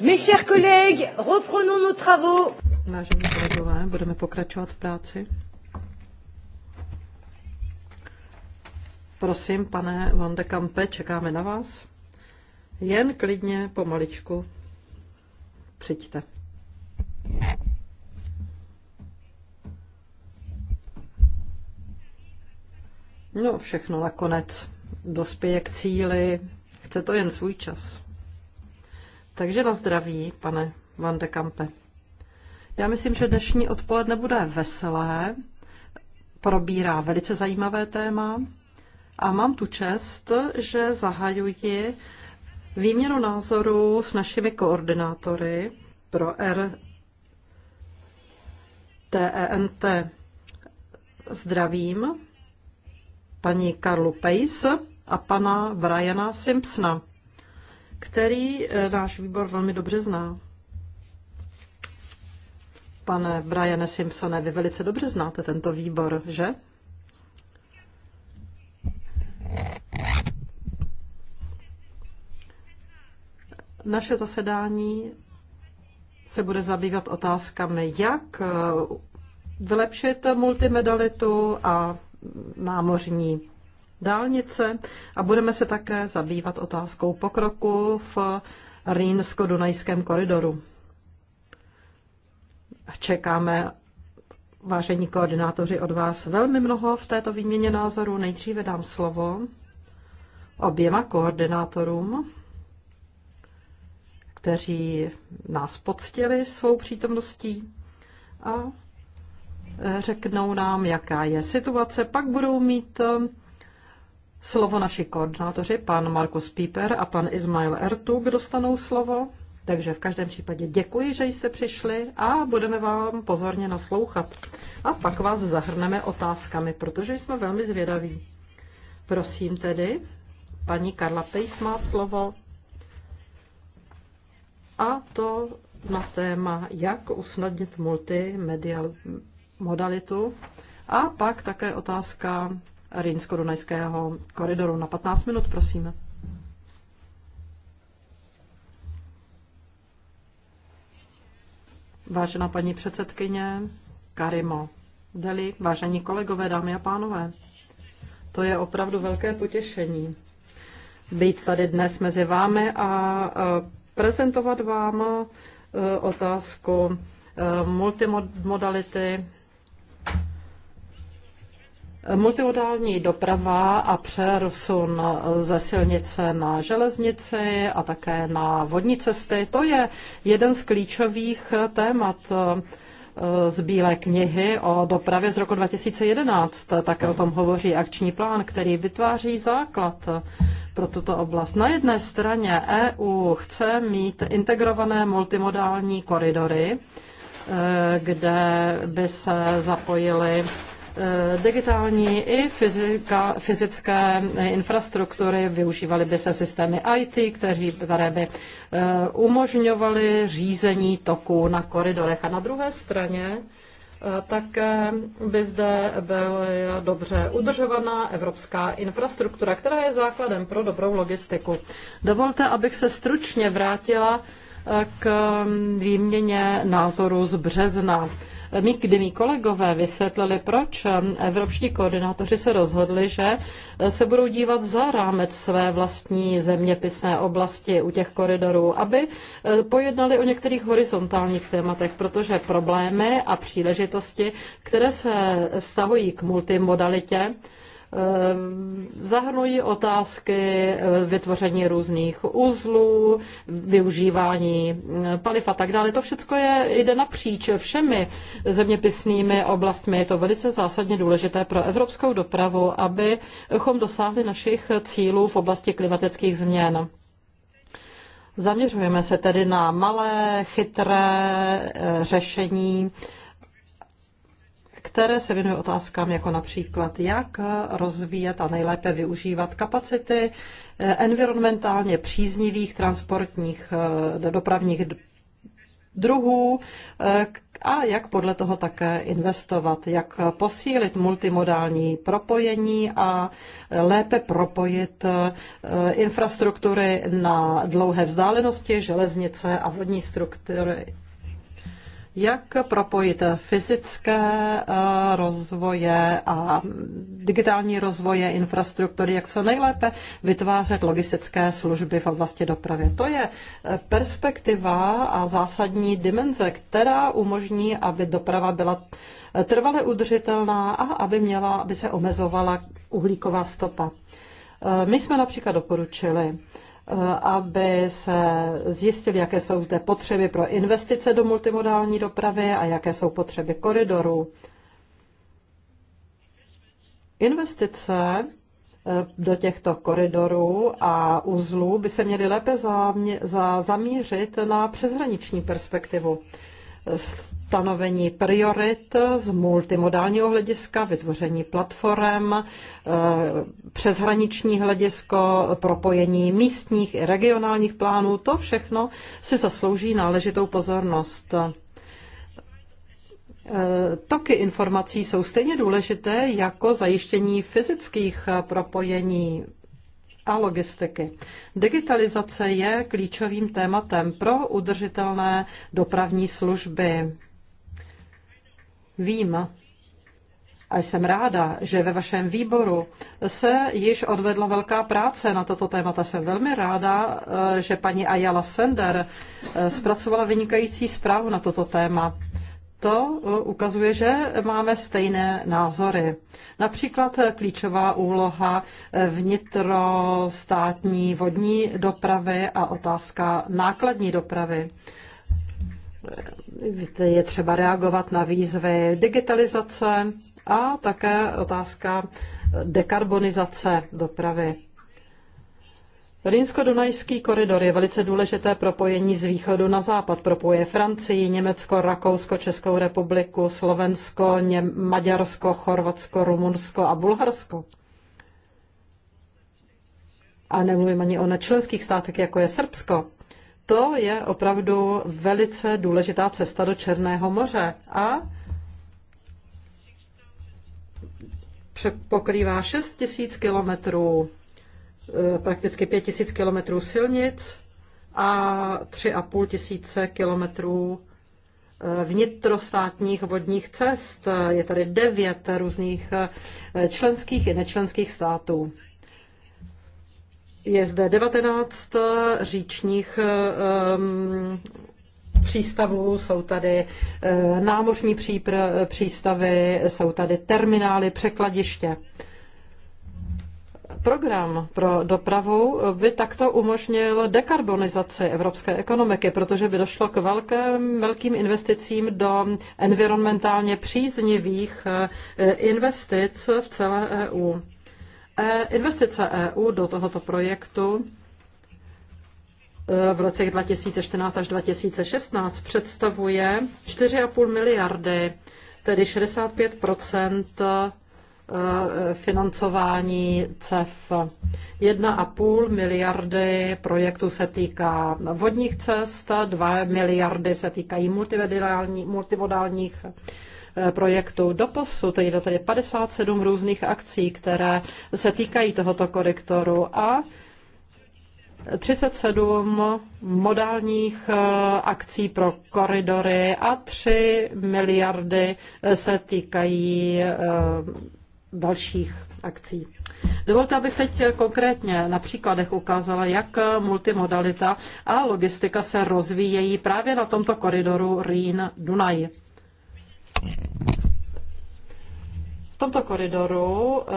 Mes chers collègues, reprenons nos travaux. Vážení kolegové, budeme pokračovat v práci. Prosím, pane Van de Kampe, čekáme na vás. Jen klidně, pomaličku. Přijďte. No, všechno nakonec dospěje k cíli. Chce to jen svůj čas. Takže na zdraví, pane Van de Kampe. Já myslím, že dnešní odpoledne bude veselé, probírá velice zajímavé téma a mám tu čest, že zahajuji výměnu názorů s našimi koordinátory pro R TENT e Zdravím paní Karlu Pejs a pana Briana Simpsona který eh, náš výbor velmi dobře zná. Pane Briane Simpsone, vy velice dobře znáte tento výbor, že? Naše zasedání se bude zabývat otázkami, jak eh, vylepšit multimedalitu a námořní dálnice a budeme se také zabývat otázkou pokroku v Rýnsko-Dunajském koridoru. Čekáme, vážení koordinátoři, od vás velmi mnoho v této výměně názorů. Nejdříve dám slovo oběma koordinátorům, kteří nás poctili svou přítomností a řeknou nám, jaká je situace. Pak budou mít slovo naši koordinátoři, pan Markus Pieper a pan Ismail Ertug dostanou slovo. Takže v každém případě děkuji, že jste přišli a budeme vám pozorně naslouchat. A pak vás zahrneme otázkami, protože jsme velmi zvědaví. Prosím tedy, paní Karla Pejs má slovo a to na téma, jak usnadnit multimedial modalitu a pak také otázka Rýnsko-Dunajského koridoru. Na 15 minut, prosím. Vážená paní předsedkyně, Karimo, Deli, vážení kolegové, dámy a pánové, to je opravdu velké potěšení být tady dnes mezi vámi a prezentovat vám e, otázku e, multimodality Multimodální doprava a přesun ze silnice na železnici a také na vodní cesty, to je jeden z klíčových témat eh, z Bílé knihy o dopravě z roku 2011. Také o tom hovoří akční plán, který vytváří základ pro tuto oblast. Na jedné straně EU chce mít integrované multimodální koridory, eh, kde by se zapojily Eh, digitální i fyzika, fyzické infrastruktury, využívaly by se systémy IT, kteří, které by eh, umožňovaly řízení toku na koridorech. A na druhé straně eh, také by zde byla dobře udržovaná evropská infrastruktura, která je základem pro dobrou logistiku. Dovolte, abych se stručně vrátila k výměně názoru z března mý, kdy mý kolegové vysvětlili, proč um, evropští koordinátoři se rozhodli, že uh, se budou dívat za rámec své vlastní zeměpisné oblasti u těch koridorů, aby uh, pojednali o některých horizontálních tématech, protože problémy a příležitosti, které se vztahují k multimodalitě, Ehm, zahrnují otázky eh, vytvoření různých uzlů, využívání eh, paliv a tak dále. To všechno je, jde napříč všemi zeměpisnými oblastmi. Je to velice zásadně důležité pro evropskou dopravu, abychom dosáhli našich cílů v oblasti klimatických změn. Zaměřujeme se tedy na malé, chytré eh, řešení které se věnuje otázkám jako například, jak rozvíjet a nejlépe využívat kapacity eh, environmentálně příznivých transportních eh, dopravních druhů eh, a jak podle toho také investovat, jak posílit multimodální propojení a lépe propojit infrastruktury na dlouhé vzdálenosti, železnice a vodní struktury jak propojit fyzické eh, rozvoje a digitální rozvoje infrastruktury, jak co nejlépe vytvářet logistické služby v oblasti dopravy. To je eh, perspektiva a zásadní dimenze, která umožní, aby doprava byla eh, trvale udržitelná a aby, měla, aby se omezovala uhlíková stopa. My jsme například doporučili, Eh, aby se zjistili, jaké jsou zde potřeby pro investice do multimodální dopravy a jaké jsou potřeby koridorů. Investice eh, do těchto koridorů a uzlů by se měly lépe zamířit na přeshraniční perspektivu stanovení priorit z multimodálního hlediska, vytvoření platform, eh, přeshraniční hledisko, propojení místních i regionálních plánů, to všechno si zaslouží náležitou pozornost. Eh, toky informací jsou stejně důležité jako zajištění fyzických propojení a logistiky. Digitalizace je klíčovým tématem pro udržitelné dopravní služby. Vím a jsem ráda, že ve vašem výboru se již odvedla velká práce na toto témata. Jsem velmi ráda, eh, že paní Ayala Sender eh, zpracovala vynikající zprávu na toto téma. To eh, ukazuje, že máme stejné názory. Například klíčová úloha vnitrostátní vodní dopravy a otázka nákladní dopravy je třeba reagovat na výzvy digitalizace a také otázka dekarbonizace dopravy. Rýnsko-Dunajský koridor je velice důležité propojení z východu na západ. Propoje Francii, Německo, Rakousko, Českou republiku, Slovensko, Něm- Maďarsko, Chorvatsko, Rumunsko a Bulharsko. A nemluvím ani o nečlenských státech, jako je Srbsko to je opravdu velice důležitá cesta do Černého moře a pokrývá 6 tisíc kilometrů, eh, prakticky 5 tisíc kilometrů silnic a 3,5 tisíce kilometrů eh, vnitrostátních vodních cest. Je tady devět různých eh, členských i nečlenských států. Je zde 19 eh, říčních eh, přístavů, jsou tady eh, námořní přípr- přístavy, jsou tady terminály, překladiště. Program pro dopravu by takto umožnil dekarbonizaci evropské ekonomiky, protože by došlo k velkém, velkým investicím do environmentálně příznivých investic v celé EU. E, investice EU do tohoto projektu e, v roce 2014 až 2016 představuje 4,5 miliardy, tedy 65 e, financování CEF. 1,5 miliardy projektu se týká vodních cest, 2 miliardy se týkají multimodálních Eh, projektů. Doposud je tady 57 různých akcí, které se týkají tohoto korektoru a 37 modálních eh, akcí pro koridory a 3 miliardy eh, se týkají dalších akcí. Dovolte, abych teď konkrétně na příkladech ukázala, jak multimodalita a logistika se rozvíjejí právě na tomto koridoru Rýn-Dunaj. V tomto koridoru eh,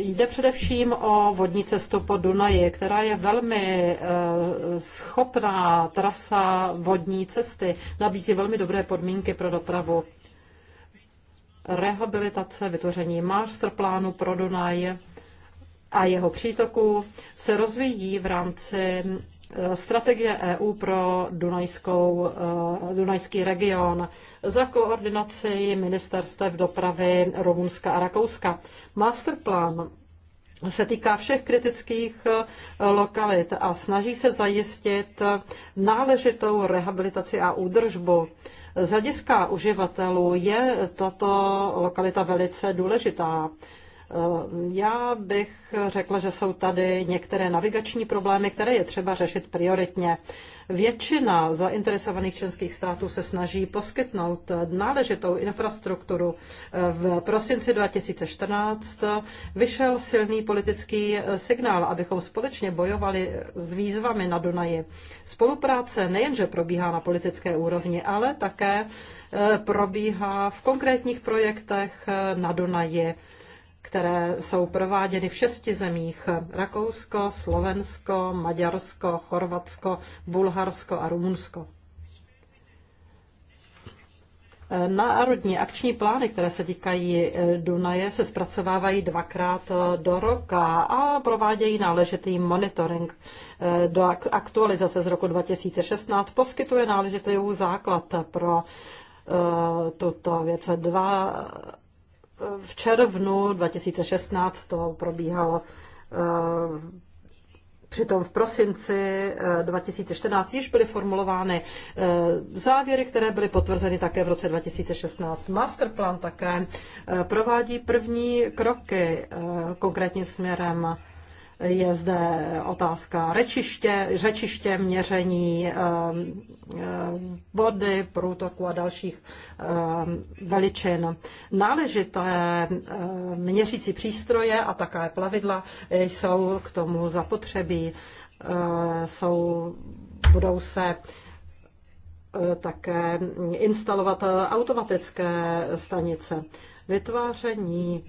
jde především o vodní cestu po Dunaji, která je velmi eh, schopná trasa vodní cesty, nabízí velmi dobré podmínky pro dopravu. Rehabilitace, vytvoření masterplánu pro Dunaj a jeho přítoku se rozvíjí v rámci Eh, strategie EU pro Dunajskou, eh, Dunajský region za koordinaci ministerstev dopravy Rumunska a Rakouska. Masterplan se týká všech kritických eh, lokalit a snaží se zajistit náležitou rehabilitaci a údržbu. Z hlediska uživatelů je tato lokalita velice důležitá. Eh, já bych řekla, že jsou tady některé navigační problémy, které je třeba řešit prioritně. Většina zainteresovaných členských států se snaží poskytnout náležitou infrastrukturu. Eh, v prosinci 2014 vyšel silný politický eh, signál, abychom společně bojovali s výzvami na Dunaji. Spolupráce nejenže probíhá na politické úrovni, ale také probíhá v konkrétních projektech na Dunaji které jsou prováděny v šesti zemích. Rakousko, Slovensko, Maďarsko, Chorvatsko, Bulharsko a Rumunsko. E, národní akční plány, které se týkají e, Dunaje, se zpracovávají dvakrát e, do roka a provádějí náležitý monitoring. Do aktualizace z roku 2016 poskytuje náležitý základ pro tuto věc. Dva v červnu 2016 to probíhalo eh, Přitom v prosinci 2014 eh, již byly formulovány eh, závěry, které byly potvrzeny také v roce 2016. Masterplan také provádí první kroky konkrétním směrem je zde otázka rečiště, řečiště, měření eh, eh, vody, průtoku a dalších eh, veličin. Náležité měřící přístroje a také plavidla jsou k tomu zapotřebí. Jsou, budou se také instalovat automatické stanice. Vytváření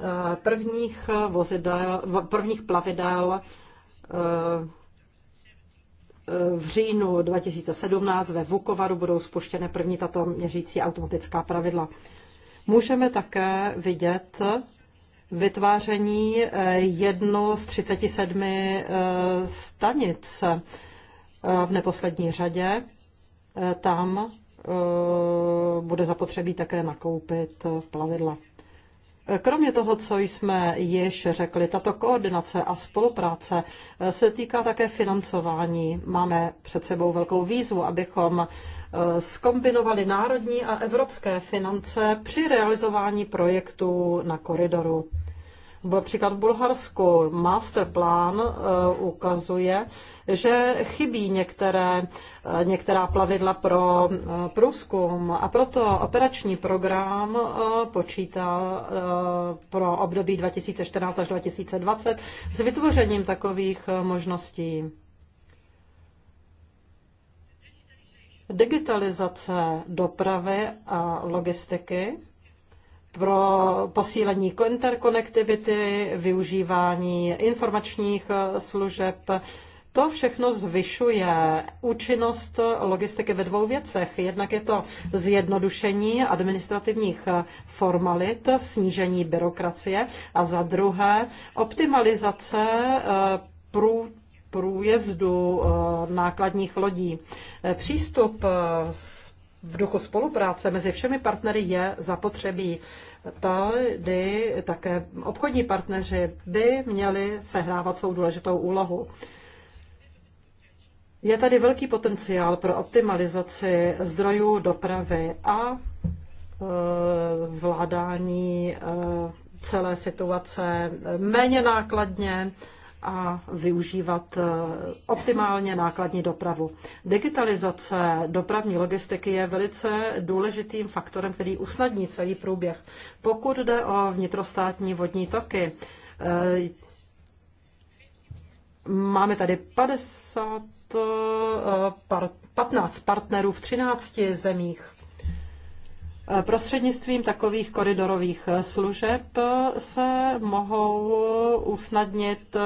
Eh, prvních eh, vozidel, prvních plavidel eh, v říjnu 2017 ve Vukovaru budou spuštěny první tato měřící automatická pravidla. Můžeme také vidět vytváření jedno z 37 stanic v neposlední řadě. Tam bude zapotřebí také nakoupit plavidla. Kromě toho, co jsme již řekli, tato koordinace a spolupráce eh, se týká také financování. Máme před sebou velkou výzvu, abychom eh, skombinovali národní a evropské finance při realizování projektu na koridoru. Například v Bulharsku masterplán eh, ukazuje, že chybí některé, eh, některá plavidla pro eh, průzkum a proto operační program počítá pro období 2014 až 2020 s vytvořením takových možností. Digitalizace dopravy a logistiky pro posílení interkonektivity, využívání informačních eh, služeb. To všechno zvyšuje účinnost logistiky ve dvou věcech. Jednak je to zjednodušení administrativních eh, formalit, snížení byrokracie a za druhé optimalizace eh, prů, průjezdu nákladních lodí. Přístup v duchu spolupráce mezi všemi partnery je zapotřebí tady také obchodní partneři by měli sehrávat svou důležitou úlohu. Je tady velký potenciál pro optimalizaci zdrojů dopravy a e, zvládání e, celé situace méně nákladně, a využívat eh, optimálně nákladní dopravu. Digitalizace dopravní logistiky je velice důležitým faktorem, který usnadní celý průběh. Pokud jde o vnitrostátní vodní toky, eh, máme tady 50, 15 eh, partnerů v 13 zemích Eh, prostřednictvím takových koridorových eh, služeb eh, se mohou usnadnit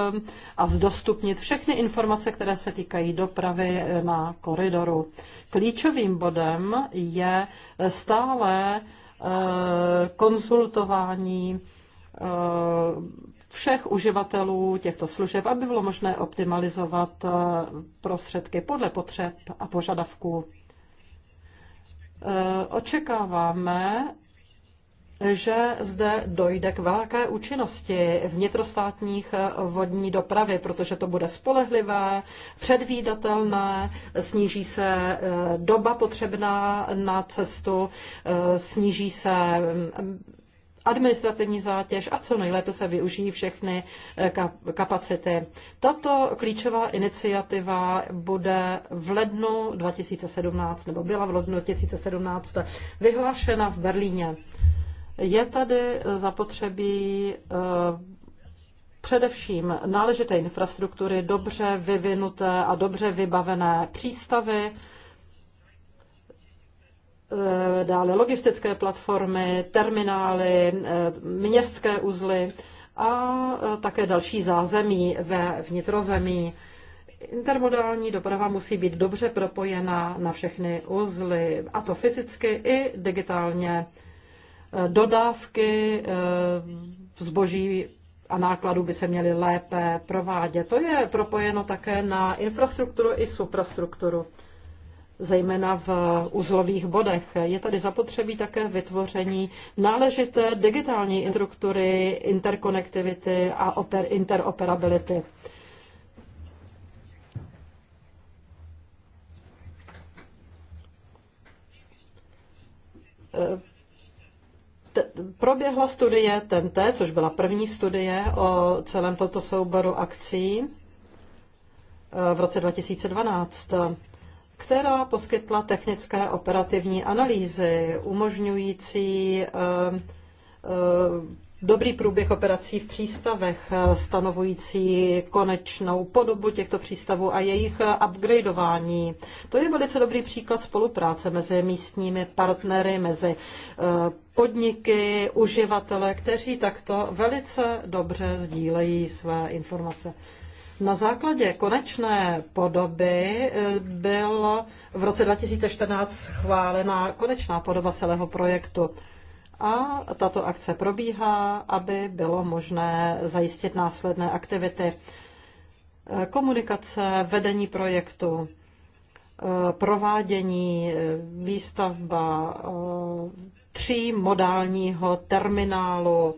a zdostupnit všechny informace, které se týkají dopravy na koridoru. Klíčovým bodem je stále konzultování všech uživatelů těchto služeb, aby bylo možné optimalizovat prostředky podle potřeb a požadavků Eh, očekáváme, že zde dojde k velké účinnosti vnitrostátních eh, vodní dopravy, protože to bude spolehlivé, předvídatelné, sníží se eh, doba potřebná na cestu, sníží se mm, administrativní zátěž a co nejlépe se využijí všechny eh, kapacity. Tato klíčová iniciativa bude v lednu 2017, nebo byla v lednu 2017 vyhlášena v Berlíně. Je tady zapotřebí eh, především náležité infrastruktury, dobře vyvinuté a dobře vybavené přístavy, Eh, dále logistické platformy, terminály, eh, městské uzly a eh, také další zázemí ve vnitrozemí. Intermodální doprava musí být dobře propojena na všechny uzly, a to fyzicky i digitálně. Dodávky zboží a nákladů by se měly lépe provádět. To je propojeno také na infrastrukturu i suprastrukturu zejména v uzlových bodech. Je tady zapotřebí také vytvoření náležité digitální instruktury, interkonektivity a interoperability. proběhla studie TNT, což byla první studie o celém toto souboru akcí eh, v roce 2012 která poskytla technické operativní analýzy umožňující eh, eh, dobrý průběh operací v přístavech, stanovující konečnou podobu těchto přístavů a jejich upgradeování. To je velice dobrý příklad spolupráce mezi místními partnery, mezi eh, podniky, uživatele, kteří takto velice dobře sdílejí své informace. Na základě konečné podoby eh, byla v roce 2014 schválena konečná podoba celého projektu. A tato akce probíhá, aby bylo možné zajistit následné aktivity. Eh, komunikace, vedení projektu, eh, provádění, výstavba tří modálního terminálu,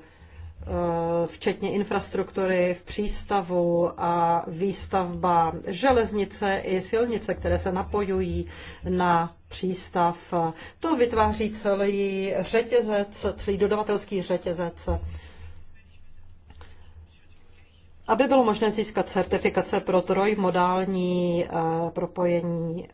Eh, včetně infrastruktury v přístavu a výstavba železnice i silnice, které se napojují na přístav. To vytváří celý řetězec, celý dodavatelský řetězec. Aby bylo možné získat certifikace pro trojmodální eh, propojení,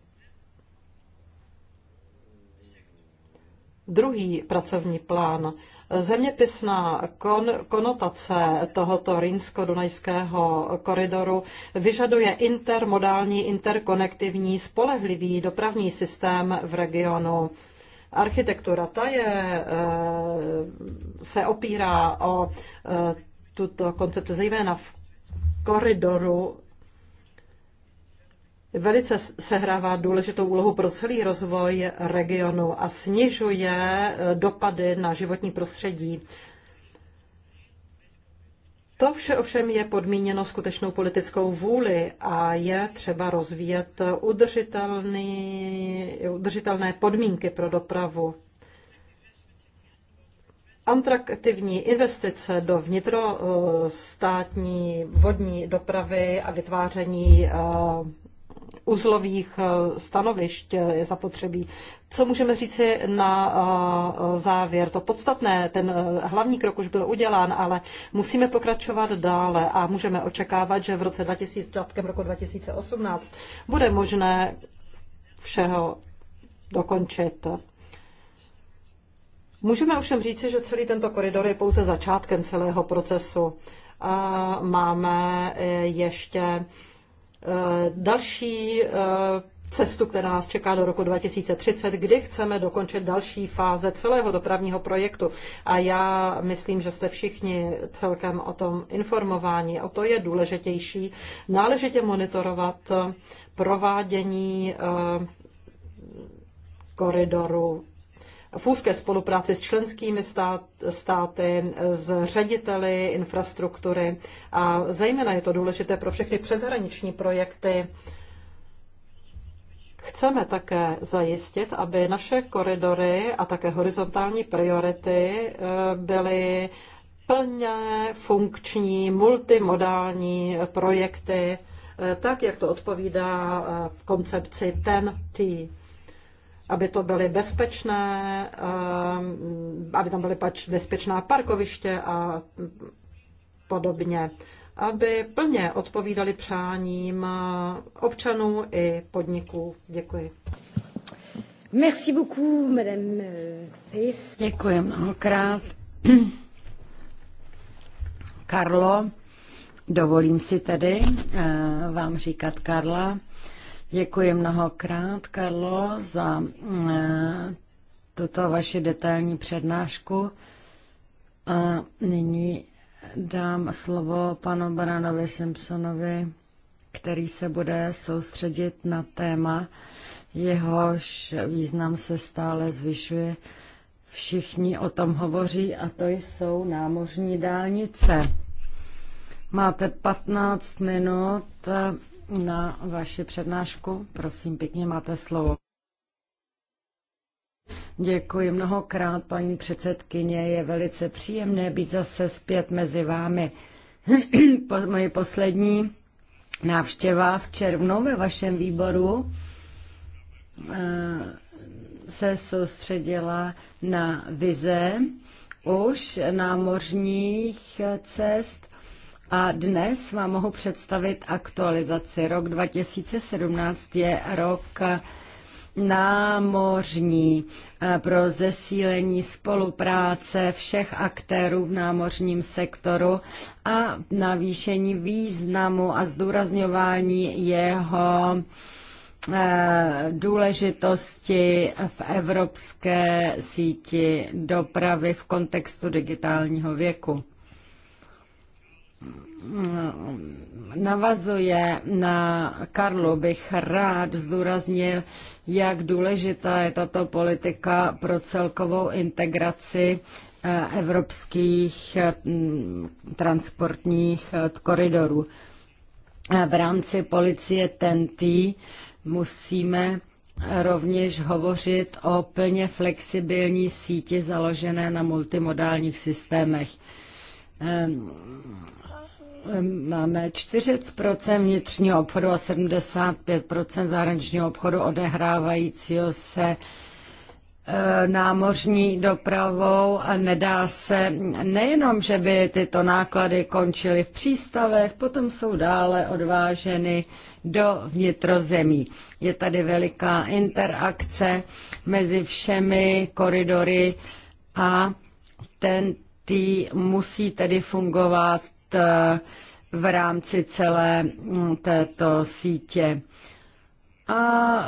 druhý pracovní plán Zeměpisná kon, konotace tohoto rýnsko-dunajského koridoru vyžaduje intermodální, interkonektivní, spolehlivý dopravní systém v regionu. Architektura ta je, eh, se opírá o eh, tuto koncepci, zejména v koridoru velice sehrává důležitou úlohu pro celý rozvoj regionu a snižuje eh, dopady na životní prostředí. To vše ovšem je podmíněno skutečnou politickou vůli a je třeba rozvíjet udržitelný, udržitelné podmínky pro dopravu. Atraktivní investice do vnitrostátní vodní dopravy a vytváření eh, uzlových eh, stanovišť eh, je zapotřebí. Co můžeme říci na eh, závěr? To podstatné, ten hlavní krok už byl udělán, ale musíme pokračovat dále a můžeme očekávat, že v roce 2000, roku 2018 bude možné všeho dokončit. Můžeme ovšem říci, že celý tento koridor je pouze začátkem celého procesu. Máme ještě Eh, další eh, cestu, která nás čeká do roku 2030, kdy chceme dokončit další fáze celého dopravního projektu. A já myslím, že jste všichni celkem o tom informováni. O to je důležitější náležitě monitorovat provádění eh, koridoru v úzké spolupráci s členskými státy, s řediteli infrastruktury a zejména je to důležité pro všechny přeshraniční projekty. Chceme také zajistit, aby naše koridory a také horizontální priority e, byly plně funkční, multimodální projekty, e, tak jak to odpovídá v e, koncepci TEN-T aby to byly bezpečné, ehm, aby tam byly bezpečná parkoviště a podobně, aby plně odpovídali přáním občanů i podniků. Děkuji. Merci beaucoup, madame Pes. Eh, Děkuji mnohokrát. Karlo, dovolím si tedy eh, vám říkat Karla. Děkuji mnohokrát, Karlo, za eh, tuto vaši detailní přednášku. A nyní dám slovo panu Baranovi Simpsonovi, který se bude soustředit na téma, jehož význam se stále zvyšuje. Všichni o tom hovoří a to jsou námořní dálnice. Máte 15 minut eh, na vaši přednášku. Prosím, pěkně máte slovo. Děkuji mnohokrát, paní předsedkyně. Je velice příjemné být zase zpět mezi vámi. po, moje poslední návštěva v červnu ve vašem výboru eh, se soustředila na vize už námořních cest a dnes vám mohu představit aktualizaci. Rok 2017 je rok námořní eh, pro zesílení spolupráce všech aktérů v námořním sektoru a navýšení významu a zdůrazňování jeho eh, důležitosti v evropské síti dopravy v kontextu digitálního věku navazuje na Karlu, bych rád zdůraznil, jak důležitá je tato politika pro celkovou integraci eh, evropských mm, transportních eh, koridorů. Eh, v rámci policie TNT musíme rovněž hovořit o plně flexibilní síti založené na multimodálních systémech ehm, máme 40% vnitřního obchodu a 75% zahraničního obchodu odehrávajícího se e, námořní dopravou a nedá se nejenom, že by tyto náklady končily v přístavech, potom jsou dále odváženy do vnitrozemí. Je tady veliká interakce mezi všemi koridory a ten tý musí tedy fungovat Eh, v rámci celé mm, této sítě. A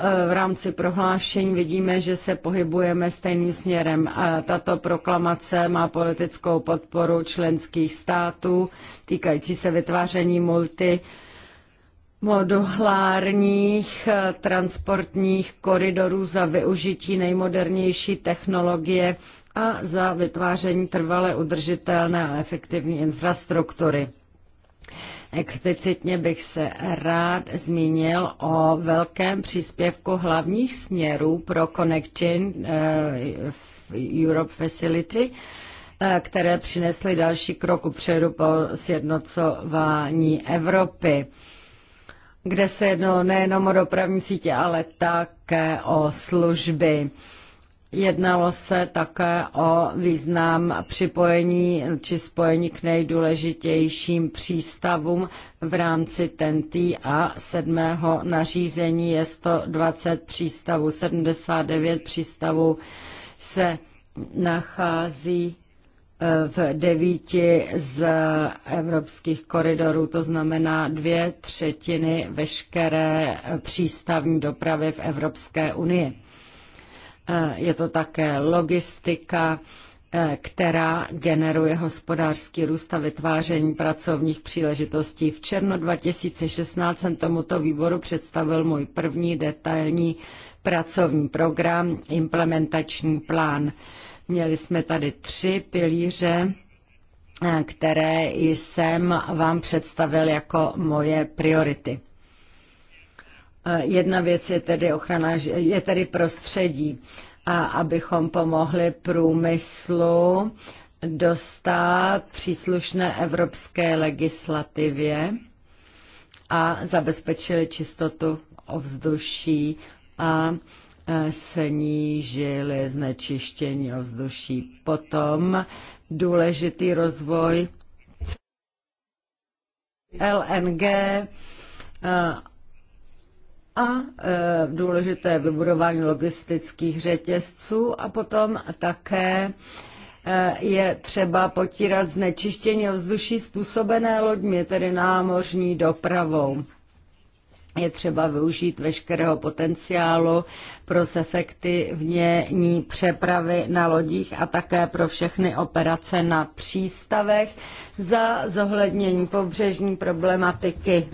eh, v rámci prohlášení vidíme, že se pohybujeme stejným směrem. A tato proklamace má politickou podporu členských států týkající se vytváření multi modulárních eh, transportních koridorů za využití nejmodernější technologie a za vytváření trvale udržitelné a efektivní infrastruktury. Explicitně bych se rád zmínil o velkém příspěvku hlavních směrů pro Connecting eh, Europe Facility, eh, které přinesly další krok upředu po sjednocování Evropy kde se jednalo nejenom o dopravní sítě, ale také o služby. Jednalo se také o význam připojení či spojení k nejdůležitějším přístavům v rámci TNT a sedmého nařízení je 120 přístavů, 79 přístavů se nachází eh, v devíti z evropských koridorů, to znamená dvě třetiny veškeré přístavní dopravy v Evropské unii. E, je to také logistika, e, která generuje hospodářský růst a vytváření pracovních příležitostí. V červnu 2016 jsem tomuto výboru představil můj první detailní pracovní program, implementační plán. Měli jsme tady tři pilíře, e, které jsem vám představil jako moje priority. Jedna věc je tedy ochrana, je tedy prostředí a abychom pomohli průmyslu dostat příslušné evropské legislativě a zabezpečili čistotu ovzduší a e, snížili znečištění ovzduší. Potom důležitý rozvoj LNG e, a e, důležité vybudování logistických řetězců a potom také e, je třeba potírat znečištění ovzduší způsobené loďmi, tedy námořní dopravou. Je třeba využít veškerého potenciálu pro zefektivnění přepravy na lodích a také pro všechny operace na přístavech za zohlednění pobřežní problematiky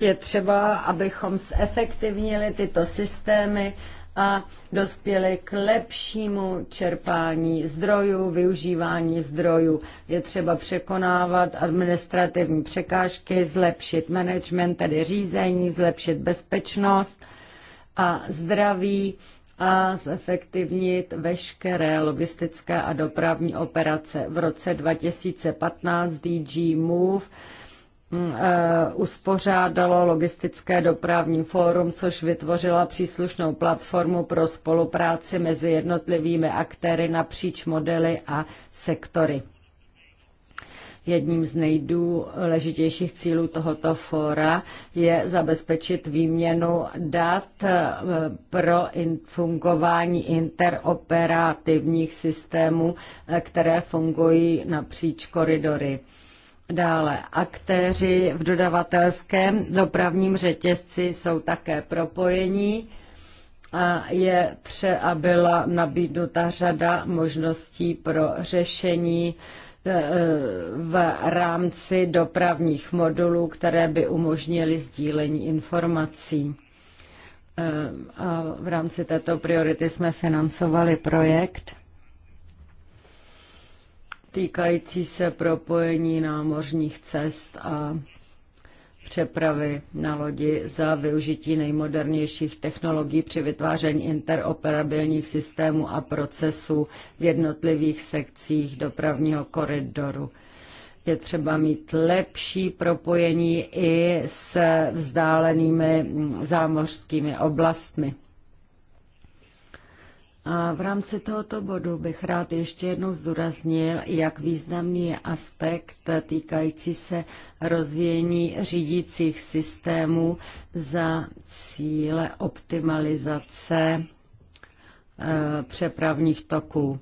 je třeba, abychom zefektivnili tyto systémy a dospěli k lepšímu čerpání zdrojů, využívání zdrojů. Je třeba překonávat administrativní překážky, zlepšit management, tedy řízení, zlepšit bezpečnost a zdraví a zefektivnit veškeré logistické a dopravní operace. V roce 2015 DG Move Mm, eh, uspořádalo logistické dopravní fórum, což vytvořila příslušnou platformu pro spolupráci mezi jednotlivými aktéry napříč modely a sektory. Jedním z nejdůležitějších cílů tohoto fóra je zabezpečit výměnu dat eh, pro fungování interoperativních systémů, eh, které fungují napříč koridory. Dále aktéři v dodavatelském dopravním řetězci jsou také propojení a je pře a byla nabídnuta řada možností pro řešení e, e, v rámci dopravních modulů, které by umožnily sdílení informací. E, a v rámci této priority jsme financovali projekt týkající se propojení námořních cest a přepravy na lodi za využití nejmodernějších technologií při vytváření interoperabilních systémů a procesů v jednotlivých sekcích dopravního koridoru. Je třeba mít lepší propojení i s vzdálenými zámořskými oblastmi. A v rámci tohoto bodu bych rád ještě jednou zdůraznil, jak významný je aspekt týkající se rozvíjení řídících systémů za cíle optimalizace eh, přepravních toků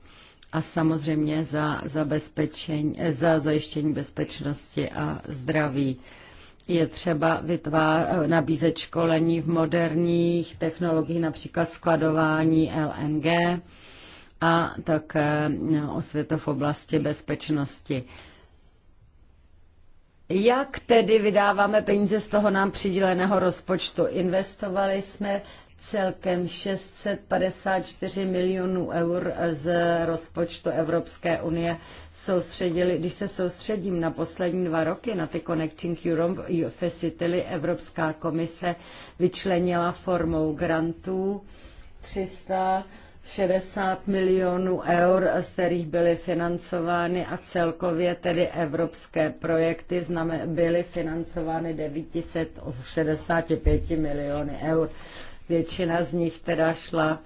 a samozřejmě za, zabezpečení, za zajištění bezpečnosti a zdraví je třeba vytvář, nabízet školení v moderních technologiích, například skladování LNG a také no, osvěto v oblasti bezpečnosti. Jak tedy vydáváme peníze z toho nám přiděleného rozpočtu? Investovali jsme celkem 654 milionů eur z rozpočtu Evropské unie soustředili, když se soustředím na poslední dva roky, na ty Connecting Europe Facility, Evropská komise vyčlenila formou grantů 300 60 milionů eur, z kterých byly financovány a celkově tedy evropské projekty byly financovány 965 miliony eur. Většina z nich teda šla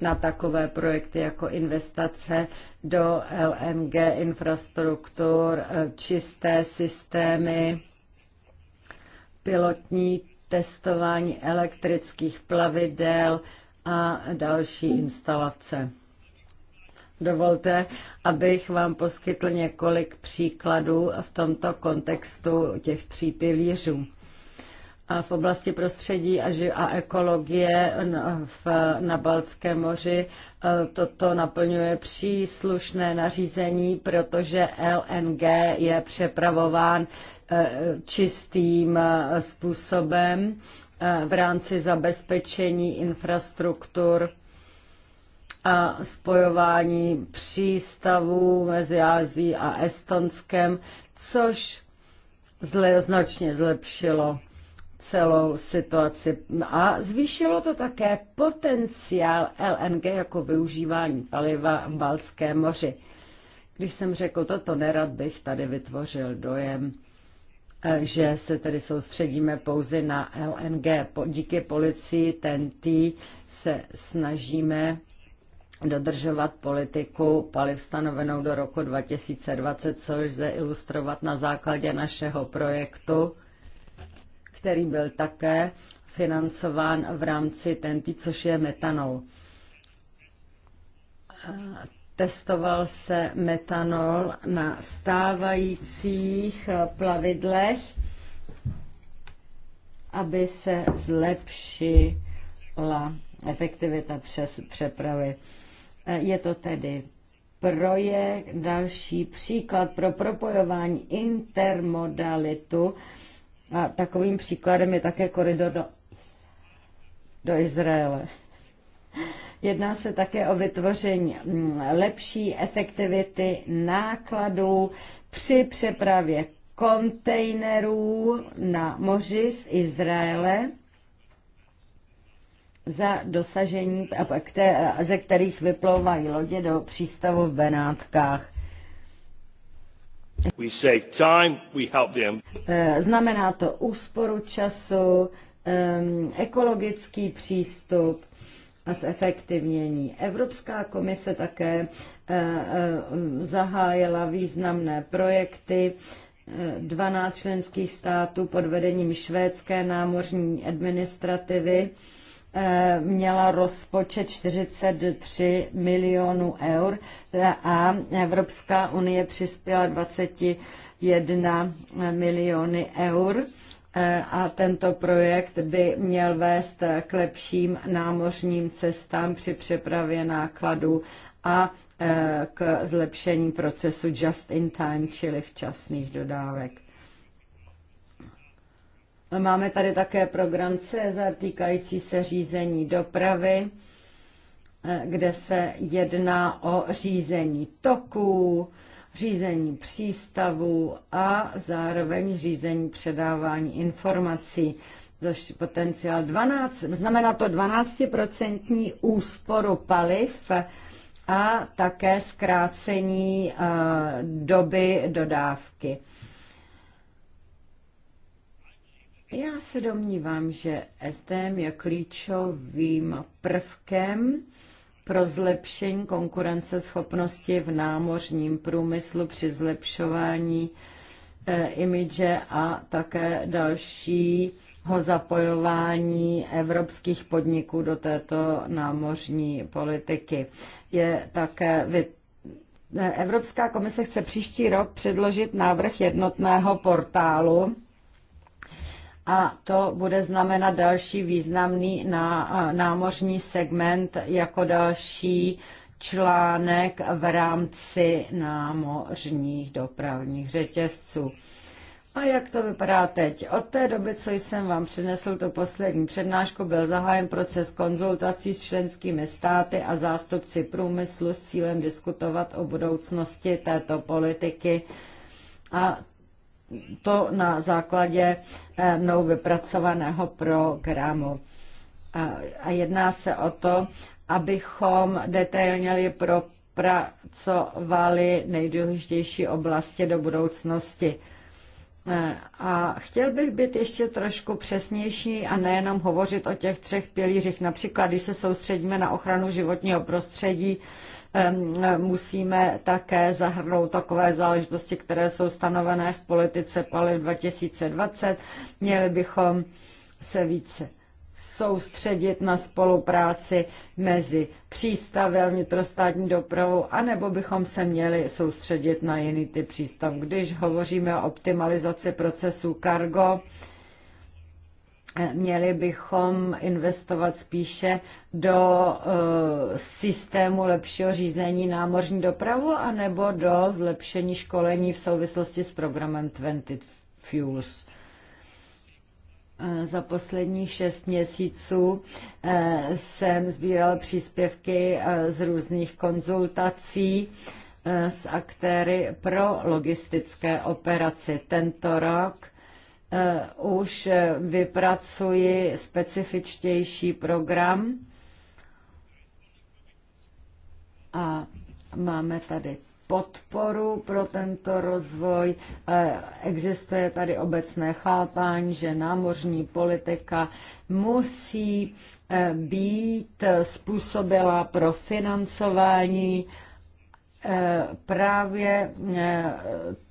na takové projekty jako investace do LNG infrastruktur, eh, čisté systémy, pilotní testování elektrických plavidel a další instalace. Dovolte, abych vám poskytl několik příkladů v tomto kontextu těch tří pilířů v oblasti prostředí a ekologie na Baltském moři. E, toto naplňuje příslušné nařízení, protože LNG je přepravován e, čistým e, způsobem v rámci zabezpečení infrastruktur a spojování přístavů mezi Ázií a Estonskem, což značně zlepšilo celou situaci. A zvýšilo to také potenciál LNG jako využívání paliva v Balském moři. Když jsem řekl toto, nerad bych tady vytvořil dojem, eh, že se tedy soustředíme pouze na LNG. Díky policii TNT se snažíme dodržovat politiku paliv stanovenou do roku 2020, což lze ilustrovat na základě našeho projektu který byl také financován v rámci TENTY, což je metanol. Testoval se metanol na stávajících eh, plavidlech, aby se zlepšila efektivita přes přepravy. Eh, je to tedy projekt, další příklad pro propojování intermodalitu a takovým příkladem je také koridor do, do Izraele. Jedná se také o vytvoření mm, lepší efektivity nákladů při přepravě kontejnerů na moři z Izraele za dosažení, ze kterých vyplouvají lodě do přístavu v Benátkách. We save time, we help them. Eh, znamená to úsporu času, ekologický přístup a zefektivnění. Evropská komise také eh, eh, zahájila významné projekty, 12 členských států pod vedením švédské námořní administrativy Eh, měla rozpočet 43 milionů eur a Evropská unie přispěla 21 miliony eur eh, a tento projekt by měl vést k lepším námořním cestám při přepravě nákladů a eh, k zlepšení procesu just in time, čili včasných dodávek. Máme tady také program Cezar týkající se řízení dopravy, eh, kde se jedná o řízení toků, řízení přístavů a zároveň řízení předávání informací. Což potenciál 12, znamená to 12% úsporu paliv a také zkrácení eh, doby dodávky. Já se domnívám, že STM je klíčovým prvkem pro zlepšení konkurenceschopnosti v námořním průmyslu při zlepšování e, imidže a také dalšího zapojování evropských podniků do této námořní politiky. Je také e, Evropská komise chce příští rok předložit návrh jednotného portálu a to bude znamenat další významný námořní segment jako další článek v rámci námořních dopravních řetězců. A jak to vypadá teď? Od té doby, co jsem vám přinesl tu poslední přednášku, byl zahájen proces konzultací s členskými státy a zástupci průmyslu s cílem diskutovat o budoucnosti této politiky a to na základě eh, mnou vypracovaného programu. A jedná se o to, abychom detailně propracovali nejdůležitější oblasti do budoucnosti. Eh, a chtěl bych být ještě trošku přesnější a nejenom hovořit o těch třech pilířích. Například, když se soustředíme na ochranu životního prostředí, musíme také zahrnout takové záležitosti, které jsou stanovené v politice paliv 2020. Měli bychom se více soustředit na spolupráci mezi přístavy a vnitrostátní dopravou, anebo bychom se měli soustředit na jiný typ přístav. Když hovoříme o optimalizaci procesu kargo, měli bychom investovat spíše do uh, systému lepšího řízení námořní dopravu anebo do zlepšení školení v souvislosti s programem 20 Fuels. Eh, za posledních šest měsíců eh, jsem sbíral příspěvky z různých konzultací s aktéry pro logistické operaci. Tento rok Eh, už eh, vypracuji specifičtější program a máme tady podporu pro tento rozvoj. Eh, existuje tady obecné chápání, že námořní politika musí být způsobila pro financování právě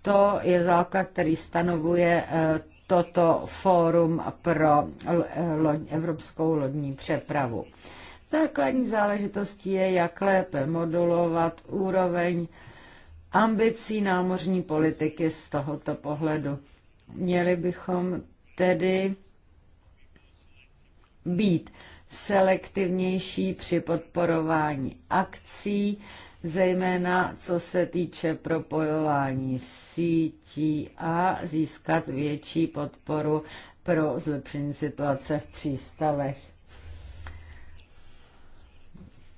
to je základ, který stanovuje toto fórum pro evropskou lodní přepravu. Základní záležitostí je, jak lépe modulovat úroveň ambicí námořní politiky z tohoto pohledu. Měli bychom tedy být selektivnější při podporování akcí, zejména co se týče propojování sítí a získat větší podporu pro zlepšení situace v přístavech.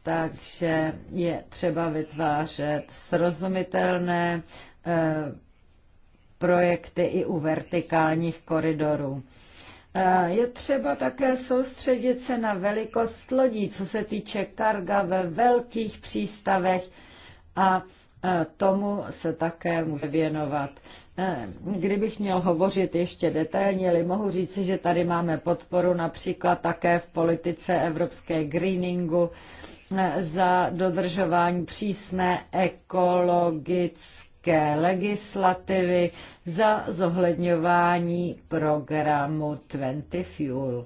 Takže je třeba vytvářet srozumitelné eh, projekty i u vertikálních koridorů. Je třeba také soustředit se na velikost lodí, co se týče karga ve velkých přístavech a tomu se také musí věnovat. Kdybych měl hovořit ještě detailně, ale mohu říci, že tady máme podporu například také v politice evropské greeningu e, za dodržování přísné ekologické evropské legislativy za zohledňování programu 20 Fuel.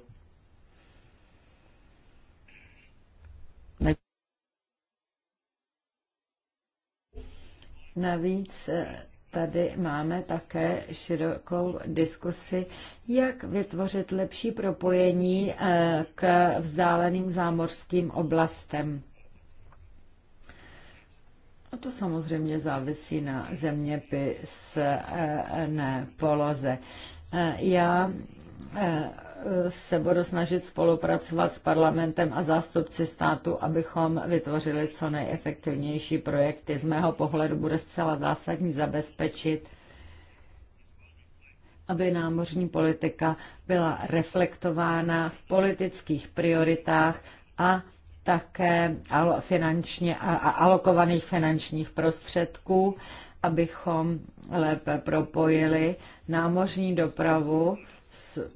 Navíc eh, tady máme také širokou diskusi, jak vytvořit lepší propojení eh, k vzdáleným zámořským oblastem. A to samozřejmě závisí na zeměpisné eh, poloze. Eh, já eh, se budu snažit spolupracovat s parlamentem a zástupci státu, abychom vytvořili co nejefektivnější projekty. Z mého pohledu bude zcela zásadní zabezpečit, aby námořní politika byla reflektována v politických prioritách a také finančně, a alokovaných finančních prostředků, abychom lépe propojili námořní dopravu s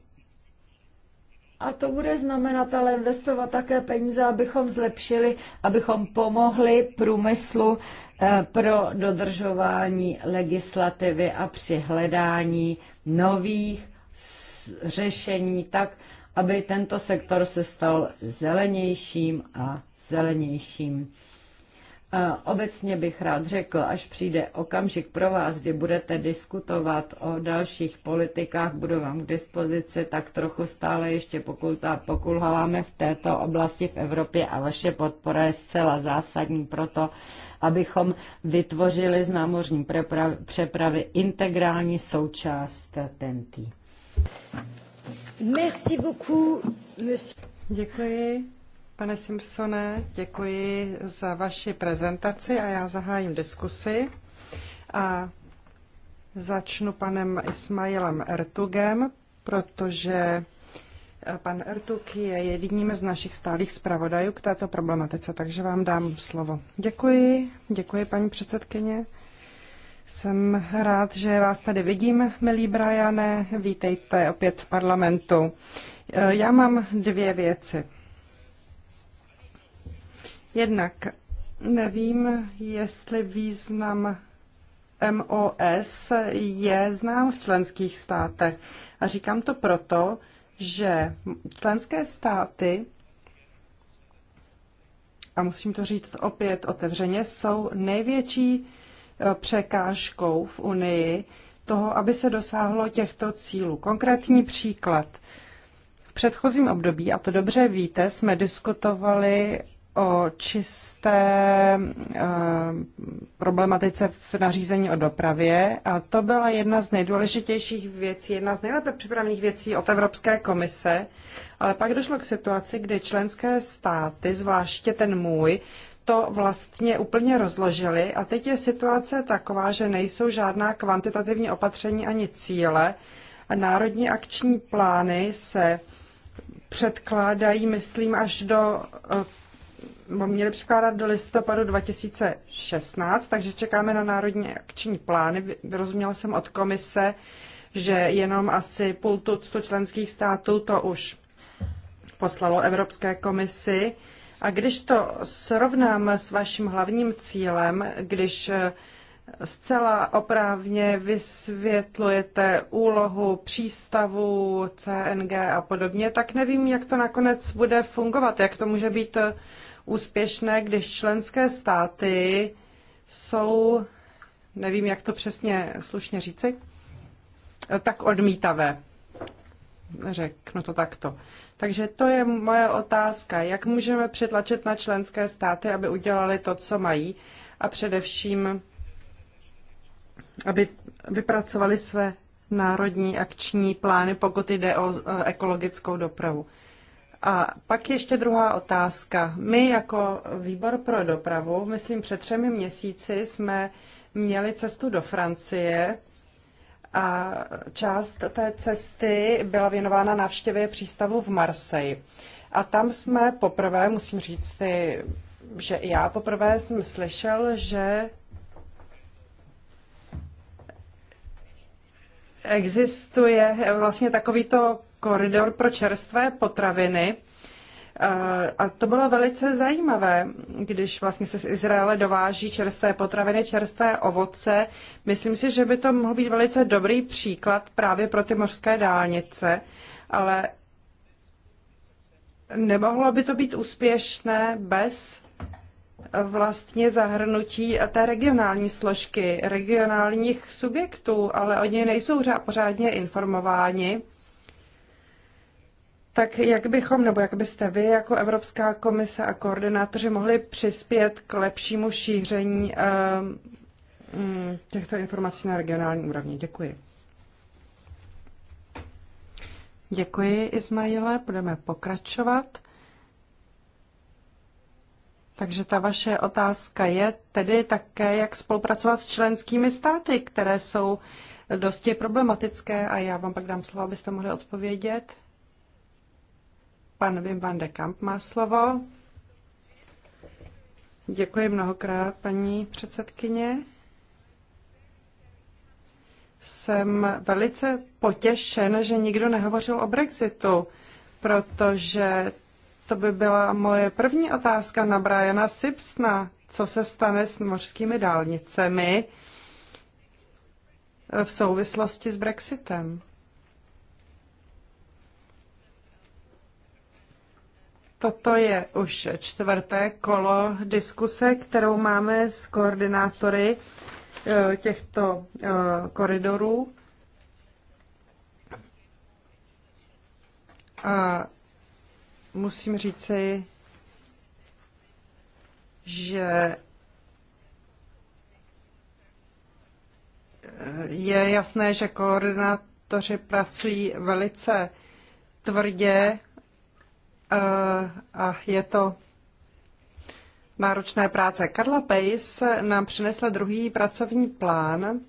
a to bude znamenat ale investovat také peníze, abychom zlepšili, abychom pomohli průmyslu eh, pro dodržování legislativy a při hledání nových řešení tak, aby tento sektor se stal zelenějším a zelenějším. Obecně bych rád řekl, až přijde okamžik pro vás, kdy budete diskutovat o dalších politikách, budu vám k dispozici, tak trochu stále ještě pokulta, pokulháváme v této oblasti v Evropě a vaše podpora je zcela zásadní pro to, abychom vytvořili z námořní přepravy integrální součást TNT. Merci beaucoup, monsieur. Děkuji, pane Simpsone, děkuji za vaši prezentaci a já zahájím diskusi. A začnu panem Ismailem Ertugem, protože pan Ertug je jedním z našich stálých zpravodajů k této problematice, takže vám dám slovo. Děkuji, děkuji paní předsedkyně. Jsem rád, že vás tady vidím, milí Brajane. Vítejte opět v parlamentu. E, já mám dvě věci. Jednak nevím, jestli význam MOS je znám v členských státech. A říkám to proto, že členské státy, a musím to říct opět otevřeně, jsou největší Eh, překážkou v Unii toho, aby se dosáhlo těchto cílů. Konkrétní příklad. V předchozím období, a to dobře víte, jsme diskutovali o čisté eh, problematice v nařízení o dopravě a to byla jedna z nejdůležitějších věcí, jedna z nejlépe připravených věcí od Evropské komise, ale pak došlo k situaci, kdy členské státy, zvláště ten můj, to vlastně úplně rozložili a teď je situace taková, že nejsou žádná kvantitativní opatření ani cíle a národní akční plány se předkládají, myslím, až do eh, no, měli překládat do listopadu 2016, takže čekáme na národní akční plány. Vyrozuměla jsem od komise, že jenom asi půl tuctu členských států to už poslalo Evropské komisi a když to srovnám s vaším hlavním cílem, když zcela oprávně vysvětlujete úlohu přístavu, CNG a podobně, tak nevím, jak to nakonec bude fungovat, jak to může být úspěšné, když členské státy jsou, nevím, jak to přesně slušně říci, tak odmítavé. Řeknu to takto. Takže to je moje otázka. Jak můžeme přetlačit na členské státy, aby udělali to, co mají a především, aby vypracovali své národní akční plány, pokud jde o e, ekologickou dopravu. A pak ještě druhá otázka. My jako výbor pro dopravu, myslím před třemi měsíci, jsme měli cestu do Francie a část té cesty byla věnována návštěvě přístavu v Marseji. A tam jsme poprvé, musím říct, ty, že i já poprvé jsem slyšel, že existuje vlastně takovýto koridor pro čerstvé potraviny, a to bylo velice zajímavé, když vlastně se z Izraele dováží čerstvé potraviny, čerstvé ovoce. Myslím si, že by to mohl být velice dobrý příklad právě pro ty mořské dálnice, ale nemohlo by to být úspěšné bez vlastně zahrnutí té regionální složky, regionálních subjektů, ale oni nejsou pořádně informováni tak jak bychom, nebo jak byste vy jako Evropská komise a koordinátoři mohli přispět k lepšímu šíření ehm, mm, těchto informací na regionální úrovni? Děkuji. Děkuji, Ismaile. Budeme pokračovat. Takže ta vaše otázka je tedy také, jak spolupracovat s členskými státy, které jsou dosti problematické a já vám pak dám slovo, abyste mohli odpovědět. Pan Wim van de Kamp má slovo. Děkuji mnohokrát, paní předsedkyně. Jsem velice potěšen, že nikdo nehovořil o Brexitu, protože to by byla moje první otázka na Briana Sipsna. Co se stane s mořskými dálnicemi v souvislosti s Brexitem? Toto je už čtvrté kolo diskuse, kterou máme s koordinátory eh, těchto eh, koridorů. A musím říci, že eh, je jasné, že koordinátoři pracují velice tvrdě Eh, a je to náročné práce. Karla Pace nám přinesla druhý pracovní plán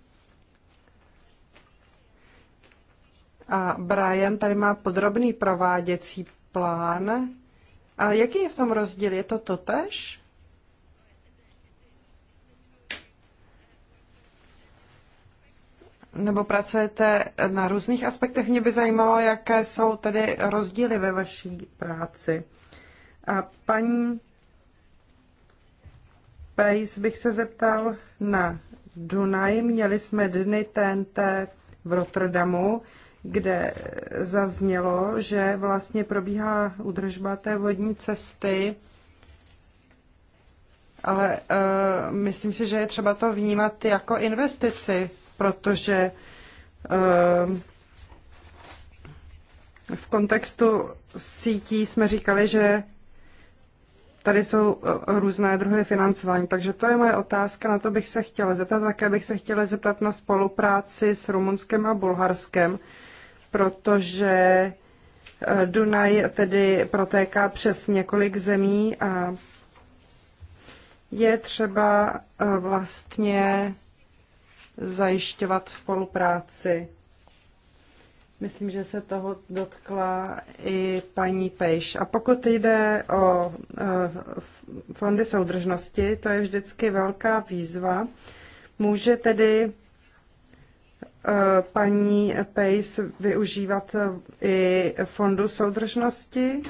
a Brian tady má podrobný prováděcí plán. A jaký je v tom rozdíl? Je to totež? nebo pracujete na různých aspektech. Mě by zajímalo, jaké jsou tedy rozdíly ve vaší práci. A paní Pejs bych se zeptal na Dunaj. Měli jsme dny TNT v Rotterdamu, kde zaznělo, že vlastně probíhá udržba té vodní cesty, ale uh, myslím si, že je třeba to vnímat jako investici, protože ehm, v kontextu sítí jsme říkali, že tady jsou eh, různé druhy financování. Takže to je moje otázka, na to bych se chtěla zeptat. Také bych se chtěla zeptat na spolupráci s Rumunskem a Bulharskem, protože eh, Dunaj tedy protéká přes několik zemí a je třeba eh, vlastně zajišťovat spolupráci. Myslím, že se toho dotkla i paní Pejš. A pokud jde o e, fondy soudržnosti, to je vždycky velká výzva. Může tedy e, paní Pejs využívat i fondu soudržnosti?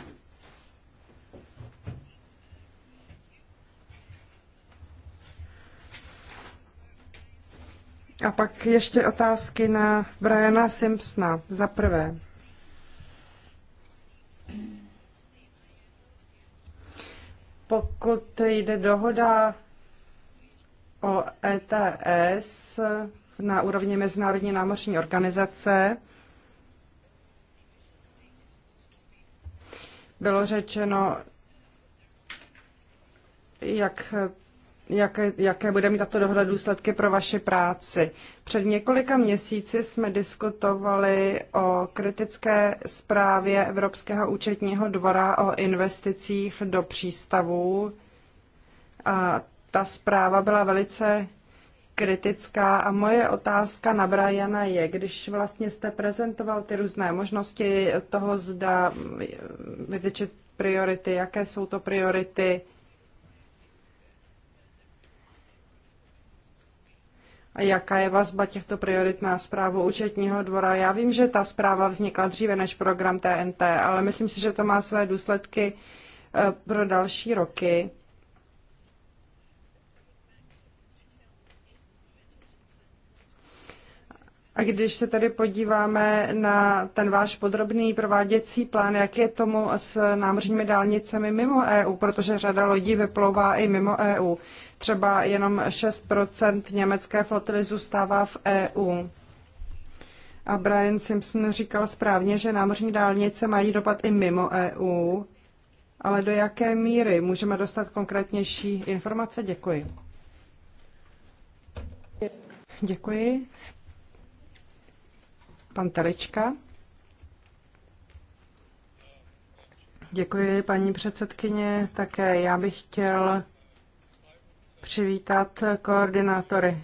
A pak ještě otázky na Briana Simpsona. Za prvé. Pokud jde dohoda o ETS na úrovni Mezinárodní námořní organizace, bylo řečeno, jak jaké, jaké bude mít tato dohoda důsledky pro vaši práci. Před několika měsíci jsme diskutovali o kritické zprávě Evropského účetního dvora o investicích do přístavů. A ta zpráva byla velice kritická a moje otázka na Briana je, když vlastně jste prezentoval ty různé možnosti toho, zda vytyčit priority, jaké jsou to priority, a jaká je vazba těchto priorit na zprávu účetního dvora. Já vím, že ta zpráva vznikla dříve než program TNT, ale myslím si, že to má své důsledky eh, pro další roky. A když se tady podíváme na ten váš podrobný prováděcí plán, jak je tomu s námořními dálnicemi mimo EU, protože řada lodí vyplouvá i mimo EU třeba jenom 6 německé flotily zůstává v EU. A Brian Simpson říkal správně, že námořní dálnice mají dopad i mimo EU, ale do jaké míry můžeme dostat konkrétnější informace? Děkuji. Děkuji. Pan Telička. Děkuji, paní předsedkyně. Také já bych chtěl přivítat koordinátory.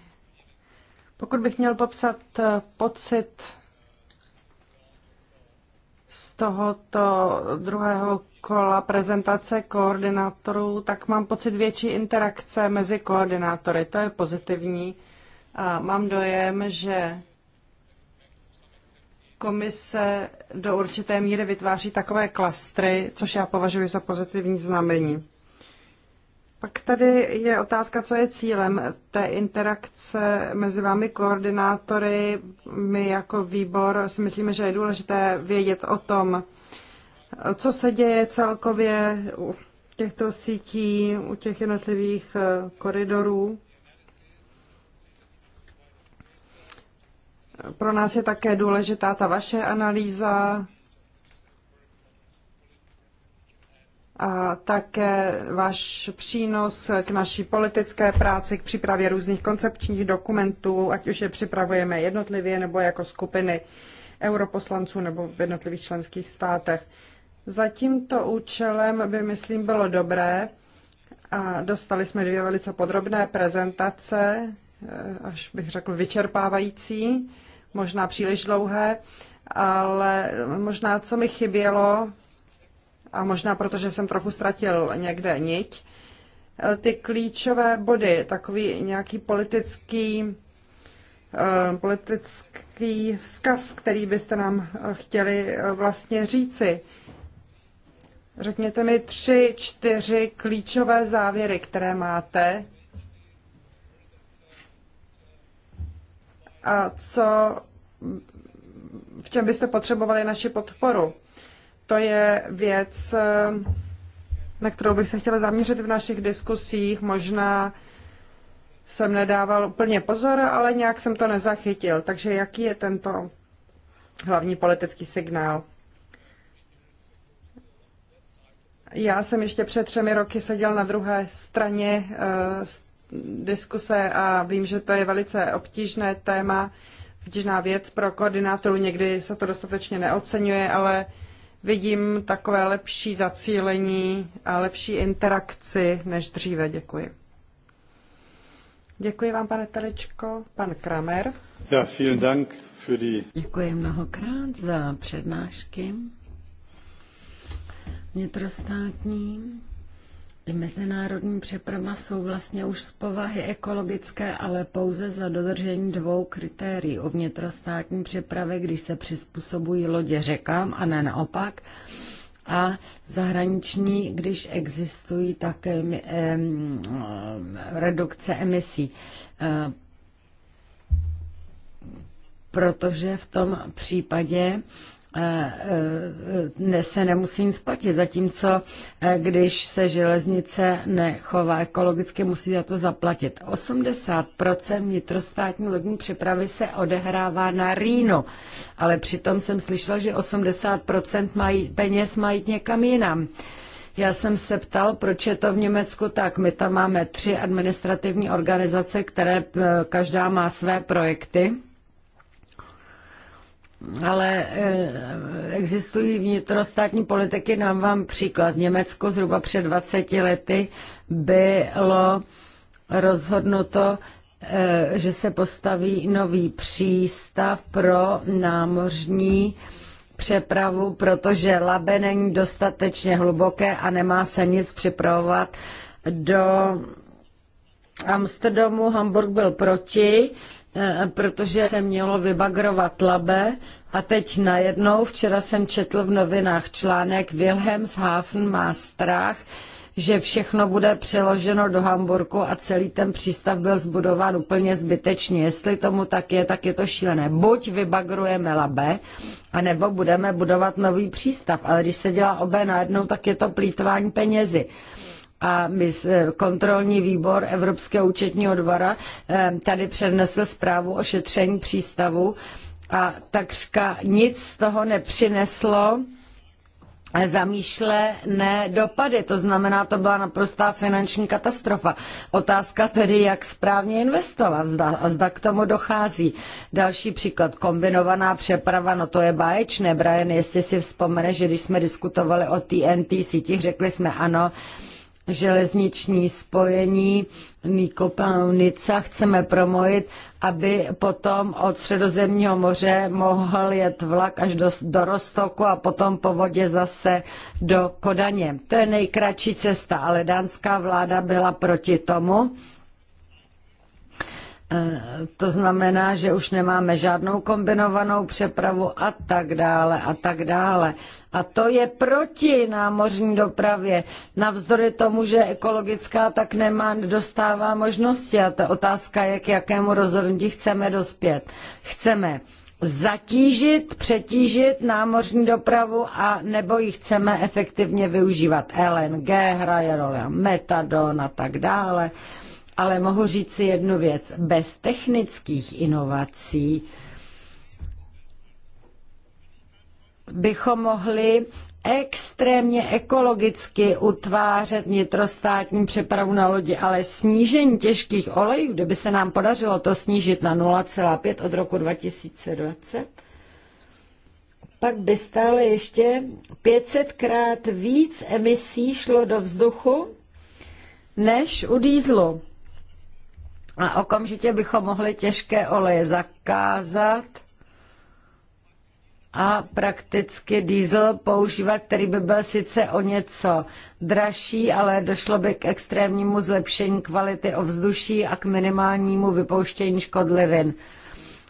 Pokud bych měl popsat eh, pocit z tohoto druhého kola prezentace koordinátorů, tak mám pocit větší interakce mezi koordinátory. To je pozitivní. A mám dojem, že komise do určité míry vytváří takové klastry, což já považuji za pozitivní znamení. Pak tady je otázka, co je cílem té interakce mezi vámi koordinátory. My jako výbor si myslíme, že je důležité vědět o tom, co se děje celkově u těchto sítí, u těch jednotlivých eh, koridorů. Pro nás je také důležitá ta vaše analýza a také váš přínos k naší politické práci, k přípravě různých koncepčních dokumentů, ať už je připravujeme jednotlivě nebo jako skupiny europoslanců nebo v jednotlivých členských státech. Za tímto účelem by, myslím, bylo dobré, a dostali jsme dvě velice podrobné prezentace, eh, až bych řekl vyčerpávající, možná příliš dlouhé, ale možná co mi chybělo, a možná protože jsem trochu ztratil někde niť, eh, ty klíčové body, takový nějaký politický, eh, politický vzkaz, který byste nám eh, chtěli vlastně říci. Řekněte mi tři, čtyři klíčové závěry, které máte. A co, v čem byste potřebovali naši podporu? To je věc, eh, na kterou bych se chtěla zaměřit v našich diskusích. Možná jsem nedával úplně pozor, ale nějak jsem to nezachytil. Takže jaký je tento hlavní politický signál? Já jsem ještě před třemi roky seděl na druhé straně uh, diskuse a vím, že to je velice obtížné téma, obtížná věc pro koordinátorů. Někdy se to dostatečně neocenuje, ale uh, vidím takové lepší zacílení a lepší interakci než dříve. Děkuji. Děkuji vám, pane telečko, Pan Kramer. Ja, vielen Dank für die... Děkuji mnohokrát za přednášky vnitrostátní Mezinárodní přeprava jsou vlastně už z povahy ekologické, ale pouze za dodržení dvou kritérií. O vnitrostátní přepravě, když se přizpůsobují lodě řekám a ne naopak, a zahraniční, když existují také redukce emisí. E, protože v tom případě Eh, eh, eh, se nemusí nic platit, zatímco když se železnice nechová ekologicky, musí za to zaplatit. 80% vnitrostátní lodní přepravy se odehrává na Rýno, ale přitom jsem slyšela, že 80% mají, peněz mají někam jinam. Já jsem se ptal, proč je to v Německu tak. My tam máme tři administrativní organizace, které každá má své projekty ale eh, existují vnitrostátní politiky. Nám vám příklad. Německo zhruba před 20 lety bylo rozhodnuto, eh, že se postaví nový přístav pro námořní přepravu, protože labe není dostatečně hluboké a nemá se nic připravovat do Amsterdamu. Hamburg byl proti Eh, protože se mělo vybagrovat labe a teď najednou, včera jsem četl v novinách článek, Wilhelmshaven má strach, že všechno bude přeloženo do Hamburgu a celý ten přístav byl zbudován úplně zbytečně. Jestli tomu tak je, tak je to šílené. Buď vybagrujeme labe, anebo budeme budovat nový přístav. Ale když se dělá obé najednou, tak je to plítvání penězi a eh, kontrolní výbor Evropského účetního dvora eh, tady přednesl zprávu o šetření přístavu a takřka nic z toho nepřineslo eh, zamýšlené dopady. To znamená, to byla naprostá finanční katastrofa. Otázka tedy, jak správně investovat zda, a zda k tomu dochází. Další příklad, kombinovaná přeprava, no to je báječné. Brian, jestli si vzpomeneš, že když jsme diskutovali o TNT sítích, řekli jsme ano, železniční spojení Nikopanica chceme promojit, aby potom od Středozemního moře mohl jet vlak až do, do Rostoku a potom po vodě zase do Kodaně. To je nejkratší cesta, ale dánská vláda byla proti tomu to znamená, že už nemáme žádnou kombinovanou přepravu a tak dále a tak dále. A to je proti námořní dopravě. Navzdory tomu, že ekologická tak nemá, dostává možnosti. A ta otázka je, k jakému rozhodnutí chceme dospět. Chceme zatížit, přetížit námořní dopravu a nebo ji chceme efektivně využívat. LNG hraje roli, metadon a tak dále ale mohu říct si jednu věc. Bez technických inovací bychom mohli extrémně ekologicky utvářet vnitrostátní přepravu na lodi, ale snížení těžkých olejů, kdyby se nám podařilo to snížit na 0,5 od roku 2020, pak by stále ještě 500 krát víc emisí šlo do vzduchu než u dýzlu. A okamžitě bychom mohli těžké oleje zakázat a prakticky diesel používat, který by byl sice o něco dražší, ale došlo by k extrémnímu zlepšení kvality ovzduší a k minimálnímu vypouštění škodlivin.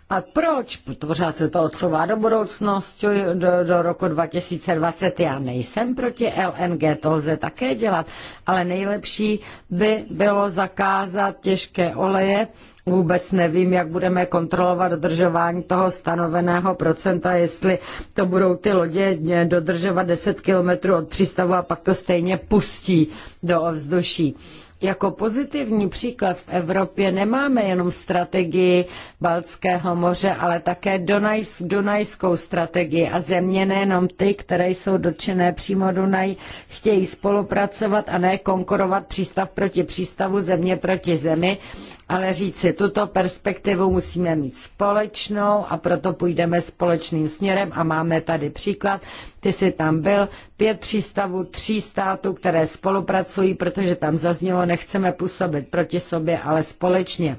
A proč pořád se to odsouvá do budoucnosti, do, do roku 2020? Já nejsem proti LNG, to lze také dělat, ale nejlepší by bylo zakázat těžké oleje. Vůbec nevím, jak budeme kontrolovat dodržování toho stanoveného procenta, jestli to budou ty lodě dodržovat 10 kilometrů od přístavu a pak to stejně pustí do ovzduší. Jako pozitivní příklad v Evropě nemáme jenom strategii Baltského moře, ale také Dunajs, Dunajskou strategii a země nejenom ty, které jsou dotčené přímo Dunaj, chtějí spolupracovat a ne konkurovat přístav proti přístavu, země proti zemi, ale říci, tuto perspektivu musíme mít společnou a proto půjdeme společným směrem a máme tady příklad, ty jsi tam byl, pět přístavů, tří států, které spolupracují, protože tam zaznělo, nechceme působit proti sobě, ale společně.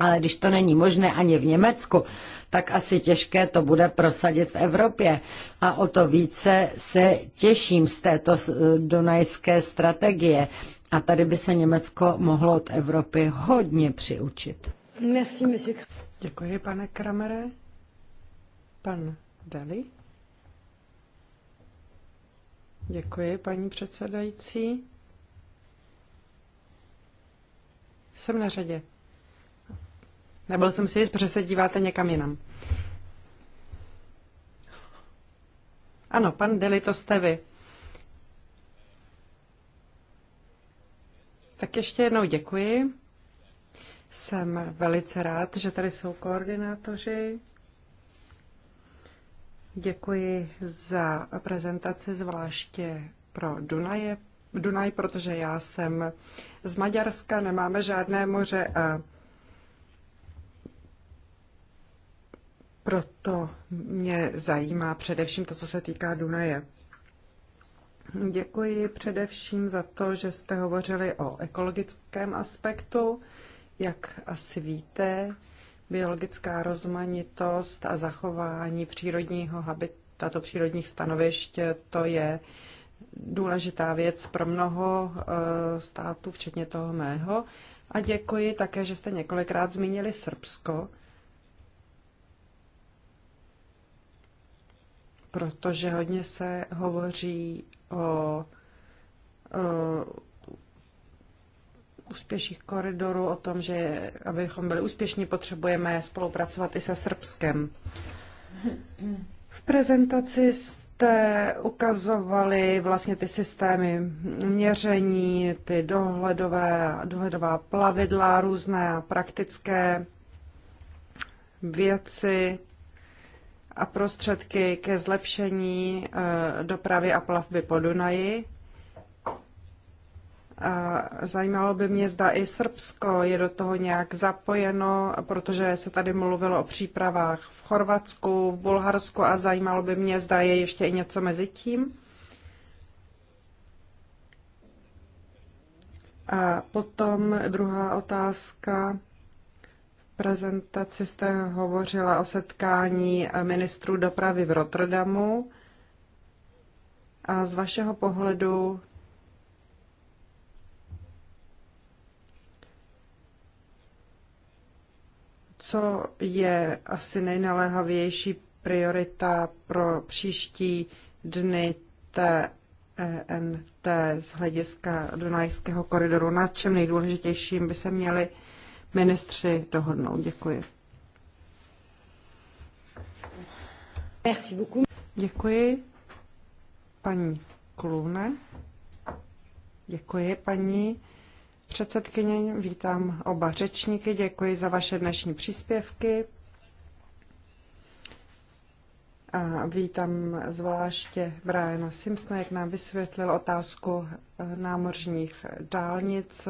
Ale když to není možné ani v Německu, tak asi těžké to bude prosadit v Evropě. A o to více se těším z této eh, donajské strategie. A tady by se Německo mohlo od Evropy hodně přiučit. Merci, monsieur. Děkuji, pane Kramere. Pan Dali. Děkuji, paní předsedající. Jsem na řadě. Nebyl jsem si jist, protože se díváte někam jinam. Ano, pan Deli, to jste vy. Tak ještě jednou děkuji. Jsem velice rád, že tady jsou koordinátoři. Děkuji za prezentaci, zvláště pro Dunaje, Dunaj, protože já jsem z Maďarska, nemáme žádné moře a Proto mě zajímá především to, co se týká Dunaje. Děkuji především za to, že jste hovořili o ekologickém aspektu. Jak asi víte, biologická rozmanitost a zachování přírodního habitatu, přírodních stanovišť, to je důležitá věc pro mnoho eh, států, včetně toho mého. A děkuji také, že jste několikrát zmínili Srbsko. protože hodně se hovoří o, o úspěších koridoru, o tom, že abychom byli úspěšní, potřebujeme spolupracovat i se Srbskem. V prezentaci jste ukazovali vlastně ty systémy měření, ty dohledové, dohledová plavidla, různé praktické věci a prostředky ke zlepšení eh, dopravy a plavby po Dunaji. A zajímalo by mě, zda i Srbsko je do toho nějak zapojeno, protože se tady mluvilo o přípravách v Chorvatsku, v Bulharsku a zajímalo by mě, zda je ještě i něco mezi tím. A potom druhá otázka prezentaci jste hovořila o setkání ministrů dopravy v Rotterdamu. A z vašeho pohledu co je asi nejnaléhavější priorita pro příští dny TNT e z hlediska Dunajského koridoru? Na čem nejdůležitějším by se měly ministři dohodnou. Děkuji. Merci beaucoup. Děkuji. Paní Klune. Děkuji, paní předsedkyně. Vítám oba řečníky. Děkuji za vaše dnešní příspěvky. A vítám zvláště Briana Simpsona, jak nám vysvětlil otázku e, námořních dálnic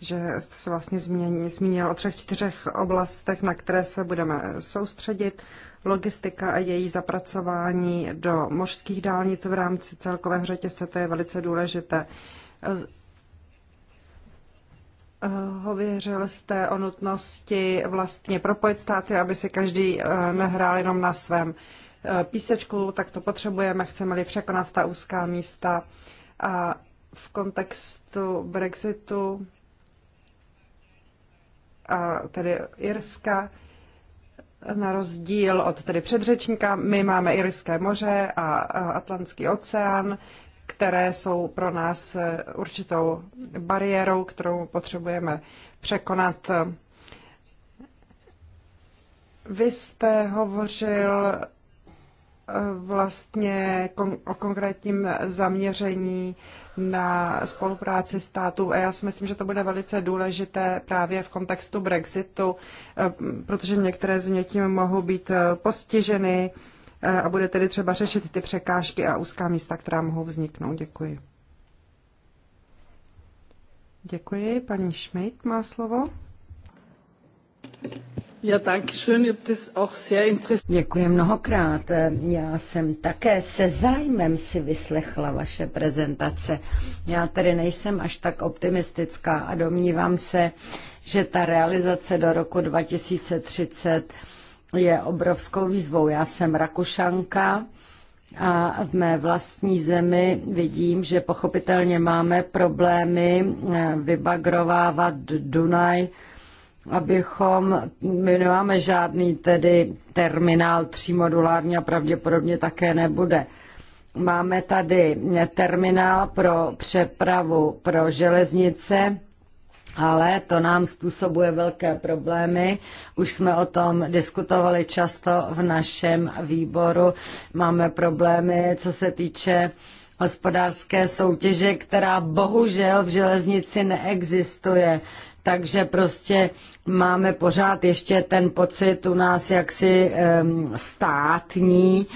že jste se vlastně zmínil o třech, čtyřech oblastech, na které se budeme soustředit. Logistika a její zapracování do mořských dálnic v rámci celkového řetězce, to je velice důležité. Hověřil jste o nutnosti vlastně propojit státy, aby si každý eh, nehrál jenom na svém eh, písečku, tak to potřebujeme, chceme-li překonat ta úzká místa. A v kontextu Brexitu a tedy Irska. Na rozdíl od tedy předřečníka, my máme Irské moře a Atlantský oceán, které jsou pro nás eh, určitou bariérou, kterou potřebujeme překonat. Vy jste hovořil eh, vlastně o konkrétním zaměření na spolupráci států a já si myslím, že to bude velice důležité právě v kontextu Brexitu, eh, protože některé země tím mohou být eh, postiženy eh, a bude tedy třeba řešit ty překážky a úzká místa, která mohou vzniknout. Děkuji. Děkuji. Paní Schmidt má slovo. Děkuji mnohokrát. Já jsem také se zájmem si vyslechla vaše prezentace. Já tedy nejsem až tak optimistická a domnívám se, že ta realizace do roku 2030 je obrovskou výzvou. Já jsem Rakušanka a v mé vlastní zemi vidím, že pochopitelně máme problémy eh, vybagrovávat Dunaj abychom, my nemáme žádný tedy terminál třímodulární a pravděpodobně také nebude. Máme tady terminál pro přepravu pro železnice, ale to nám způsobuje velké problémy. Už jsme o tom diskutovali často v našem výboru. Máme problémy, co se týče hospodářské soutěže, která bohužel v železnici neexistuje takže prostě máme pořád ještě ten pocit u nás jaksi státní,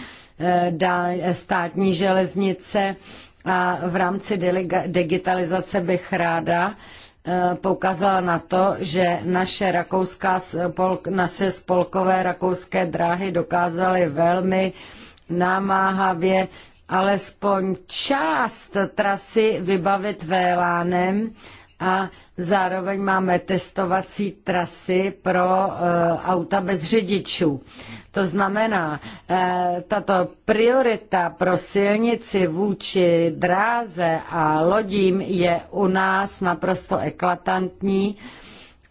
eh, státní železnice a v rámci digitalizace bych ráda eh, poukázala na to, že naše, rakouská, naše spolkové rakouské dráhy dokázaly velmi namáhavě alespoň část trasy vybavit vélánem a Zároveň máme testovací trasy pro uh, auta bez řidičů. To znamená, uh, tato priorita pro silnici vůči dráze a lodím je u nás naprosto eklatantní.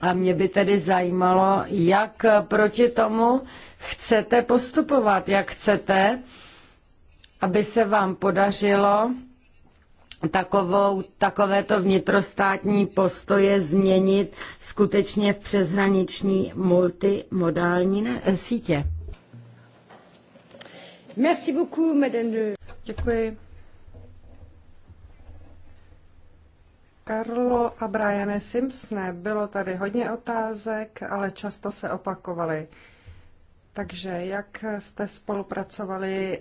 A mě by tedy zajímalo, jak proti tomu chcete postupovat, jak chcete, aby se vám podařilo takovou, takovéto vnitrostátní postoje změnit skutečně v přeshraniční multimodální sítě. Merci beaucoup, madame de... Děkuji. Karlo a Brian Simpsone, bylo tady hodně otázek, ale často se opakovaly. Takže jak jste spolupracovali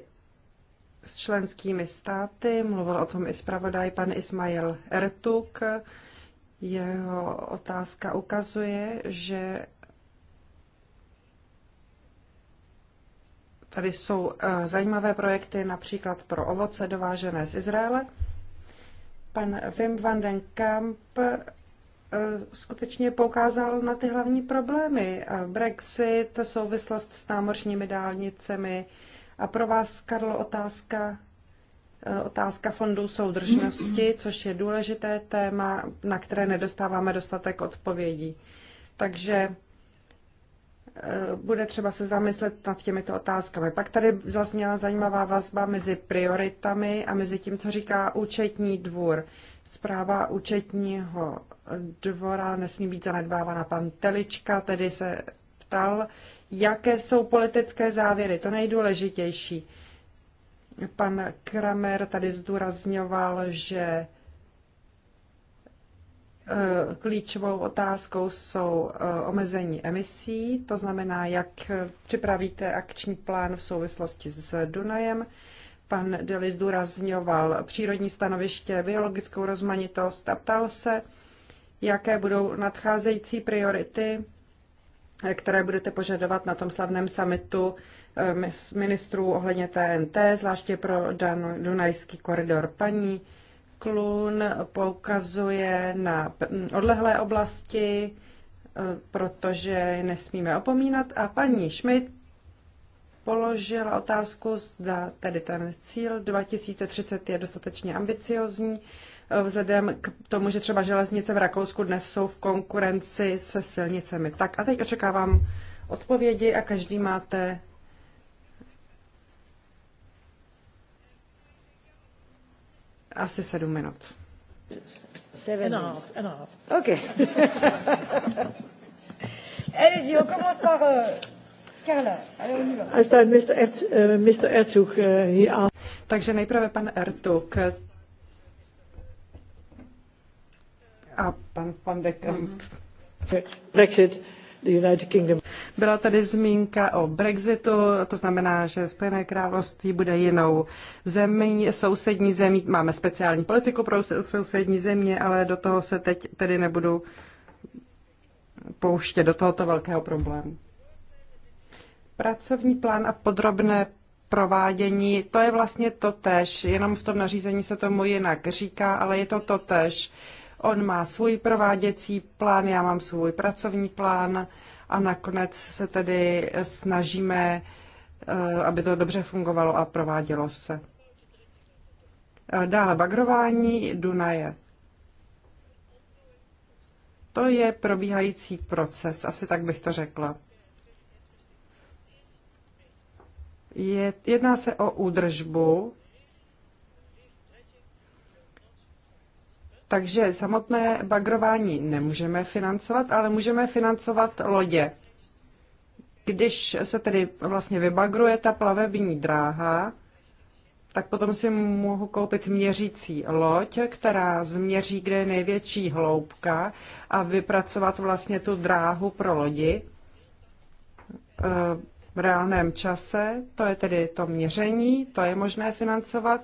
s členskými státy. Mluvil o tom i zpravodaj pan Ismail Ertuk. Jeho otázka ukazuje, že tady jsou eh, zajímavé projekty například pro ovoce dovážené z Izraele. Pan Wim van den Kamp eh, skutečně poukázal na ty hlavní problémy. Eh, Brexit, souvislost s námořními dálnicemi, a pro vás, Karlo, otázka, e, otázka fondů soudržnosti, což je důležité téma, na které nedostáváme dostatek odpovědí. Takže e, bude třeba se zamyslet nad těmito otázkami. Pak tady zazněla zajímavá vazba mezi prioritami a mezi tím, co říká účetní dvůr. Zpráva účetního dvora nesmí být zanedbávána. Pan Telička tedy se ptal, jaké jsou politické závěry, to nejdůležitější. Pan Kramer tady zdůrazňoval, že eh, klíčovou otázkou jsou eh, omezení emisí, to znamená, jak připravíte akční plán v souvislosti s Dunajem. Pan Deli zdůrazňoval přírodní stanoviště, biologickou rozmanitost a ptal se, jaké budou nadcházející priority které budete požadovat na tom slavném summitu eh, ministrů ohledně TNT, zvláště pro Dunajský koridor. Paní Klun poukazuje na odlehlé oblasti, eh, protože nesmíme opomínat. A paní Schmidt položila otázku, zda tedy ten cíl 2030 je dostatečně ambiciozní Eh, vzhledem k tomu, že třeba železnice v Rakousku dnes jsou v konkurenci se silnicemi. Tak a teď očekávám odpovědi a každý máte asi sedm minut. Seven and minutes. And a OK. Allez-y, on commence par euh, Carla. Allez, on y va. Mr. Euh, Herzog, euh, Takže nejprve pan Ertug a pan Brexit. The United Kingdom. Byla tady zmínka o Brexitu, to znamená, že Spojené království bude jinou zemí, sousední zemí. Máme speciální politiku pro sousední země, ale do toho se teď tedy nebudu pouštět, do tohoto velkého problému. Pracovní plán a podrobné provádění, to je vlastně to tež, jenom v tom nařízení se tomu jinak říká, ale je to to tež. On má svůj prováděcí plán, já mám svůj pracovní plán a nakonec se tedy snažíme, eh, aby to dobře fungovalo a provádělo se. Eh, dále bagrování Dunaje. To je probíhající proces, asi tak bych to řekla. Je, jedná se o údržbu Takže samotné bagrování nemůžeme financovat, ale můžeme financovat lodě. Když se tedy vlastně vybagruje ta plavební dráha, tak potom si mohu koupit měřící loď, která změří, kde je největší hloubka a vypracovat vlastně tu dráhu pro lodi eh, v reálném čase. To je tedy to měření, to je možné financovat.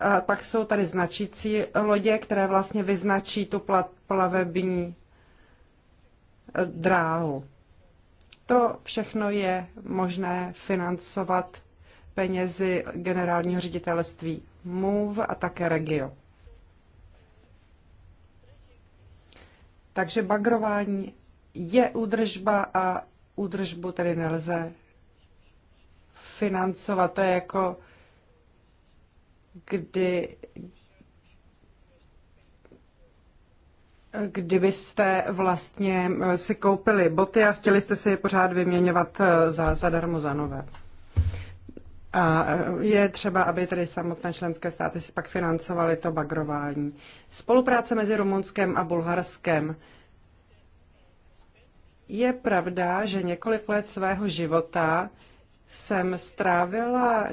A pak jsou tady značící lodě, které vlastně vyznačí tu plavební e, dráhu. To všechno je možné financovat penězi generálního ředitelství MOVE a také Regio. Takže bagrování je údržba a údržbu tedy nelze financovat. To je jako kdy kdybyste vlastně eh, si koupili boty a chtěli jste si je pořád vyměňovat eh, za, zadarmo za nové. A eh, je třeba, aby tedy samotné členské státy si pak financovaly to bagrování. Spolupráce mezi Rumunskem a Bulharskem. Je pravda, že několik let svého života jsem strávila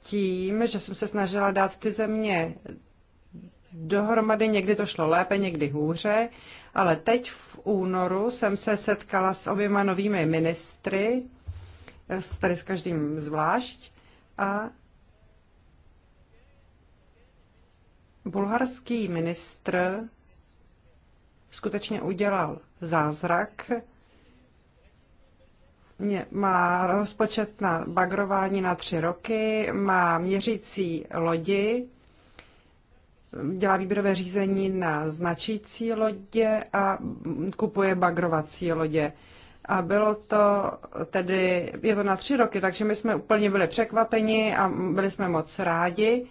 tím, že jsem se snažila dát ty země dohromady, někdy to šlo lépe, někdy hůře, ale teď v únoru jsem se setkala s oběma novými ministry, tady s každým zvlášť, a bulharský ministr skutečně udělal zázrak, má rozpočet na bagrování na tři roky, má měřící lodi, dělá výběrové řízení na značící lodě a kupuje bagrovací lodě. A bylo to tedy, je to na tři roky, takže my jsme úplně byli překvapeni a byli jsme moc rádi.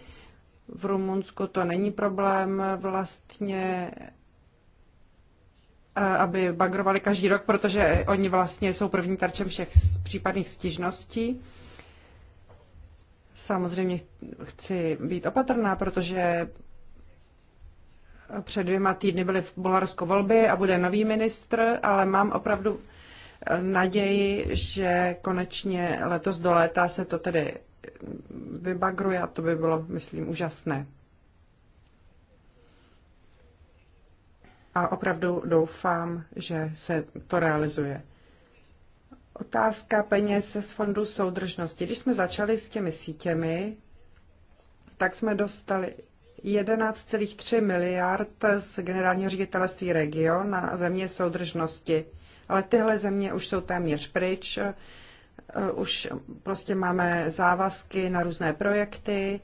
V Rumunsku to není problém vlastně aby bagrovali každý rok, protože oni vlastně jsou první tarčem všech případných stížností. Samozřejmě chci být opatrná, protože před dvěma týdny byly v Bulharsku volby a bude nový ministr, ale mám opravdu eh, naději, že konečně letos do léta se to tedy vybagruje a to by bylo, myslím, úžasné. a opravdu doufám, že se to realizuje. Otázka peněz z Fondu soudržnosti. Když jsme začali s těmi sítěmi, tak jsme dostali 11,3 miliard z generálního ředitelství region na země soudržnosti. Ale tyhle země už jsou téměř pryč, už prostě máme závazky na různé projekty,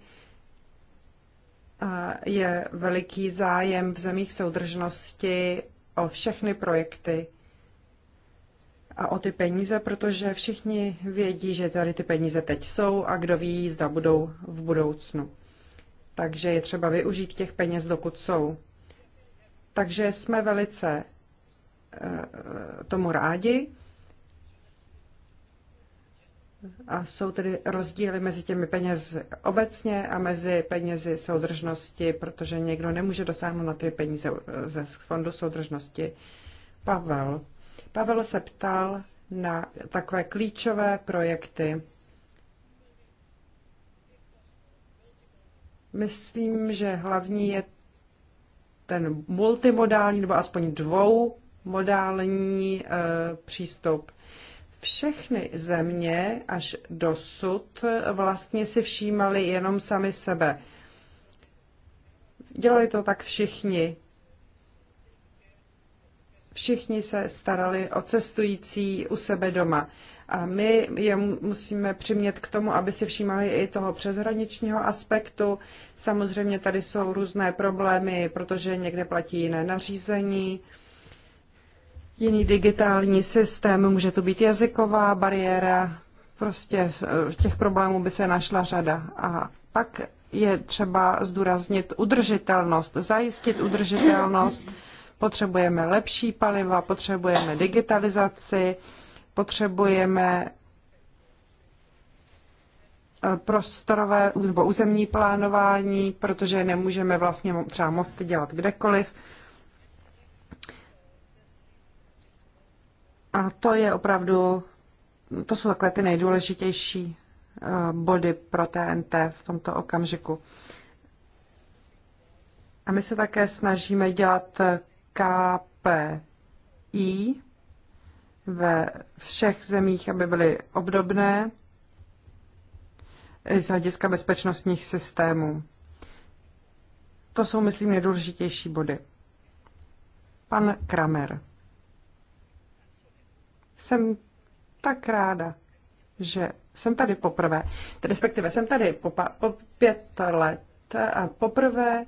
je veliký zájem v zemích soudržnosti o všechny projekty a o ty peníze, protože všichni vědí, že tady ty peníze teď jsou a kdo ví, zda budou v budoucnu. Takže je třeba využít těch peněz, dokud jsou. Takže jsme velice eh, tomu rádi a jsou tedy rozdíly mezi těmi penězi obecně a mezi penězi soudržnosti, protože někdo nemůže dosáhnout na ty peníze ze fondu soudržnosti. Pavel. Pavel se ptal na takové klíčové projekty. Myslím, že hlavní je ten multimodální nebo aspoň dvoumodální e, eh, přístup všechny země až dosud vlastně si všímali jenom sami sebe. Dělali to tak všichni. Všichni se starali o cestující u sebe doma. A my je musíme přimět k tomu, aby si všímali i toho přeshraničního aspektu. Samozřejmě tady jsou různé problémy, protože někde platí jiné nařízení jiný digitální systém, může to být jazyková bariéra, prostě těch problémů by se našla řada. A pak je třeba zdůraznit udržitelnost, zajistit udržitelnost. Potřebujeme lepší paliva, potřebujeme digitalizaci, potřebujeme eh, prostorové nebo územní plánování, protože nemůžeme vlastně třeba mosty dělat kdekoliv. A to je opravdu, to jsou takové ty nejdůležitější eh, body pro TNT v tomto okamžiku. A my se také snažíme dělat eh, KPI ve všech zemích, aby byly obdobné z hlediska bezpečnostních systémů. To jsou, myslím, nejdůležitější body. Pan Kramer. Jsem tak ráda, že jsem tady poprvé, respektive jsem tady po, po pět let a poprvé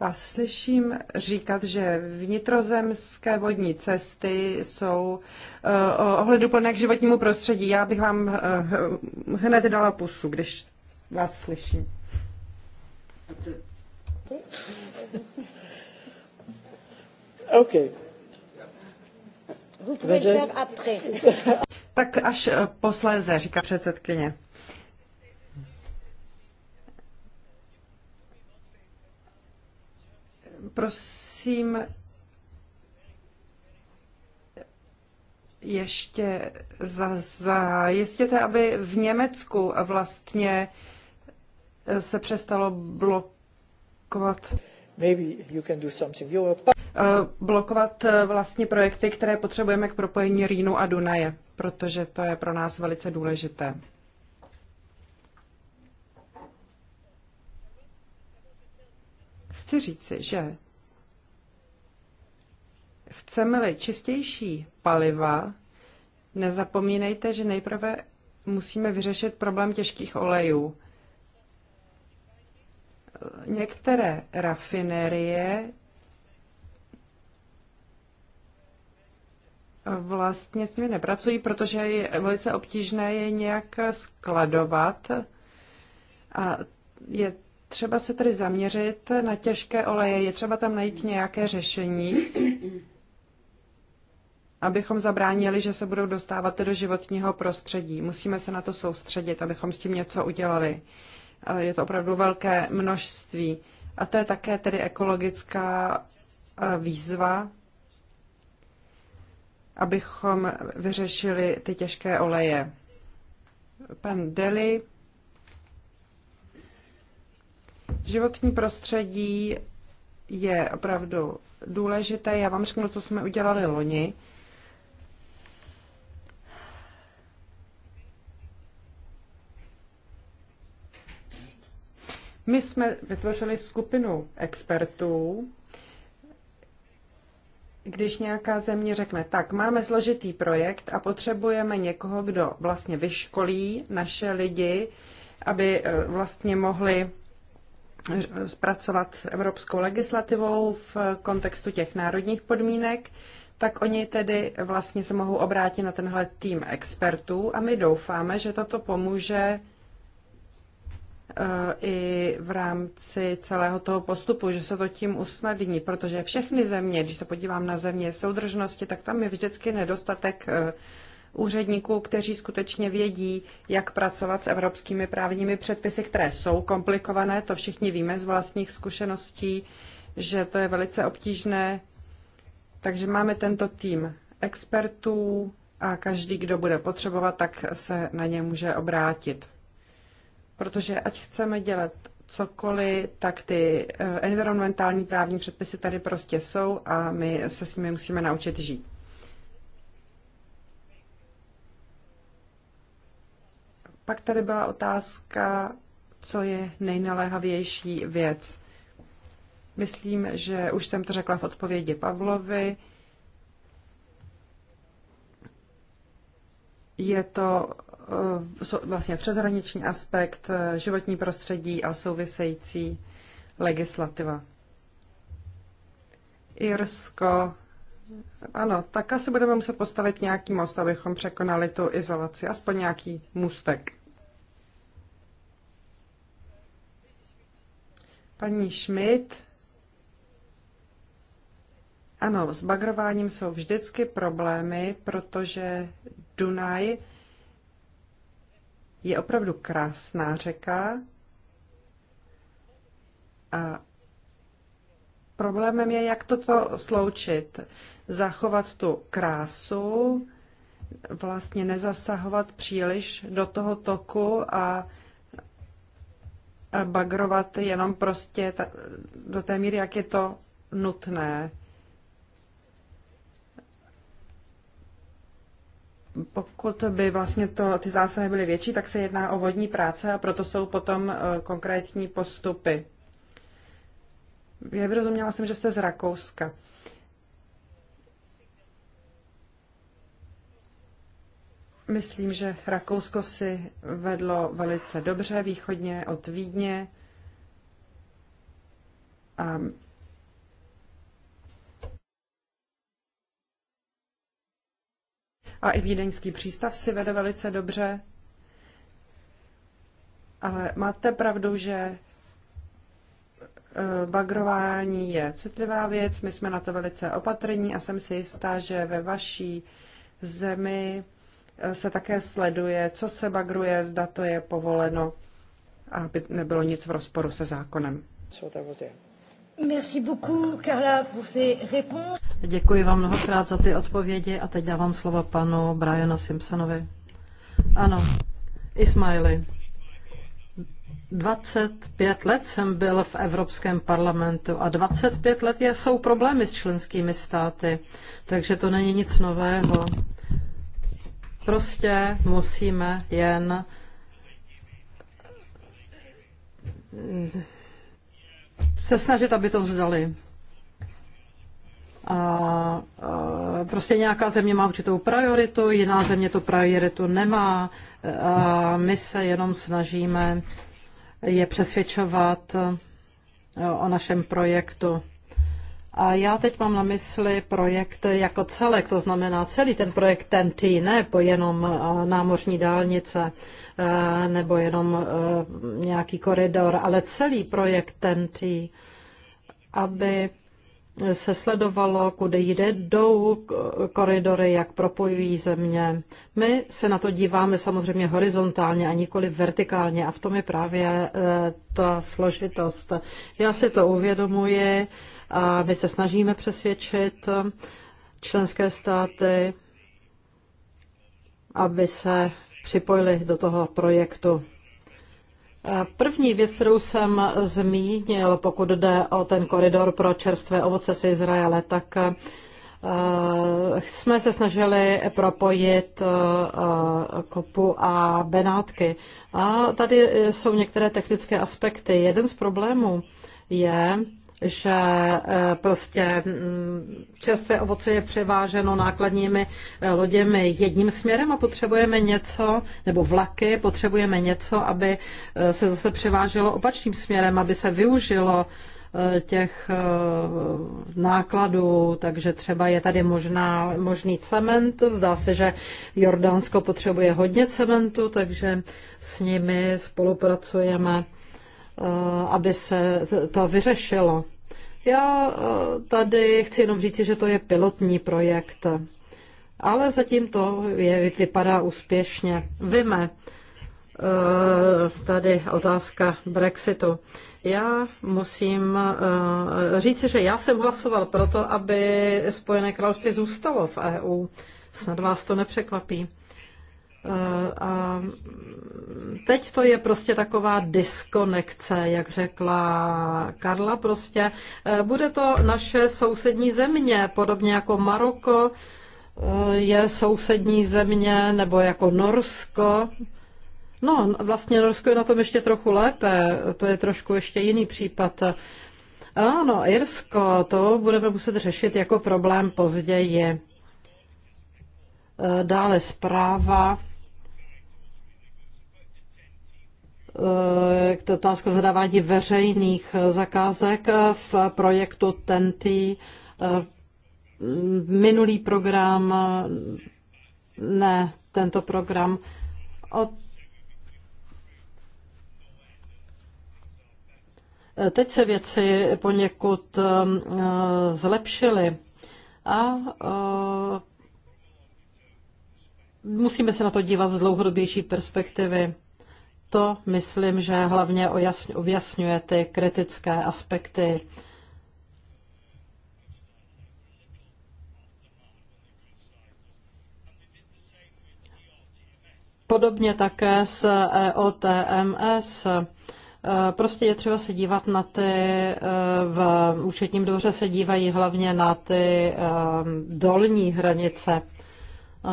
vás slyším říkat, že vnitrozemské vodní cesty jsou uh, eh, ohleduplné k životnímu prostředí. Já bych vám uh, hned dala pusu, když vás slyším. Okay. tak až eh, posléze, říká předsedkyně. Prosím, ještě zajistěte, aby v Německu vlastně eh, se přestalo blokovat. Maybe you can do something. Eh, blokovat eh, vlastně projekty, které potřebujeme k propojení Rýnu a Dunaje, protože to je pro nás velice důležité. Chci říci, že chceme-li čistější paliva, nezapomínejte, že nejprve musíme vyřešit problém těžkých olejů. Eh, některé rafinerie vlastně s nimi nepracují, protože je velice obtížné je nějak skladovat. A je třeba se tedy zaměřit na těžké oleje, je třeba tam najít nějaké řešení, abychom zabránili, že se budou dostávat do životního prostředí. Musíme se na to soustředit, abychom s tím něco udělali. Je to opravdu velké množství. A to je také tedy ekologická eh, výzva abychom vyřešili ty těžké oleje. Pan Deli. Životní prostředí je opravdu důležité. Já vám řeknu, co jsme udělali loni. My jsme vytvořili skupinu expertů, když nějaká země řekne, tak máme složitý projekt a potřebujeme někoho, kdo vlastně vyškolí naše lidi, aby eh, vlastně mohli eh, zpracovat s evropskou legislativou v kontextu těch národních podmínek, tak oni tedy vlastně se mohou obrátit na tenhle tým expertů a my doufáme, že toto pomůže i v rámci celého toho postupu, že se to tím usnadní, protože všechny země, když se podívám na země soudržnosti, tak tam je vždycky nedostatek eh, úředníků, kteří skutečně vědí, jak pracovat s evropskými právními předpisy, které jsou komplikované, to všichni víme z vlastních zkušeností, že to je velice obtížné. Takže máme tento tým expertů a každý, kdo bude potřebovat, tak se na ně může obrátit protože ať chceme dělat cokoliv, tak ty eh, environmentální právní předpisy tady prostě jsou a my se s nimi musíme naučit žít. Pak tady byla otázka, co je nejnaléhavější věc. Myslím, že už jsem to řekla v odpovědi Pavlovi. Je to Eh, vlastně přeshraniční aspekt, eh, životní prostředí a související legislativa. Irsko. Ano, tak asi budeme muset postavit nějaký most, abychom překonali tu izolaci, aspoň nějaký můstek. Paní Schmidt. Ano, s bagrováním jsou vždycky problémy, protože Dunaj je opravdu krásná řeka a problémem je, jak toto sloučit. Zachovat tu krásu, vlastně nezasahovat příliš do toho toku a bagrovat jenom prostě do té míry, jak je to nutné. Pokud by vlastně to, ty zásahy byly větší, tak se jedná o vodní práce a proto jsou potom e, konkrétní postupy. Já vyrozuměla jsem, že jste z Rakouska. Myslím, že Rakousko si vedlo velice dobře východně od Vídně. A a i vídeňský přístav si vede velice dobře. Ale máte pravdu, že e, bagrování je citlivá věc, my jsme na to velice opatrní a jsem si jistá, že ve vaší zemi e, se také sleduje, co se bagruje, zda to je povoleno, aby nebylo nic v rozporu se zákonem. Merci beaucoup, Carla, pour ces réponses. Děkuji vám mnohokrát za ty odpovědi a teď dávám slovo panu Brianu Simpsonovi. Ano, Ismaili. 25 let jsem byl v Evropském parlamentu a 25 let je, jsou problémy s členskými státy, takže to není nic nového. Prostě musíme jen se snažit, aby to vzdali. A, a prostě nějaká země má určitou prioritu, jiná země to prioritu nemá. A my se jenom snažíme je přesvědčovat o našem projektu. A já teď mám na mysli projekt jako celek, to znamená celý ten projekt ten tý ne po jenom eh, námořní dálnice eh, nebo jenom eh, nějaký koridor, ale celý projekt ten tý, aby se sledovalo, kudy jde, jdou koridory, jak propojují země. My se na to díváme samozřejmě horizontálně a nikoli vertikálně a v tom je právě ta složitost. Já si to uvědomuji, a my se snažíme přesvědčit členské státy, aby se připojili do toho projektu. První věc, kterou jsem zmínil, pokud jde o ten koridor pro čerstvé ovoce z Izraele, tak jsme se snažili propojit kopu a benátky. A tady jsou některé technické aspekty. Jeden z problémů je, že eh, prostě mm, čerstvé ovoce je převáženo nákladními eh, loděmi jedním směrem a potřebujeme něco, nebo vlaky, potřebujeme něco, aby eh, se zase převáželo opačným směrem, aby se využilo těch nákladů, takže třeba je tady možná, možný cement. Zdá se, že Jordánsko potřebuje hodně cementu, takže s nimi spolupracujeme Eh, aby se to vyřešilo. Já eh, tady chci jenom říct, že to je pilotní projekt, ale zatím to je, vypadá úspěšně. Víme, eh, tady otázka Brexitu. Já musím říct, že já jsem hlasoval pro to, aby Spojené království zůstalo v EU. Snad vás to nepřekvapí. Eh, a teď to je prostě taková diskonekce, jak řekla Karla prostě. Eh, bude to naše sousední země, podobně jako Maroko eh, je sousední země, nebo jako Norsko. No, vlastně Norsko je na tom ještě trochu lépe, to je trošku ještě jiný případ. Ano, Irsko, to budeme muset řešit jako problém později. Dále zpráva Eh, otázka zadávání veřejných eh, zakázek eh, v projektu TNT. Minulý program, ne, tento program. Od Teď se věci poněkud zlepšily a musíme se na to dívat z dlouhodobější perspektivy to myslím, že hlavně objasňuje ty kritické aspekty. Podobně také s EOTMS. E, prostě je třeba se dívat na ty, e, v účetním dvoře se dívají hlavně na ty e, dolní hranice.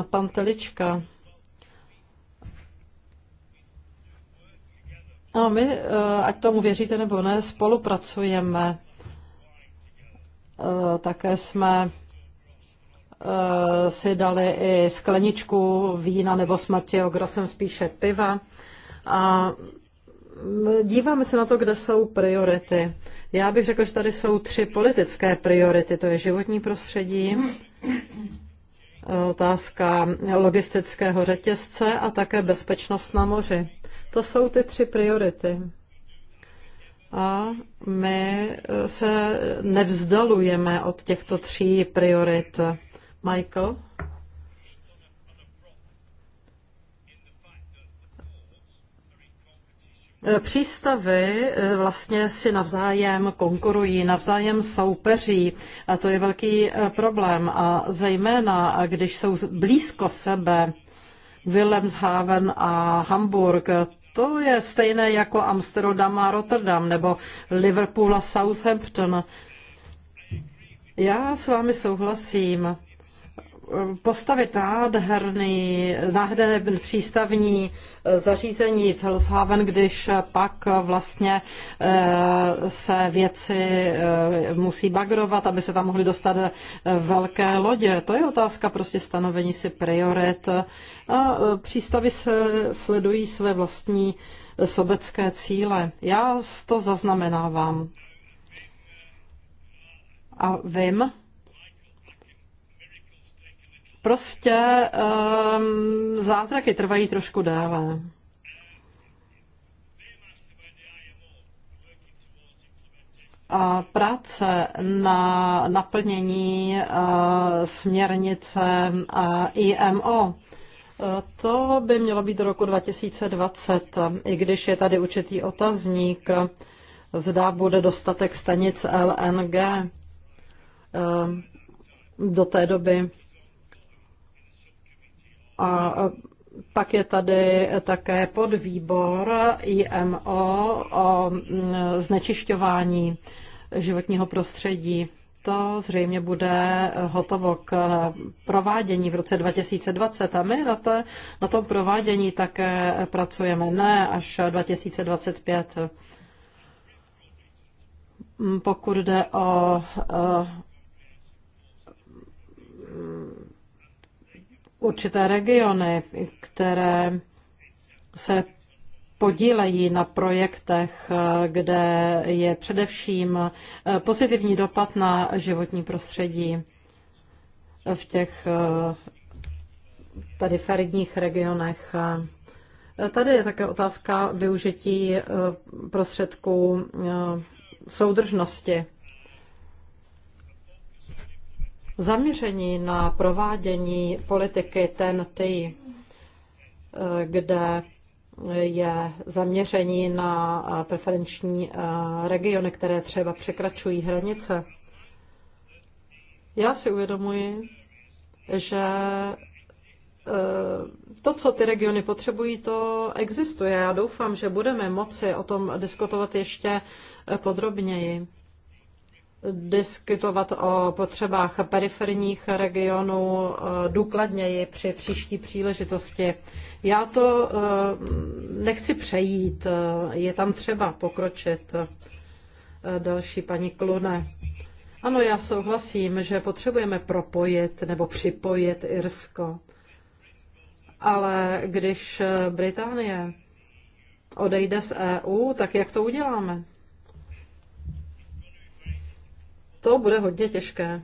Pan Telička. No my, eh, ať tomu věříte nebo ne, spolupracujeme. Eh, také jsme eh, si dali i skleničku vína, nebo s Matějo Grosem spíše piva. A díváme se na to, kde jsou priority. Já bych řekl, že tady jsou tři politické priority. To je životní prostředí, otázka logistického řetězce a také bezpečnost na moři. To jsou ty tři priority. A my eh, se nevzdalujeme od těchto tří priorit. Michael? Eh, přístavy eh, vlastně si navzájem konkurují, navzájem soupeří a to je velký problém a zejména, když jsou blízko sebe Wilhelmshaven a Hamburg, to je stejné jako Amsterdam a Rotterdam nebo Liverpool a Southampton. Já s vámi souhlasím postavit nádherný, nádherný přístavní eh, zařízení v Hellshaven, když pak vlastně eh, se věci eh, musí bagrovat, aby se tam mohly dostat velké lodě. To je otázka prostě stanovení si priorit. A přístavy se sledují své vlastní sobecké cíle. Já to zaznamenávám. A vím, Prostě um, zázraky trvají trošku déle. A práce na naplnění eh, směrnice eh, IMO. Eh, to by mělo být do roku 2020, i když je tady určitý otazník, zda bude dostatek stanic LNG do té doby. A pak je tady také podvýbor IMO o mm, znečišťování životního prostředí. To zřejmě bude hotovo k provádění v roce 2020 a my na, to na tom provádění také pracujeme, ne až 2025. Mm, pokud jde o eh, určité regiony, které se podílejí na projektech, kde je především eh, pozitivní dopad na životní prostředí v těch periferních eh, regionech. Eh, tady je také otázka využití prostředků soudržnosti zaměření na provádění politiky TNT, eh, kde je zaměření na eh, preferenční eh, regiony, které třeba překračují hranice. Já si uvědomuji, že to, co ty regiony potřebují, to existuje. Já doufám, že budeme moci o tom diskutovat ještě podrobněji diskutovat o potřebách periferních regionů e, důkladněji při příští příležitosti. Já to e, nechci přejít, e, je tam třeba pokročit. Další paní Klune. Ano, já souhlasím, že potřebujeme propojit nebo připojit Irsko. Ale když Británie odejde z EU, tak jak to uděláme? To bude hodně těžké.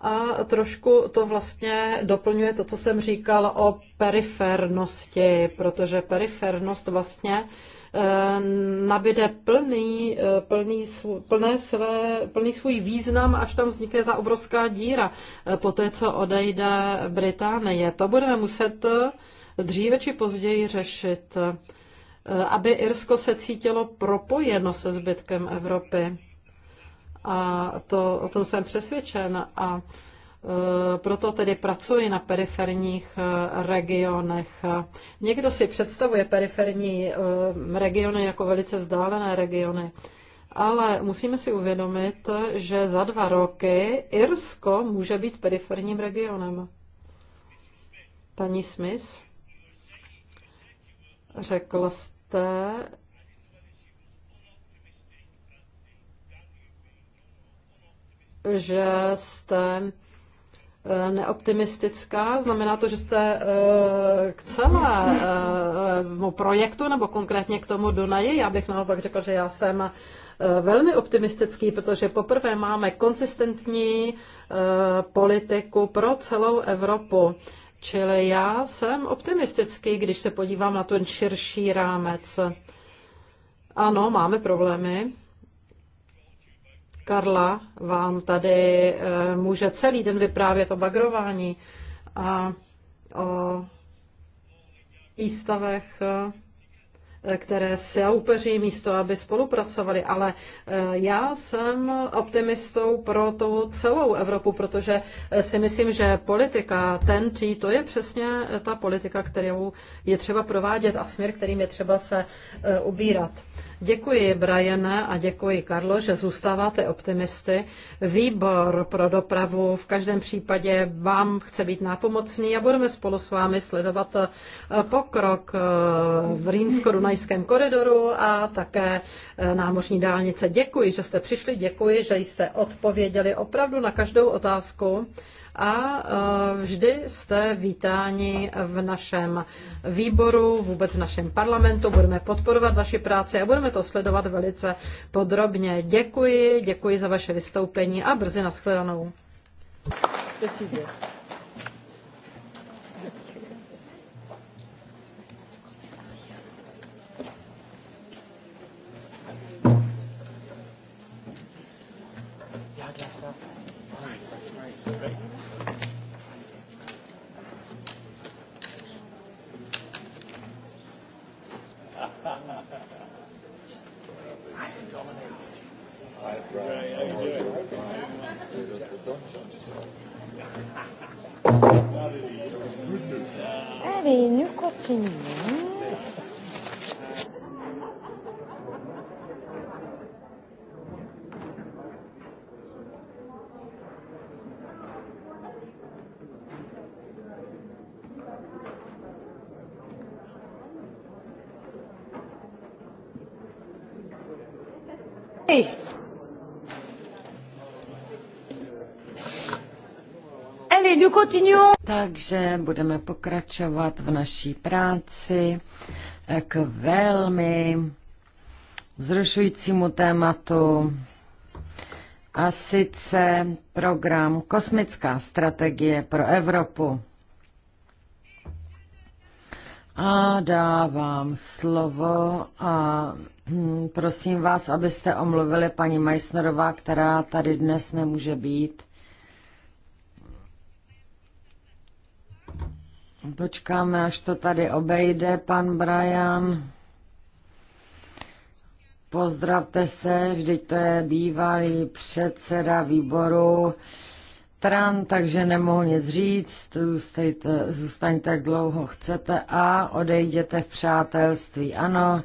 A trošku to vlastně doplňuje to, co jsem říkal o perifernosti, protože perifernost vlastně eh, nabide plný, eh, plný, plné své, plný svůj význam, až tam vznikne ta obrovská díra eh, po té, co odejde Británie. To budeme muset dříve či později řešit, aby Irsko se cítilo propojeno se zbytkem Evropy. A to, o tom jsem přesvědčen. A e, proto tedy pracuji na periferních e, regionech. Někdo si představuje periferní e, regiony jako velice vzdálené regiony, ale musíme si uvědomit, že za dva roky Irsko může být periferním regionem. Paní Smith, Řekl jste, že jste eh, neoptimistická? Znamená to, že jste eh, k celému eh, projektu nebo konkrétně k tomu Dunaji? Já bych naopak řekla, že já jsem velmi optimistický, protože poprvé máme konsistentní politiku pro celou Evropu. Čili já jsem optimistický, když se podívám na ten širší rámec. Ano, máme problémy, Karla vám tady eh, může celý den vyprávět o bagrování a o výstavech, eh, které se upeří místo, aby spolupracovali. Ale eh, já jsem optimistou pro tu celou Evropu, protože si myslím, že politika ten tří, to je přesně ta politika, kterou je třeba provádět a směr, kterým je třeba se ubírat. Děkuji, Briane, a děkuji, Karlo, že zůstáváte optimisty. Výbor pro dopravu v každém případě vám chce být nápomocný a budeme spolu s vámi sledovat eh, pokrok eh, v Rýnsko-Dunajském koridoru a také eh, námořní dálnice. Děkuji, že jste přišli, děkuji, že jste odpověděli opravdu na každou otázku a e, vždy jste vítáni v našem výboru, vůbec v našem parlamentu. Budeme podporovat vaši práci a budeme to sledovat velice podrobně. Děkuji, děkuji za vaše vystoupení a brzy nashledanou. Děkuji. Allez, nous continuons. Hey. Takže budeme pokračovat v naší práci k velmi zrušujícímu tématu a sice program Kosmická strategie pro Evropu. A dávám slovo a prosím vás, abyste omluvili paní Majsnerová, která tady dnes nemůže být Počkáme, až to tady obejde pan Brian. Pozdravte se, vždyť to je bývalý předseda výboru TRAN, takže nemohu nic říct, zůstejte, zůstaňte jak dlouho chcete a odejděte v přátelství. Ano,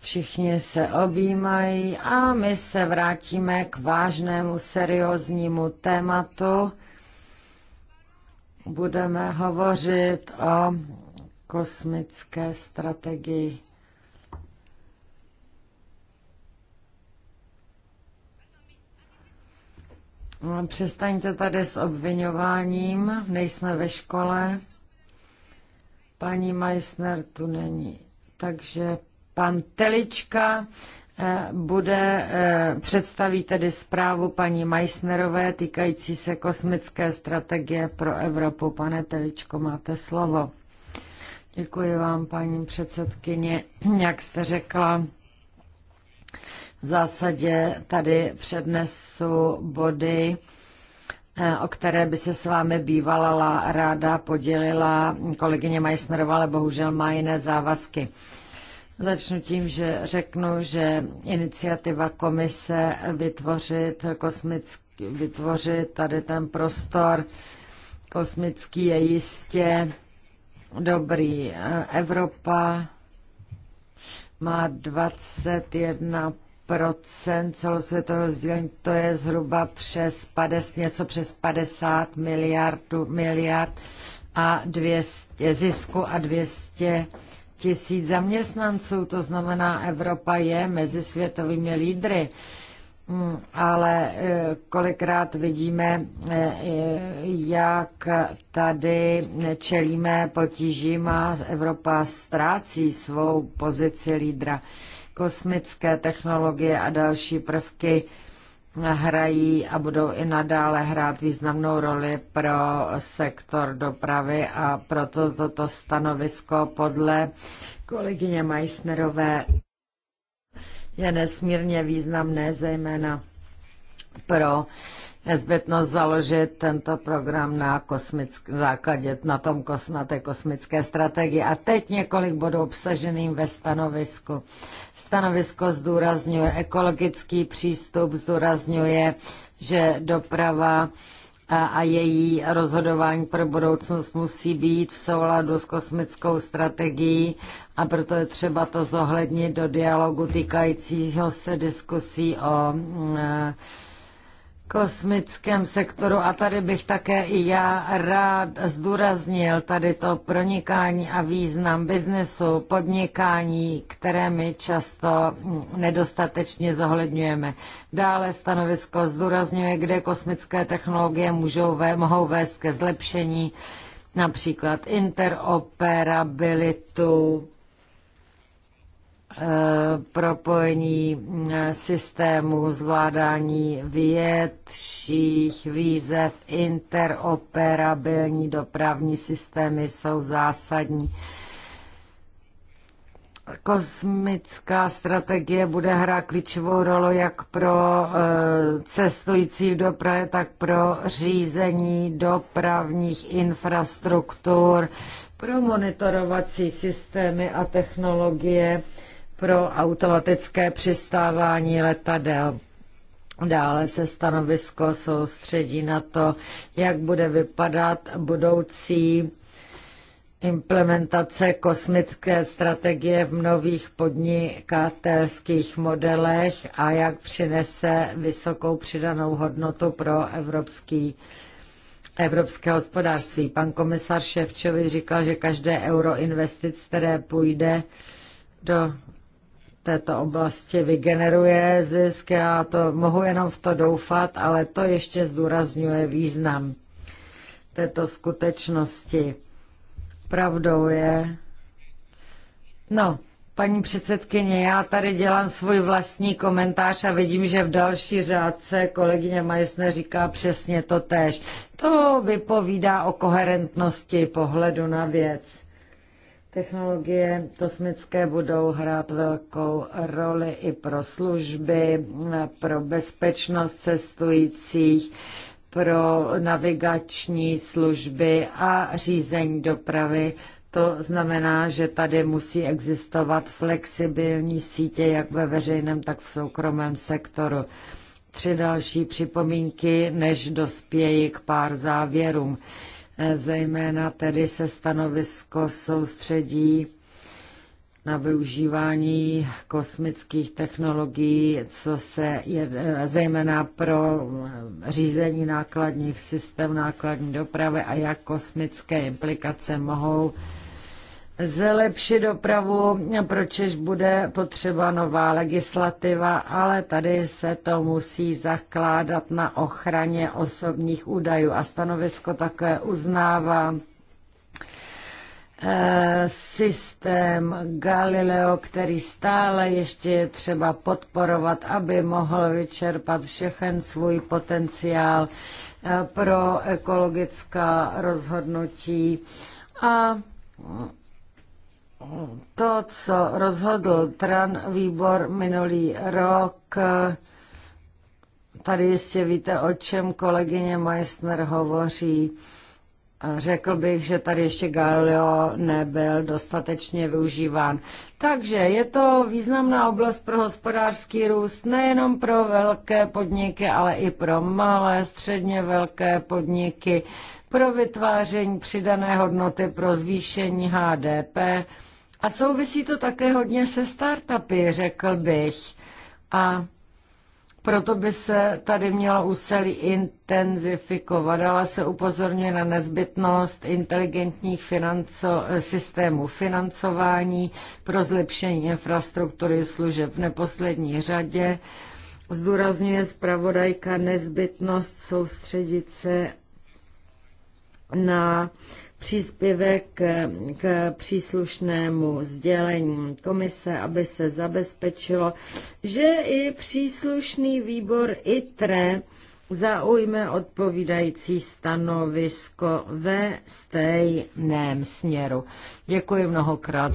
všichni se objímají a my se vrátíme k vážnému, serióznímu tématu budeme hovořit o kosmické strategii. No, přestaňte tady s obvinováním, nejsme ve škole. Paní Meissner tu není. Takže pan Telička bude eh, představí tedy zprávu paní Meissnerové týkající se kosmické strategie pro Evropu. Pane Teličko, máte slovo. Děkuji vám, paní předsedkyně. Jak jste řekla, v zásadě tady přednesu body, eh, o které by se s vámi bývala ráda podělila kolegyně Meissnerová, ale bohužel má jiné závazky. Začnu tím, že řeknu, že iniciativa komise vytvořit kosmický, vytvořit tady ten prostor kosmický je jistě dobrý. Evropa má 21 procent celosvětového sdílení, to je zhruba přes 50, něco přes 50 miliardů, miliard a 200, zisku a 200 tisíc zaměstnanců, to znamená, Evropa je mezi světovými lídry. Hmm, ale eh, kolikrát vidíme, eh, eh, jak tady čelíme potížím a Evropa ztrácí svou pozici lídra. Kosmické technologie a další prvky hrají a budou i nadále hrát významnou roli pro sektor dopravy a proto toto stanovisko podle kolegyně Meissnerové je nesmírně významné, zejména pro nezbytnost založit tento program na kosmick, základě na, tom, na té kosmické strategii. A teď několik bodů obsaženým ve stanovisku. Stanovisko zdůrazňuje ekologický přístup, zdůrazňuje, že doprava a její rozhodování pro budoucnost musí být v souladu s kosmickou strategií a proto je třeba to zohlednit do dialogu týkajícího se diskusí o mm, kosmickém sektoru a tady bych také i já rád zdůraznil tady to pronikání a význam biznesu, podnikání, které my často nedostatečně zohledňujeme. Dále stanovisko zdůrazňuje, kde kosmické technologie můžou, mohou vést ke zlepšení například interoperabilitu, Eh, propojení eh, systému zvládání větších výzev, interoperabilní dopravní systémy jsou zásadní. Kosmická strategie bude hrát klíčovou roli jak pro eh, cestující v dopravě, tak pro řízení dopravních infrastruktur, pro monitorovací systémy a technologie pro automatické přistávání letadel. Dále se stanovisko soustředí na to, jak bude vypadat budoucí implementace kosmické strategie v nových podnikatelských modelech a jak přinese vysokou přidanou hodnotu pro evropský evropské hospodářství. Pan komisar Ševčovi říkal, že každé euro investic, které půjde do této oblasti vygeneruje zisk. Já to mohu jenom v to doufat, ale to ještě zdůrazňuje význam této skutečnosti. Pravdou je. No, paní předsedkyně, já tady dělám svůj vlastní komentář a vidím, že v další řádce kolegyně Majsne říká přesně to tež. To vypovídá o koherentnosti pohledu na věc. Technologie kosmické budou hrát velkou roli i pro služby, pro bezpečnost cestujících, pro navigační služby a řízení dopravy. To znamená, že tady musí existovat flexibilní sítě jak ve veřejném, tak v soukromém sektoru. Tři další připomínky, než dospějí k pár závěrům. Eh, zejména tedy se stanovisko soustředí na využívání kosmických technologií, co se je, eh, zejména pro eh, řízení nákladních systém nákladní dopravy a jak kosmické implikace mohou zlepšit dopravu, pročež bude potřeba nová legislativa, ale tady se to musí zakládat na ochraně osobních údajů a stanovisko také uznává eh, systém Galileo, který stále ještě je třeba podporovat, aby mohl vyčerpat všechen svůj potenciál eh, pro ekologická rozhodnutí a to, co rozhodl TRAN výbor minulý rok, tady jistě víte, o čem kolegyně Meissner hovoří. Řekl bych, že tady ještě Galileo nebyl dostatečně využíván. Takže je to významná oblast pro hospodářský růst, nejenom pro velké podniky, ale i pro malé, středně velké podniky, pro vytváření přidané hodnoty, pro zvýšení HDP a souvisí to také hodně se startupy, řekl bych. A proto by se tady mělo úsilí intenzifikovat, ale se upozorňuje na nezbytnost inteligentních financo, systémů financování pro zlepšení infrastruktury služeb v neposlední řadě. Zdůrazňuje zpravodajka nezbytnost soustředit se na příspěvek k, k příslušnému sdělení komise, aby se zabezpečilo, že i příslušný výbor ITRE zaujme odpovídající stanovisko ve stejném směru. Děkuji mnohokrát.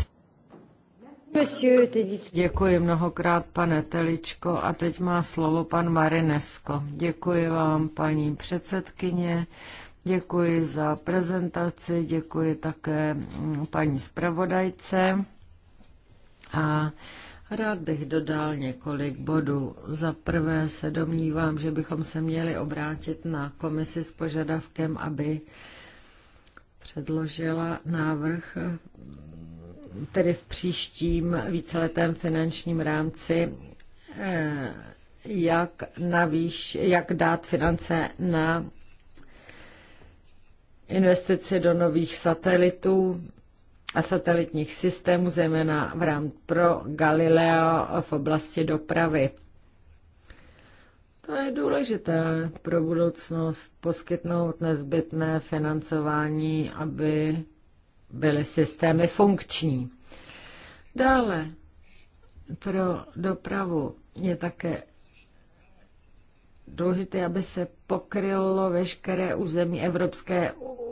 Děkuji mnohokrát, pane Teličko. A teď má slovo pan Marinesko. Děkuji vám, paní předsedkyně. Děkuji za prezentaci, děkuji také mm, paní zpravodajce a rád bych dodal několik bodů. Za prvé se domnívám, že bychom se měli obrátit na komisi s požadavkem, aby předložila návrh tedy v příštím víceletém finančním rámci eh, jak, navíš, jak dát finance na investice do nových satelitů a satelitních systémů, zejména v rámci pro Galileo v oblasti dopravy. To je důležité pro budoucnost poskytnout nezbytné financování, aby byly systémy funkční. Dále pro dopravu je také důležité, aby se pokrylo veškeré území Evropské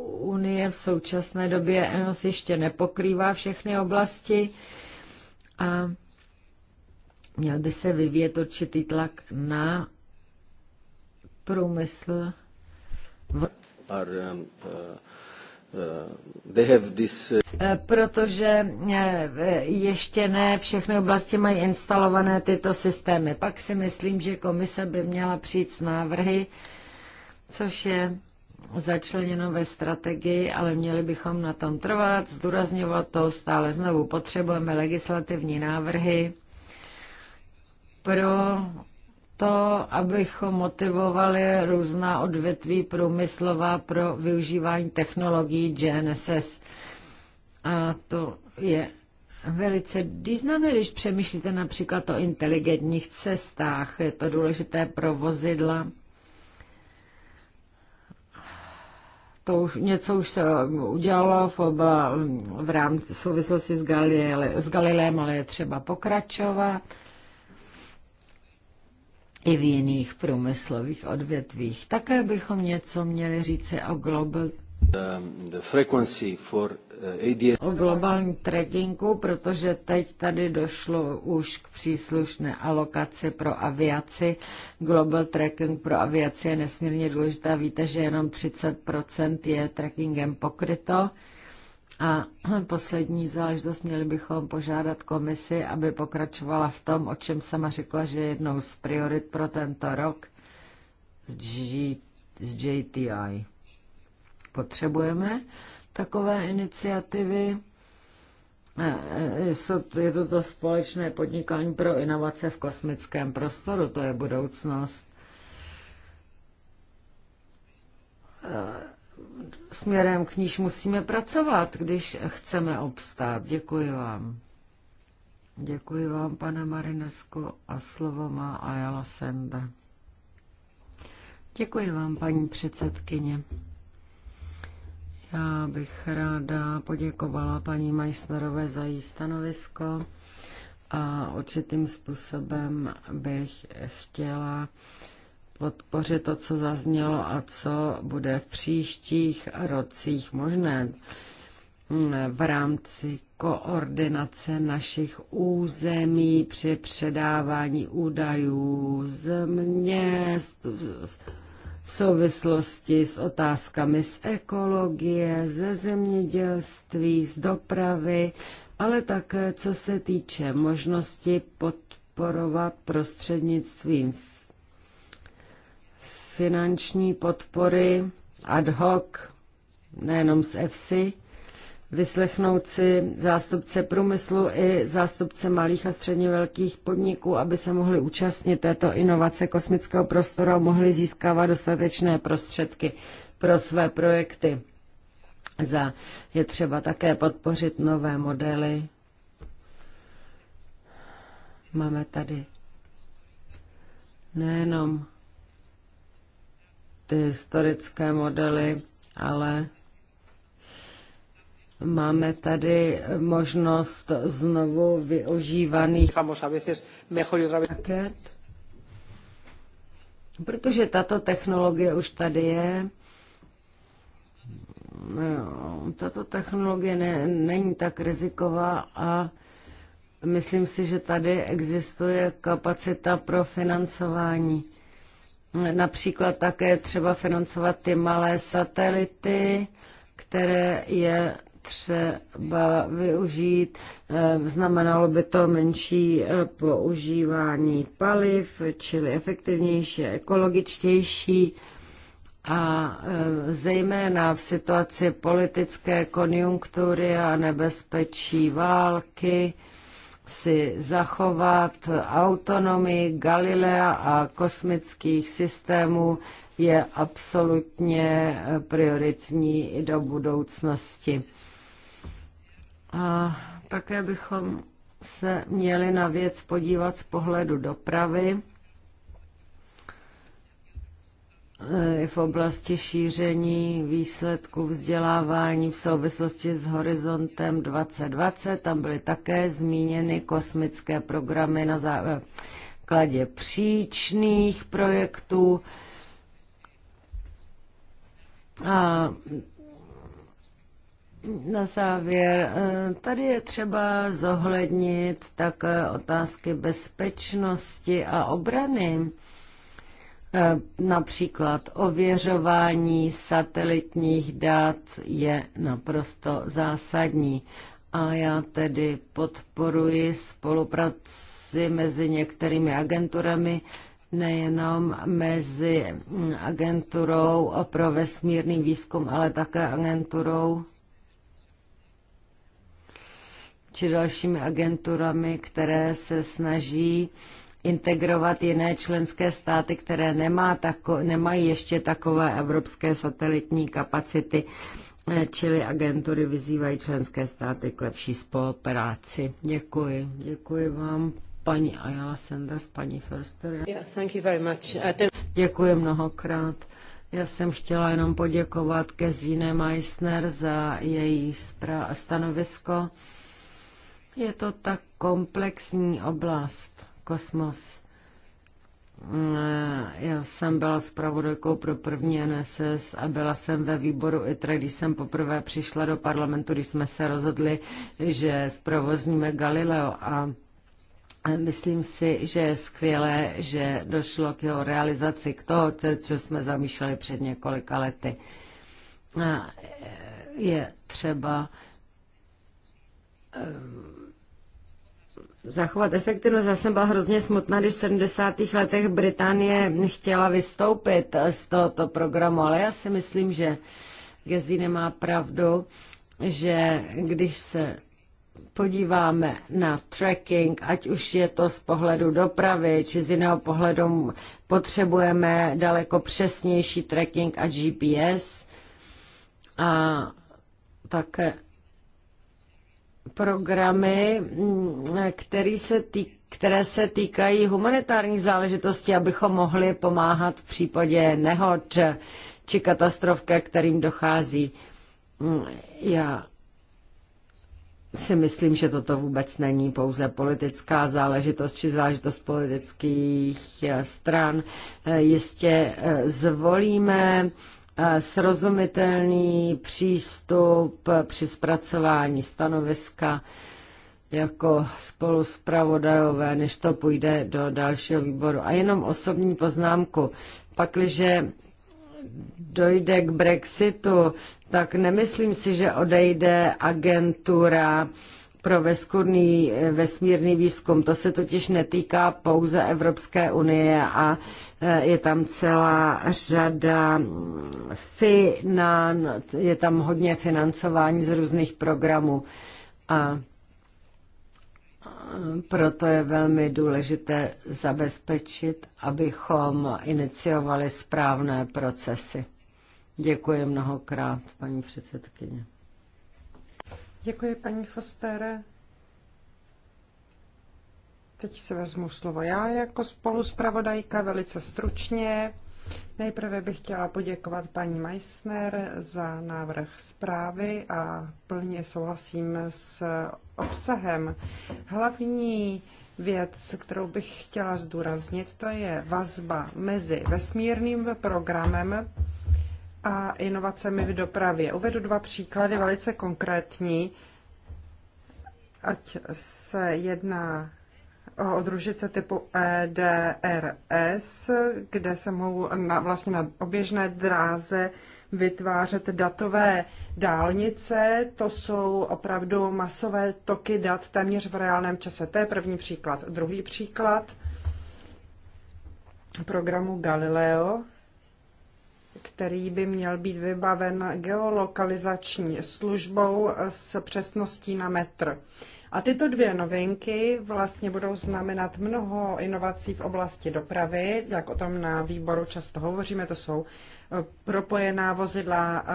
unie. V současné době ENOS ještě nepokrývá všechny oblasti a měl by se vyvíjet určitý tlak na průmysl. Are, um, uh eh, Uh, this... Uh, eh, protože eh, ještě ne všechny oblasti mají instalované tyto systémy. Pak si myslím, že komise by měla přijít s návrhy, což je začleněno ve strategii, ale měli bychom na tom trvat, zdůrazňovat to stále znovu. Potřebujeme legislativní návrhy pro to, abychom motivovali různá odvětví průmyslová pro využívání technologií GNSS. A to je velice významné, když přemýšlíte například o inteligentních cestách. Je to důležité pro vozidla. To už, něco už se udělalo v, obla, v rámci souvislosti s, Galile, s Galileem, ale je třeba pokračovat i v jiných průmyslových odvětvích. Také bychom něco měli říci o global eh, o globálním trackingu, protože teď tady došlo už k příslušné alokaci pro aviaci. Global tracking pro aviaci je nesmírně důležitá. Víte, že jenom 30% je trackingem pokryto. A poslední záležitost, měli bychom požádat komisi, aby pokračovala v tom, o čem sama řekla, že jednou z priorit pro tento rok z, G, z JTI. Potřebujeme takové iniciativy. E, e, je to to společné podnikání pro inovace v kosmickém prostoru, to je budoucnost e, směrem k níž musíme pracovat, když chceme obstát. Děkuji vám. Děkuji vám, pane Marinesku, a slovo má Ayala Senda. Děkuji vám, paní předsedkyně. Já bych ráda poděkovala paní Majsnerové za její stanovisko a určitým způsobem bych chtěla podpořit to, co zaznělo a co bude v příštích rocích možné mm, v rámci koordinace našich území při předávání údajů z měst v souvislosti s otázkami z ekologie, ze zemědělství, z dopravy, ale také co se týče možnosti podporovat prostřednictvím finanční podpory ad hoc, nejenom z EFSI, vyslechnout si zástupce průmyslu i zástupce malých a středně velkých podniků, aby se mohli účastnit této inovace kosmického prostoru a mohli získávat dostatečné prostředky pro své projekty. Za je třeba také podpořit nové modely. Máme tady nejenom ty historické modely, ale máme tady možnost znovu využívaných raket, protože tato technologie už tady je. No, tato technologie ne, není tak riziková a myslím si, že tady existuje kapacita pro financování. Například také třeba financovat ty malé satelity, které je třeba využít. Eh, znamenalo by to menší eh, používání paliv, čili efektivnější, ekologičtější a eh, zejména v situaci politické konjunktury a nebezpečí války si zachovat autonomii Galilea a kosmických systémů je absolutně prioritní i do budoucnosti. A také bychom se měli na věc podívat z pohledu dopravy Eh, v oblasti šíření výsledků vzdělávání v souvislosti s horizontem 2020. Tam byly také zmíněny kosmické programy na základě příčných projektů. A na závěr, eh, tady je třeba zohlednit také otázky bezpečnosti a obrany. Eh, například ověřování satelitních dat je naprosto zásadní a já tedy podporuji spolupráci mezi některými agenturami, nejenom mezi hm, agenturou pro vesmírný výzkum, ale také agenturou či dalšími agenturami, které se snaží integrovat jiné členské státy, které nemá tako, nemají ještě takové evropské satelitní kapacity, eh, čili agentury vyzývají členské státy k lepší spolupráci. Děkuji. Děkuji vám, paní Ayala Sanders, paní Förster. Yeah, thank you very much. Děkuji mnohokrát. Já jsem chtěla jenom poděkovat Kezíne Meissner za její stanovisko. Je to tak komplexní oblast kosmos. Eh, já jsem byla zpravodajkou pro první NSS a byla jsem ve výboru ITRA, když jsem poprvé přišla do parlamentu, když jsme se rozhodli, že zprovozníme Galileo a Myslím si, že je skvělé, že došlo k jeho realizaci, k toho, co jsme zamýšleli před několika lety. A eh, je třeba zachovat efektivnost. Já jsem byla hrozně smutná, když v 70. letech Británie chtěla vystoupit z tohoto programu, ale já si myslím, že Gezi nemá pravdu, že když se podíváme na tracking, ať už je to z pohledu dopravy, či z jiného pohledu potřebujeme daleko přesnější tracking a GPS a také programy, mm, který se tý, které se týkají humanitární záležitosti, abychom mohli pomáhat v případě nehod či katastrof, ke kterým dochází. Mm, já si myslím, že toto vůbec není pouze politická záležitost či záležitost politických eh, stran. Eh, jistě eh, zvolíme Eh, srozumitelný přístup při zpracování stanoviska jako spoluspravodajové, než to půjde do dalšího výboru. A jenom osobní poznámku. Pakliže dojde k Brexitu, tak nemyslím si, že odejde agentura pro veskurný, vesmírný výzkum. To se totiž netýká pouze Evropské unie a eh, je tam celá řada mm, finan, je tam hodně financování z různých programů a eh, proto je velmi důležité zabezpečit, abychom iniciovali správné procesy. Děkuji mnohokrát, paní předsedkyně. Děkuji, paní Foster. Teď se vezmu slovo já jako spoluspravodajka velice stručně. Nejprve bych chtěla poděkovat paní Meissner za návrh zprávy a plně souhlasím s obsahem. Hlavní věc, kterou bych chtěla zdůraznit, to je vazba mezi vesmírným programem a inovacemi v dopravě. Uvedu dva příklady velice konkrétní, ať se jedná o družice typu EDRS, kde se mohou na, vlastně na oběžné dráze vytvářet datové dálnice. To jsou opravdu masové toky dat téměř v reálném čase. To je první příklad. Druhý příklad programu Galileo, který by měl být vybaven geolokalizační službou s přesností na metr. A tyto dvě novinky vlastně budou znamenat mnoho inovací v oblasti dopravy, jak o tom na výboru často hovoříme, to jsou eh, propojená vozidla, eh,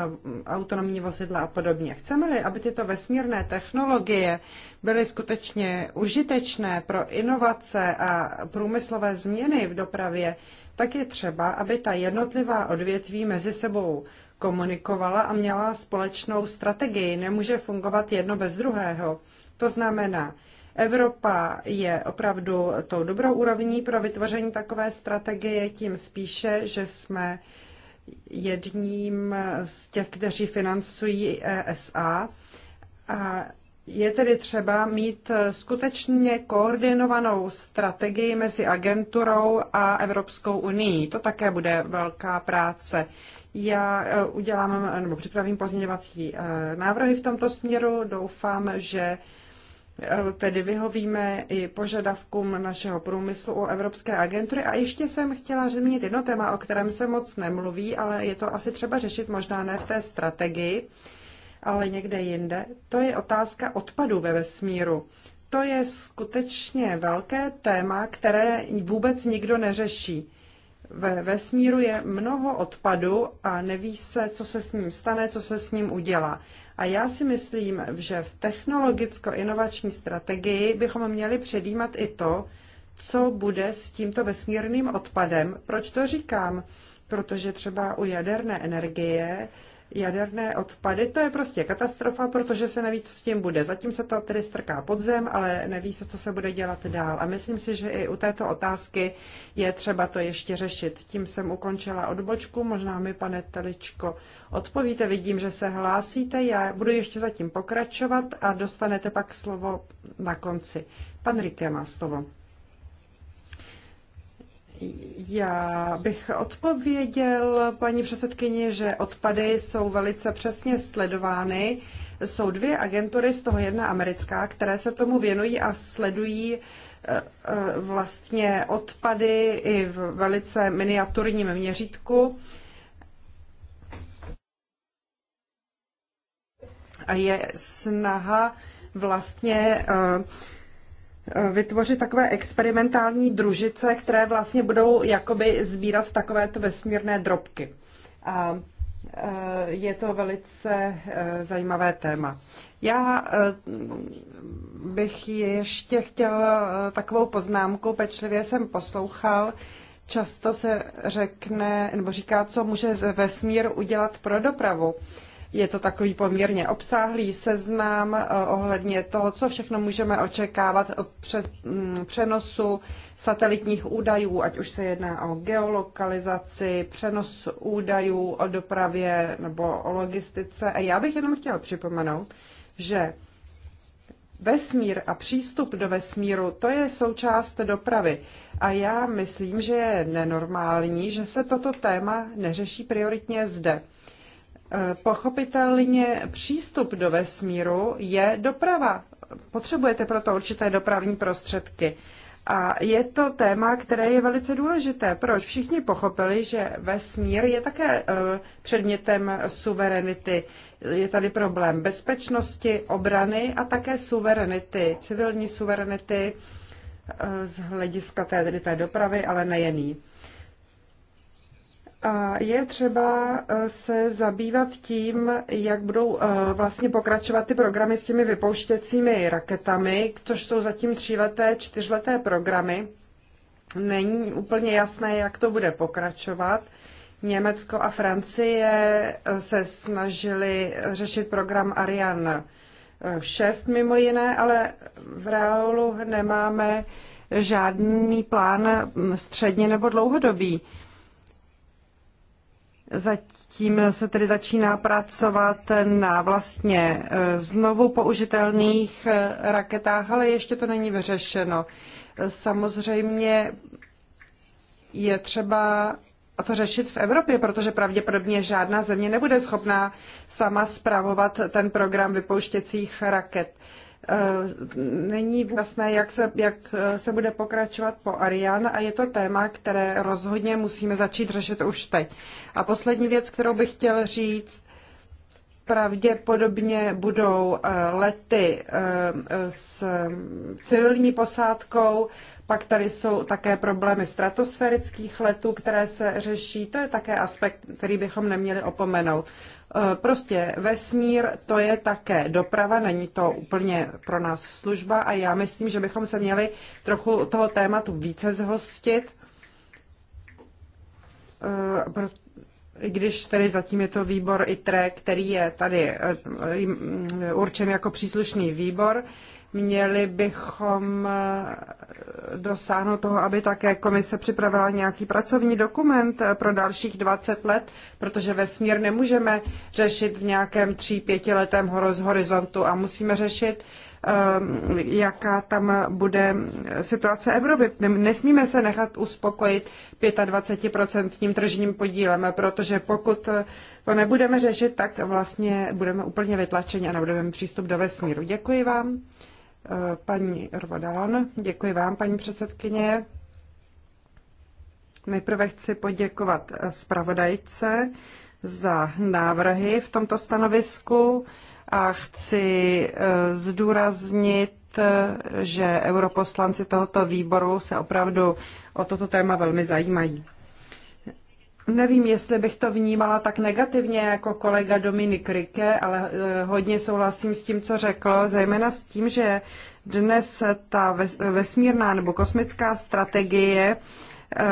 autonomní vozidla a podobně. Chceme-li, aby tyto vesmírné technologie byly skutečně užitečné pro inovace a průmyslové změny v dopravě, tak je třeba, aby ta jednotlivá odvětví mezi sebou komunikovala a měla společnou strategii. Nemůže fungovat jedno bez druhého. To znamená, Evropa je opravdu tou dobrou úrovní pro vytvoření takové strategie, tím spíše, že jsme jedním z těch, kteří financují ESA. A je tedy třeba mít eh, skutečně koordinovanou strategii mezi agenturou a Evropskou unii. To také bude velká práce. Já eh, udělám nebo připravím pozměňovací eh, návrhy v tomto směru. Doufám, že tedy vyhovíme i požadavkům našeho průmyslu o Evropské agentury. A ještě jsem chtěla zmínit jedno téma, o kterém se moc nemluví, ale je to asi třeba řešit možná ne v té strategii ale někde jinde, to je otázka odpadu ve vesmíru. To je skutečně velké téma, které vůbec nikdo neřeší. Ve vesmíru je mnoho odpadu a neví se, co se s ním stane, co se s ním udělá. A já si myslím, že v technologicko-inovační strategii bychom měli předjímat i to, co bude s tímto vesmírným odpadem. Proč to říkám? Protože třeba u jaderné energie jaderné odpady. To je prostě katastrofa, protože se neví, co s tím bude. Zatím se to tedy strká pod zem, ale neví se, co se bude dělat dál. A myslím si, že i u této otázky je třeba to ještě řešit. Tím jsem ukončila odbočku. Možná mi, pane Teličko, odpovíte. Vidím, že se hlásíte. Já budu ještě zatím pokračovat a dostanete pak slovo na konci. Pan Rike má slovo. Já bych odpověděl paní předsedkyni, že odpady jsou velice přesně sledovány. Jsou dvě agentury, z toho jedna americká, které se tomu věnují a sledují eh, eh, vlastně odpady i v velice miniaturním měřítku. A je snaha vlastně uh, Eh, vytvořit takové experimentální družice, které vlastně budou jakoby sbírat takovéto vesmírné drobky. A eh, je to velice eh, zajímavé téma. Já bych ještě chtěl takovou poznámku, pečlivě jsem poslouchal. Často se řekne, nebo říká, co může vesmír udělat pro dopravu. Je to takový poměrně obsáhlý seznam eh, ohledně toho, co všechno můžeme očekávat od mm, přenosu satelitních údajů, ať už se jedná o geolokalizaci, přenos údajů o dopravě nebo o logistice. A já bych jenom chtěla připomenout, že vesmír a přístup do vesmíru, to je součást dopravy. A já myslím, že je nenormální, že se toto téma neřeší prioritně zde. Eh, pochopitelně přístup do vesmíru je doprava. Potřebujete proto určité dopravní prostředky. A je to téma, které je velice důležité. Proč? Všichni pochopili, že vesmír je také eh, předmětem suverenity. Je tady problém bezpečnosti, obrany a také suverenity, civilní suverenity eh, z hlediska té, tedy té dopravy, ale nejen jí. A je třeba eh, se zabývat tím, jak budou eh, vlastně pokračovat ty programy s těmi vypouštěcími raketami, což jsou zatím tříleté, čtyřleté programy. Není úplně jasné, jak to bude pokračovat. Německo a Francie eh, se snažili řešit program Ariane 6 mimo jiné, ale v reálu nemáme žádný plán hm, středně nebo dlouhodobý. Zatím se tedy začíná pracovat na vlastně e, znovu použitelných e, raketách, ale ještě to není vyřešeno. Samozřejmě je třeba a to řešit v Evropě, protože pravděpodobně žádná země nebude schopná sama spravovat ten program vypouštěcích raket. Eh, není jasné, jak se, jak eh, se bude pokračovat po Arian a je to téma, které rozhodně musíme začít řešit už teď. A poslední věc, kterou bych chtěl říct, pravděpodobně budou eh, lety s mm, civilní posádkou, pak tady jsou také problémy stratosférických letů, které se řeší. To je také aspekt, který bychom neměli opomenout. E, prostě vesmír to je také doprava, není to úplně pro nás služba a já myslím, že bychom se měli trochu toho tématu více zhostit, e, když tedy zatím je to výbor ITRE, který je tady e, určen jako příslušný výbor, Měli bychom eh, dosáhnout toho, aby také komise připravila nějaký pracovní dokument eh, pro dalších 20 let, protože vesmír nemůžeme řešit v nějakém tří pětiletém horizontu a musíme řešit eh, jaká tam bude situace Evropy. Nesmíme se nechat uspokojit 25% tržním podílem, protože pokud to nebudeme řešit, tak vlastně budeme úplně vytlačeni a nebudeme přístup do vesmíru. Děkuji vám. Paní Rvodalon, děkuji vám, paní předsedkyně. Nejprve chci poděkovat zpravodajce za návrhy v tomto stanovisku a chci eh, zdůraznit, že europoslanci tohoto výboru se opravdu o toto téma velmi zajímají. Nevím, jestli bych to vnímala tak negativně jako kolega Dominik Rike, ale eh, hodně souhlasím s tím, co řekl, zejména s tím, že dnes ta vesmírná nebo kosmická strategie Eh,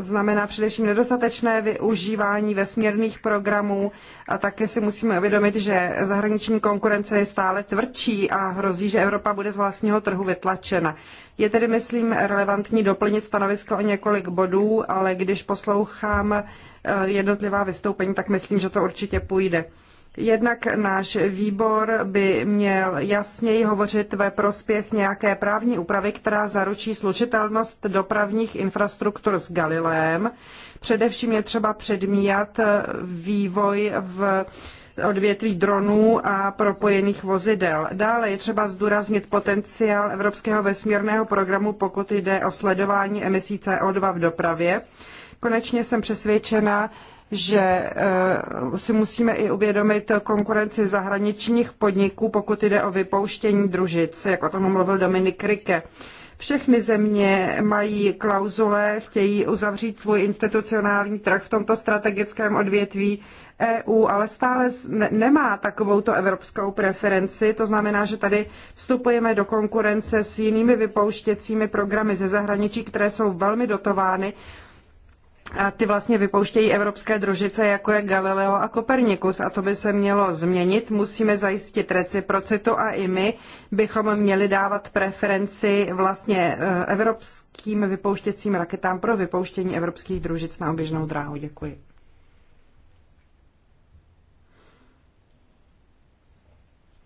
znamená především nedostatečné využívání vesmírných programů a také si musíme uvědomit, že zahraniční konkurence je stále tvrdší a hrozí, že Evropa bude z vlastního trhu vytlačena. Je tedy, myslím, relevantní doplnit stanovisko o několik bodů, ale když poslouchám eh, jednotlivá vystoupení, tak myslím, že to určitě půjde. Jednak náš výbor by měl jasněji hovořit ve prospěch nějaké právní úpravy, která zaručí slučitelnost dopravních infrastruktur s Galileem. Především je třeba předmíjat vývoj v odvětví dronů a propojených vozidel. Dále je třeba zdůraznit potenciál Evropského vesmírného programu, pokud jde o sledování emisí CO2 v dopravě. Konečně jsem přesvědčena, že eh, si musíme i uvědomit konkurenci zahraničních podniků, pokud jde o vypouštění družic, jak o tom mluvil Dominik Rike. Všechny země mají klauzule, chtějí uzavřít svůj institucionální trh v tomto strategickém odvětví EU, ale stále nemá takovou to evropskou preferenci. To znamená, že tady vstupujeme do konkurence s jinými vypouštěcími programy ze zahraničí, které jsou velmi dotovány a ty vlastně vypouštějí evropské družice, jako je Galileo a Kopernikus a to by se mělo změnit. Musíme zajistit reciprocitu a i my bychom měli dávat preferenci vlastně eh, evropským vypouštěcím raketám pro vypouštění evropských družic na oběžnou dráhu. Děkuji.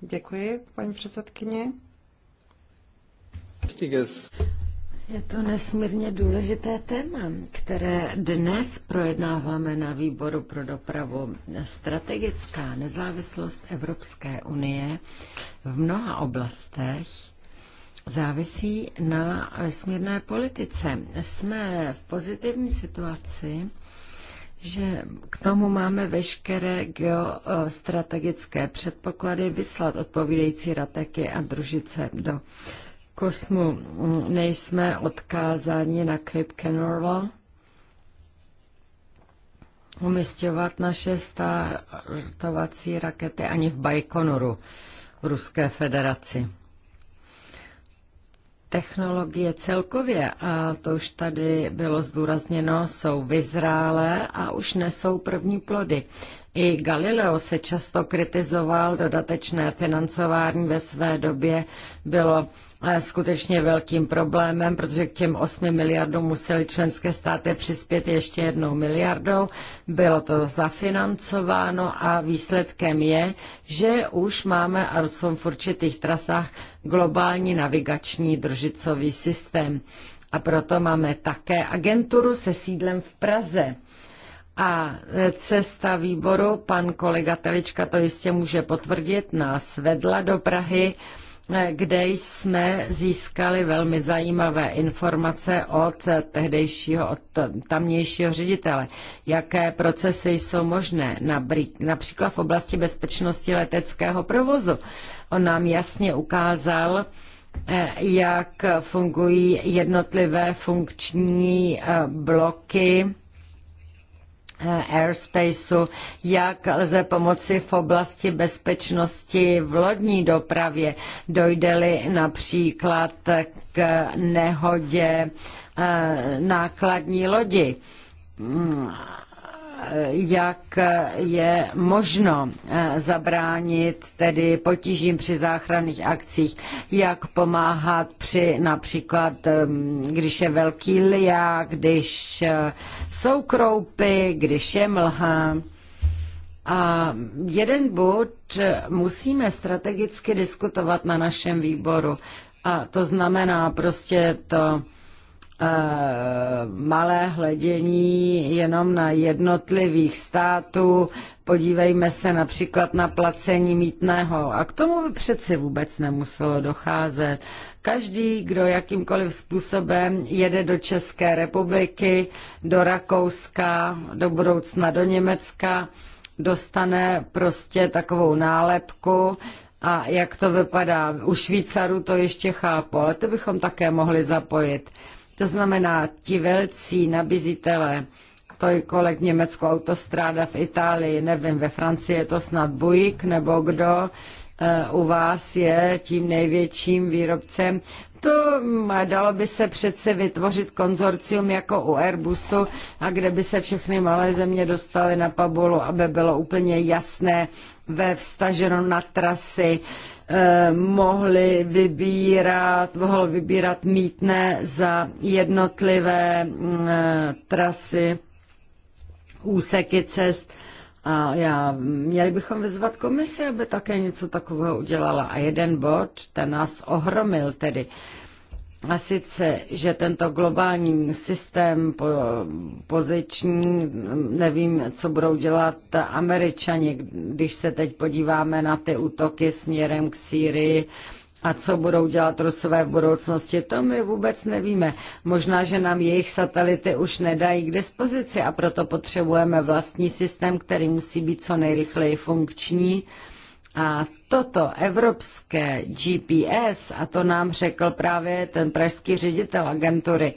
Děkuji, paní předsedkyně. Je to nesmírně důležité téma, které dnes projednáváme na výboru pro dopravu. Strategická nezávislost Evropské unie v mnoha oblastech závisí na vesmírné politice. Jsme v pozitivní situaci, že k tomu máme veškeré geostrategické předpoklady vyslat odpovídající rateky a družice do kosmu nejsme odkázáni na Cape Canaveral, umistěvat naše startovací rakety ani v Baikonuru v Ruské federaci. Technologie celkově, a to už tady bylo zdůrazněno, jsou vyzrálé a už nesou první plody. I Galileo se často kritizoval, dodatečné financování ve své době bylo skutečně velkým problémem, protože k těm 8 miliardům museli členské státy přispět ještě jednou miliardou. Bylo to zafinancováno a výsledkem je, že už máme, a jsou v určitých trasách, globální navigační družicový systém. A proto máme také agenturu se sídlem v Praze. A cesta výboru, pan kolega Telička to jistě může potvrdit, nás vedla do Prahy kde jsme získali velmi zajímavé informace od tehdejšího, od tamnějšího ředitele, jaké procesy jsou možné, například v oblasti bezpečnosti leteckého provozu. On nám jasně ukázal, eh, jak fungují jednotlivé funkční eh, bloky Eh, airspaceu, jak lze pomoci v oblasti bezpečnosti v lodní dopravě. Dojde-li například k nehodě eh, nákladní lodi mm, jak je možno eh, zabránit tedy potížím při záchranných akcích, jak pomáhat při například, když je velký lia, když eh, jsou kroupy, když je mlha. A jeden bod eh, musíme strategicky diskutovat na našem výboru. A to znamená prostě to Eh, malé hledění jenom na jednotlivých států. Podívejme se například na placení mítného. A k tomu by přeci vůbec nemuselo docházet. Každý, kdo jakýmkoliv způsobem jede do České republiky, do Rakouska, do budoucna do Německa, dostane prostě takovou nálepku, a jak to vypadá? U Švýcarů to ještě chápu, ale to bychom také mohli zapojit. To znamená, ti velcí nabizitele, to je kolek Německo autostráda v Itálii, nevím, ve Francii je to snad Buick nebo kdo eh, u vás je tím největším výrobcem. To dalo by se přece vytvořit konzorcium jako u Airbusu, a kde by se všechny malé země dostaly na pabulu, aby bylo úplně jasné ve vstaženo na trasy, Eh, mohli vybírat, mohl vybírat mítné za jednotlivé mm, eh, trasy, úseky cest. A já, měli bychom vyzvat komisi, aby také něco takového udělala. A jeden bod, ten nás ohromil tedy. A sice, že tento globální systém poziční, nevím, co budou dělat američani, když se teď podíváme na ty útoky směrem k Sýrii, a co budou dělat Rusové v budoucnosti, to my vůbec nevíme. Možná, že nám jejich satelity už nedají k dispozici a proto potřebujeme vlastní systém, který musí být co nejrychleji funkční. A toto evropské GPS, a to nám řekl právě ten pražský ředitel agentury,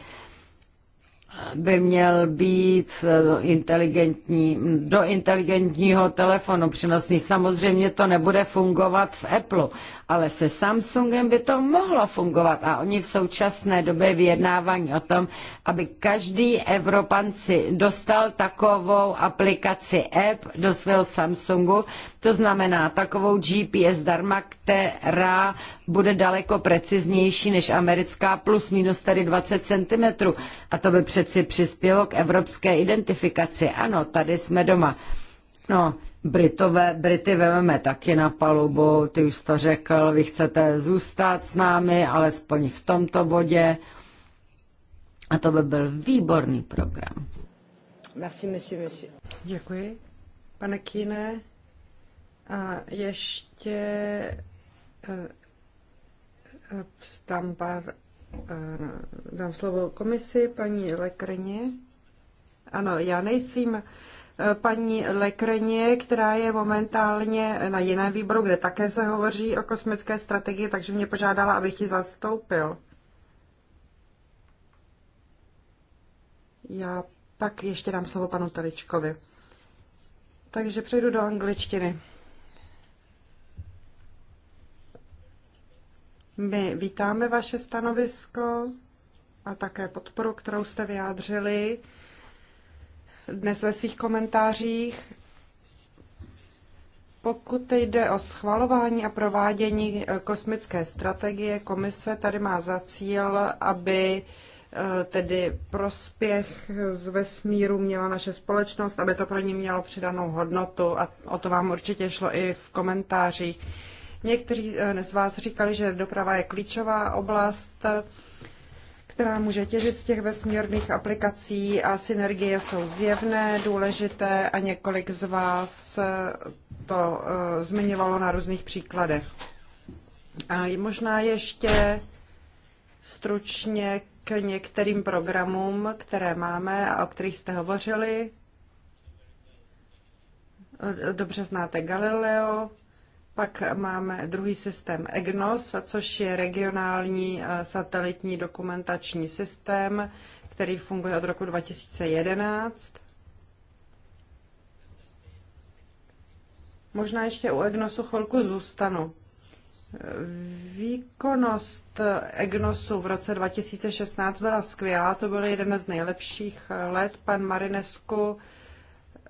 by měl být eh, inteligentní, do inteligentního telefonu přenosný. Samozřejmě to nebude fungovat v Apple, ale se Samsungem by to mohlo fungovat a oni v současné době vyjednávání o tom, aby každý Evropan si dostal takovou aplikaci app do svého Samsungu to znamená takovou GPS zdarma, která bude daleko preciznější než americká plus minus tady 20 cm. A to by přeci přispělo k evropské identifikaci. Ano, tady jsme doma. No, Britové, Brity vememe taky na palubu, ty už to řekl, vy chcete zůstat s námi, alespoň v tomto bodě. A to by byl výborný program. Merci, monsieur, monsieur. Děkuji. Pane Kine, a ještě eh, eh, tam pár, eh, dám slovo komisi, paní Lekrně. Ano, já nejsem paní Lekrně, která je momentálně na jiném výboru, kde také se hovoří o kosmické strategii, takže mě požádala, abych ji zastoupil. Já pak ještě dám slovo panu Teličkovi. Takže přejdu do angličtiny. My vítáme vaše stanovisko a také podporu, kterou jste vyjádřili dnes ve svých komentářích. Pokud jde o schvalování a provádění eh, kosmické strategie, komise tady má za cíl, aby eh, tedy prospěch z vesmíru měla naše společnost, aby to pro ní mělo přidanou hodnotu a o to vám určitě šlo i v komentářích. Někteří eh, z vás říkali, že doprava je klíčová oblast, která může těžit z těch vesmírných aplikací a synergie jsou zjevné, důležité a několik z vás eh, to eh, zmiňovalo na různých příkladech. A možná ještě stručně k některým programům, které máme a o kterých jste hovořili. Dobře znáte Galileo, pak máme druhý systém EGNOS, což je regionální eh, satelitní dokumentační systém, který funguje od roku 2011. Možná ještě u EGNOSu chvilku zůstanu. Výkonnost EGNOSu v roce 2016 byla skvělá, to byl jeden z nejlepších let. Pan Marinesku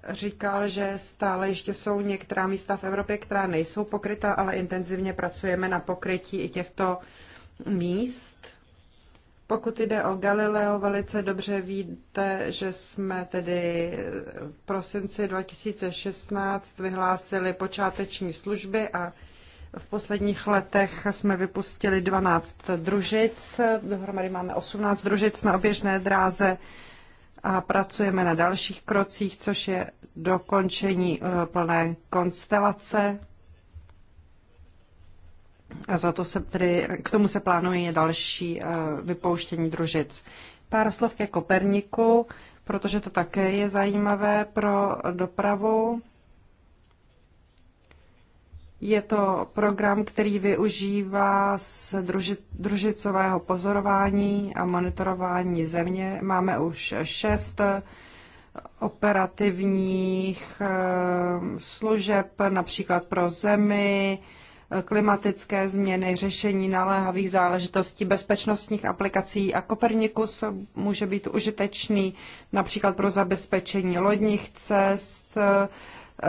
říkal, že stále ještě jsou některá místa v Evropě, která nejsou pokryta, ale intenzivně pracujeme na pokrytí i těchto míst. Pokud jde o Galileo, velice dobře víte, že jsme tedy v prosinci 2016 vyhlásili počáteční služby a v posledních letech jsme vypustili 12 družic, dohromady máme 18 družic na oběžné dráze a pracujeme na dalších krocích, což je dokončení eh, plné konstelace. A za to se tedy, k tomu se plánuje další eh, vypouštění družic. Pár slov ke Koperniku, protože to také je zajímavé pro dopravu. Je to program, který využívá z druži, družicového pozorování a monitorování země. Máme už šest operativních eh, služeb, například pro zemi, eh, klimatické změny, řešení naléhavých záležitostí, bezpečnostních aplikací a Kopernikus může být užitečný například pro zabezpečení lodních cest,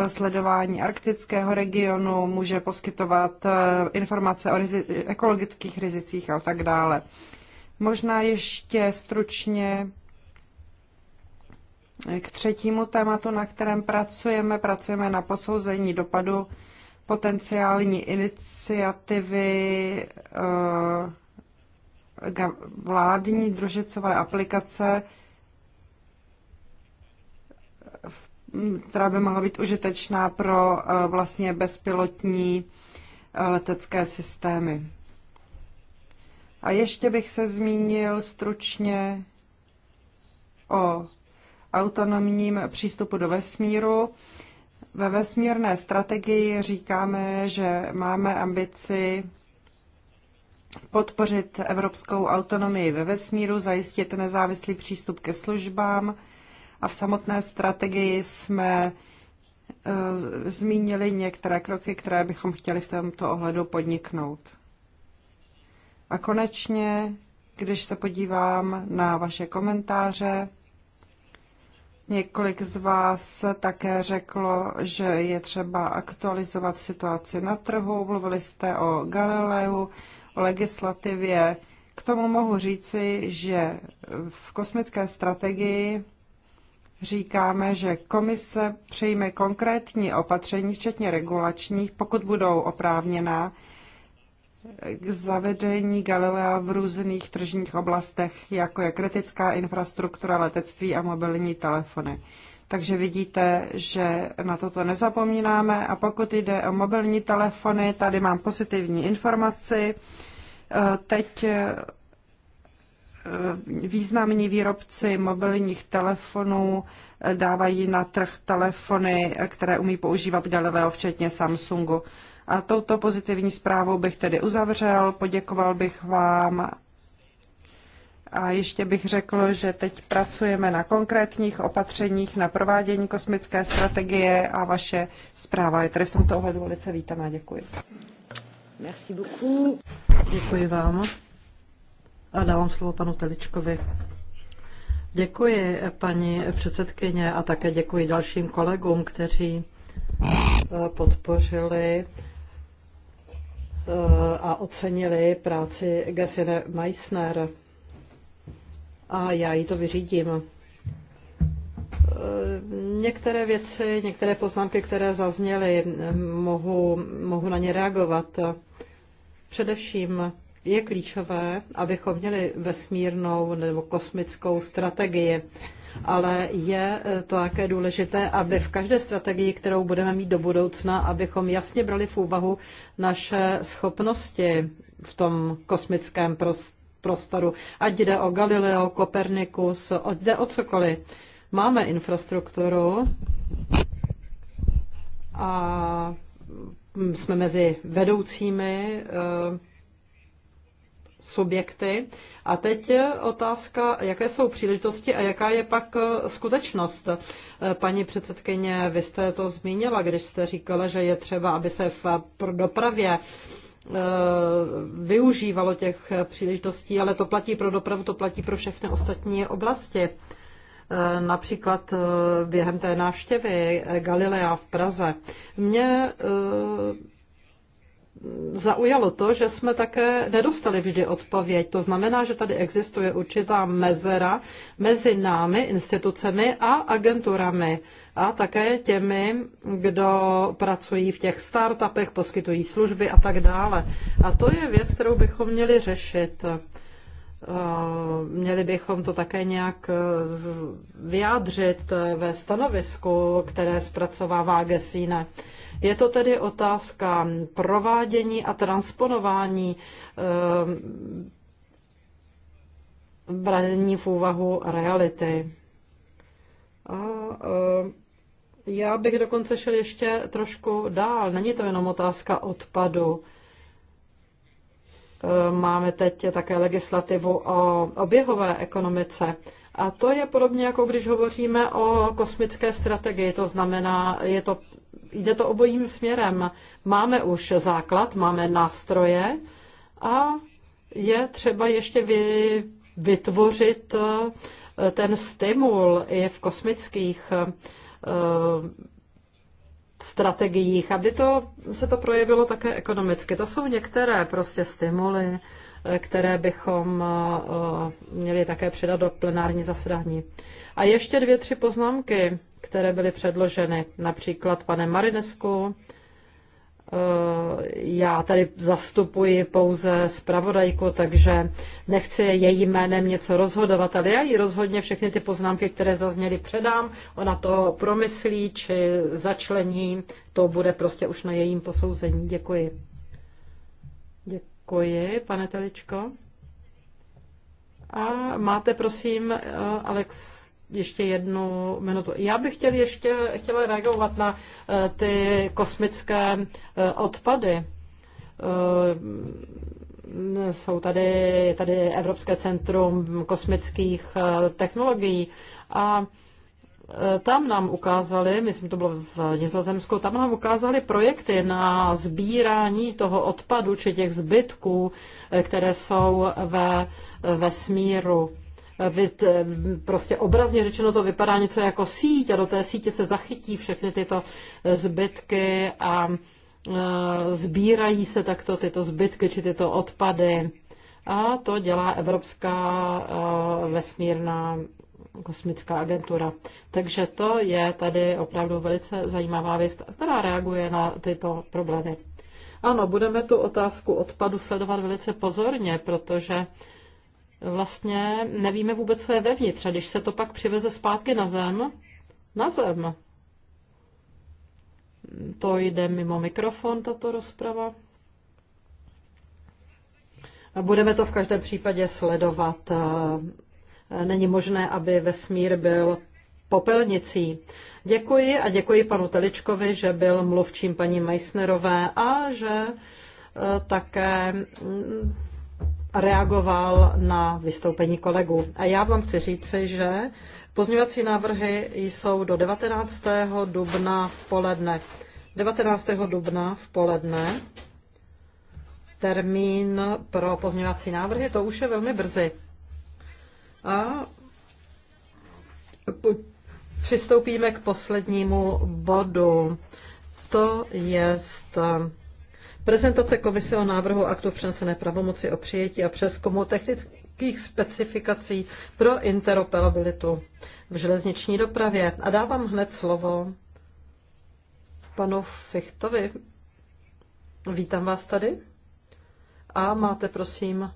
sledování arktického regionu, může poskytovat eh, informace o rizi- ekologických rizicích a tak dále. Možná ještě stručně k třetímu tématu, na kterém pracujeme. Pracujeme na posouzení dopadu potenciální iniciativy eh, vládní družicové aplikace v která by mohla být užitečná pro eh, vlastně bezpilotní eh, letecké systémy. A ještě bych se zmínil stručně o autonomním přístupu do vesmíru. Ve vesmírné strategii říkáme, že máme ambici podpořit evropskou autonomii ve vesmíru, zajistit nezávislý přístup ke službám, a v samotné strategii jsme e, zmínili některé kroky, které bychom chtěli v tomto ohledu podniknout. A konečně, když se podívám na vaše komentáře, Několik z vás také řeklo, že je třeba aktualizovat situaci na trhu. Mluvili jste o Galileu, o legislativě. K tomu mohu říci, že v kosmické strategii říkáme, že komise přijme konkrétní opatření, včetně regulačních, pokud budou oprávněná, k zavedení Galilea v různých tržních oblastech, jako je kritická infrastruktura, letectví a mobilní telefony. Takže vidíte, že na toto nezapomínáme. A pokud jde o mobilní telefony, tady mám pozitivní informaci. Teď Eh, významní výrobci mobilních telefonů eh, dávají na trh telefony, eh, které umí používat Galileo, včetně Samsungu. A touto pozitivní zprávou bych tedy uzavřel, poděkoval bych vám a ještě bych řekl, že teď pracujeme na konkrétních opatřeních na provádění kosmické strategie a vaše zpráva je tedy v tomto ohledu velice vítaná. Děkuji. Merci beaucoup. Děkuji vám. A dávám slovo panu Teličkovi. Děkuji, paní předsedkyně, a také děkuji dalším kolegům, kteří eh, podpořili eh, a ocenili práci Gesine Meissner. A já jí to vyřídím. Eh, některé věci, některé poznámky, které zazněly, mohu, mohu na ně reagovat. Především je klíčové, abychom měli vesmírnou nebo kosmickou strategii, ale je eh, to také důležité, aby v každé strategii, kterou budeme mít do budoucna, abychom jasně brali v úvahu naše schopnosti v tom kosmickém prostoru. Ať jde o Galileo, Kopernikus, jde o cokoliv. Máme infrastrukturu a mm, jsme mezi vedoucími eh, subjekty. A teď otázka, jaké jsou příležitosti a jaká je pak eh, skutečnost. Eh, paní předsedkyně, vy jste to zmínila, když jste říkala, že je třeba, aby se v eh, dopravě využívalo těch příležitostí, ale to platí pro dopravu, to platí pro všechny ostatní oblasti. Například během té návštěvy Galilea v Praze. Mě zaujalo to, že jsme také nedostali vždy odpověď. To znamená, že tady existuje určitá mezera mezi námi, institucemi a agenturami a také těmi, kdo pracují v těch startupech, poskytují služby a tak dále. A to je věc, kterou bychom měli řešit. Eh, měli bychom to také nějak eh, vyjádřit eh, ve stanovisku, které zpracovává Gesine. Je to tedy otázka provádění a transponování eh, brání v úvahu reality. A eh, já bych dokonce šel ještě trošku dál. Není to jenom otázka odpadu. Eh, máme teď také legislativu o oběhové ekonomice. A to je podobně, jako když hovoříme o kosmické strategii. To znamená, je to jde to obojím směrem. Máme už základ, máme nástroje a je třeba ještě vy, vytvořit eh, ten stimul i v kosmických eh, strategiích, aby to, se to projevilo také ekonomicky. To jsou některé prostě stimuly, eh, které bychom měli také přidat do plenární zasedání. A ještě dvě, tři poznámky které byly předloženy, například panem Marinesku. Eh, já tady zastupuji pouze zpravodajku, takže nechci její jménem něco rozhodovat, ale já jí rozhodně všechny ty poznámky, které zazněly, předám. Ona to promyslí či začlení, to bude prostě už na jejím posouzení. Děkuji. Děkuji, pane Teličko. A máte, prosím, eh, Alex ještě jednu minutu. Já bych chtěl ještě, chtěla reagovat na eh, ty kosmické eh, odpady. Eh, jsou tady, tady Evropské centrum kosmických technologií a tam nám ukázali, myslím, to bylo v Nizozemsku, tam nám ukázali projekty na sbírání toho odpadu či těch zbytků, které jsou ve vesmíru prostě obrazně řečeno to vypadá něco jako síť a do té sítě se zachytí všechny tyto zbytky a sbírají se takto tyto zbytky či tyto odpady. A to dělá Evropská vesmírná kosmická agentura. Takže to je tady opravdu velice zajímavá věc, která reaguje na tyto problémy. Ano, budeme tu otázku odpadu sledovat velice pozorně, protože vlastně nevíme vůbec, co je vevnitř. A když se to pak přiveze zpátky na zem, na zem. To jde mimo mikrofon, tato rozprava. A budeme to v každém případě sledovat. Není možné, aby vesmír byl popelnicí. Děkuji a děkuji panu Teličkovi, že byl mluvčím paní Meissnerové a že eh, také mm, reagoval na vystoupení kolegů. A já vám chci říci, že pozměňovací návrhy jsou do 19. dubna v poledne. 19. dubna v poledne termín pro pozměňovací návrhy, to už je velmi brzy. A přistoupíme k poslednímu bodu. To je Prezentace komise o návrhu aktu přenesené pravomoci o přijetí a přeskumu technických specifikací pro interoperabilitu v železniční dopravě. A dávám hned slovo panu Fichtovi. Vítám vás tady. A máte, prosím,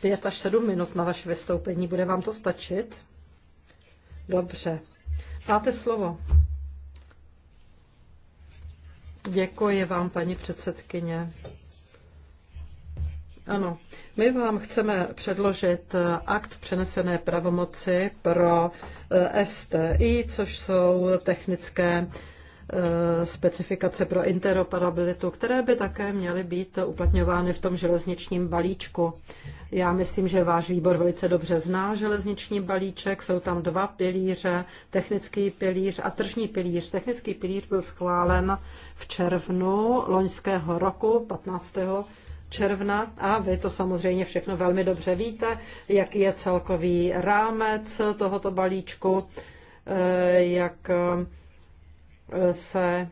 pět až sedm minut na vaše vystoupení. Bude vám to stačit? Dobře. Máte slovo. Děkuji vám, paní předsedkyně. Ano, my vám chceme předložit eh, akt přenesené pravomoci pro eh, STI, což jsou technické Eh, specifikace pro interoperabilitu, které by také měly být uplatňovány v tom železničním balíčku. Já myslím, že váš výbor velice dobře zná železniční balíček. Jsou tam dva pilíře, technický pilíř a tržní pilíř. Technický pilíř byl schválen v červnu loňského roku, 15 června a vy to samozřejmě všechno velmi dobře víte, jaký je celkový rámec tohoto balíčku, eh, jak se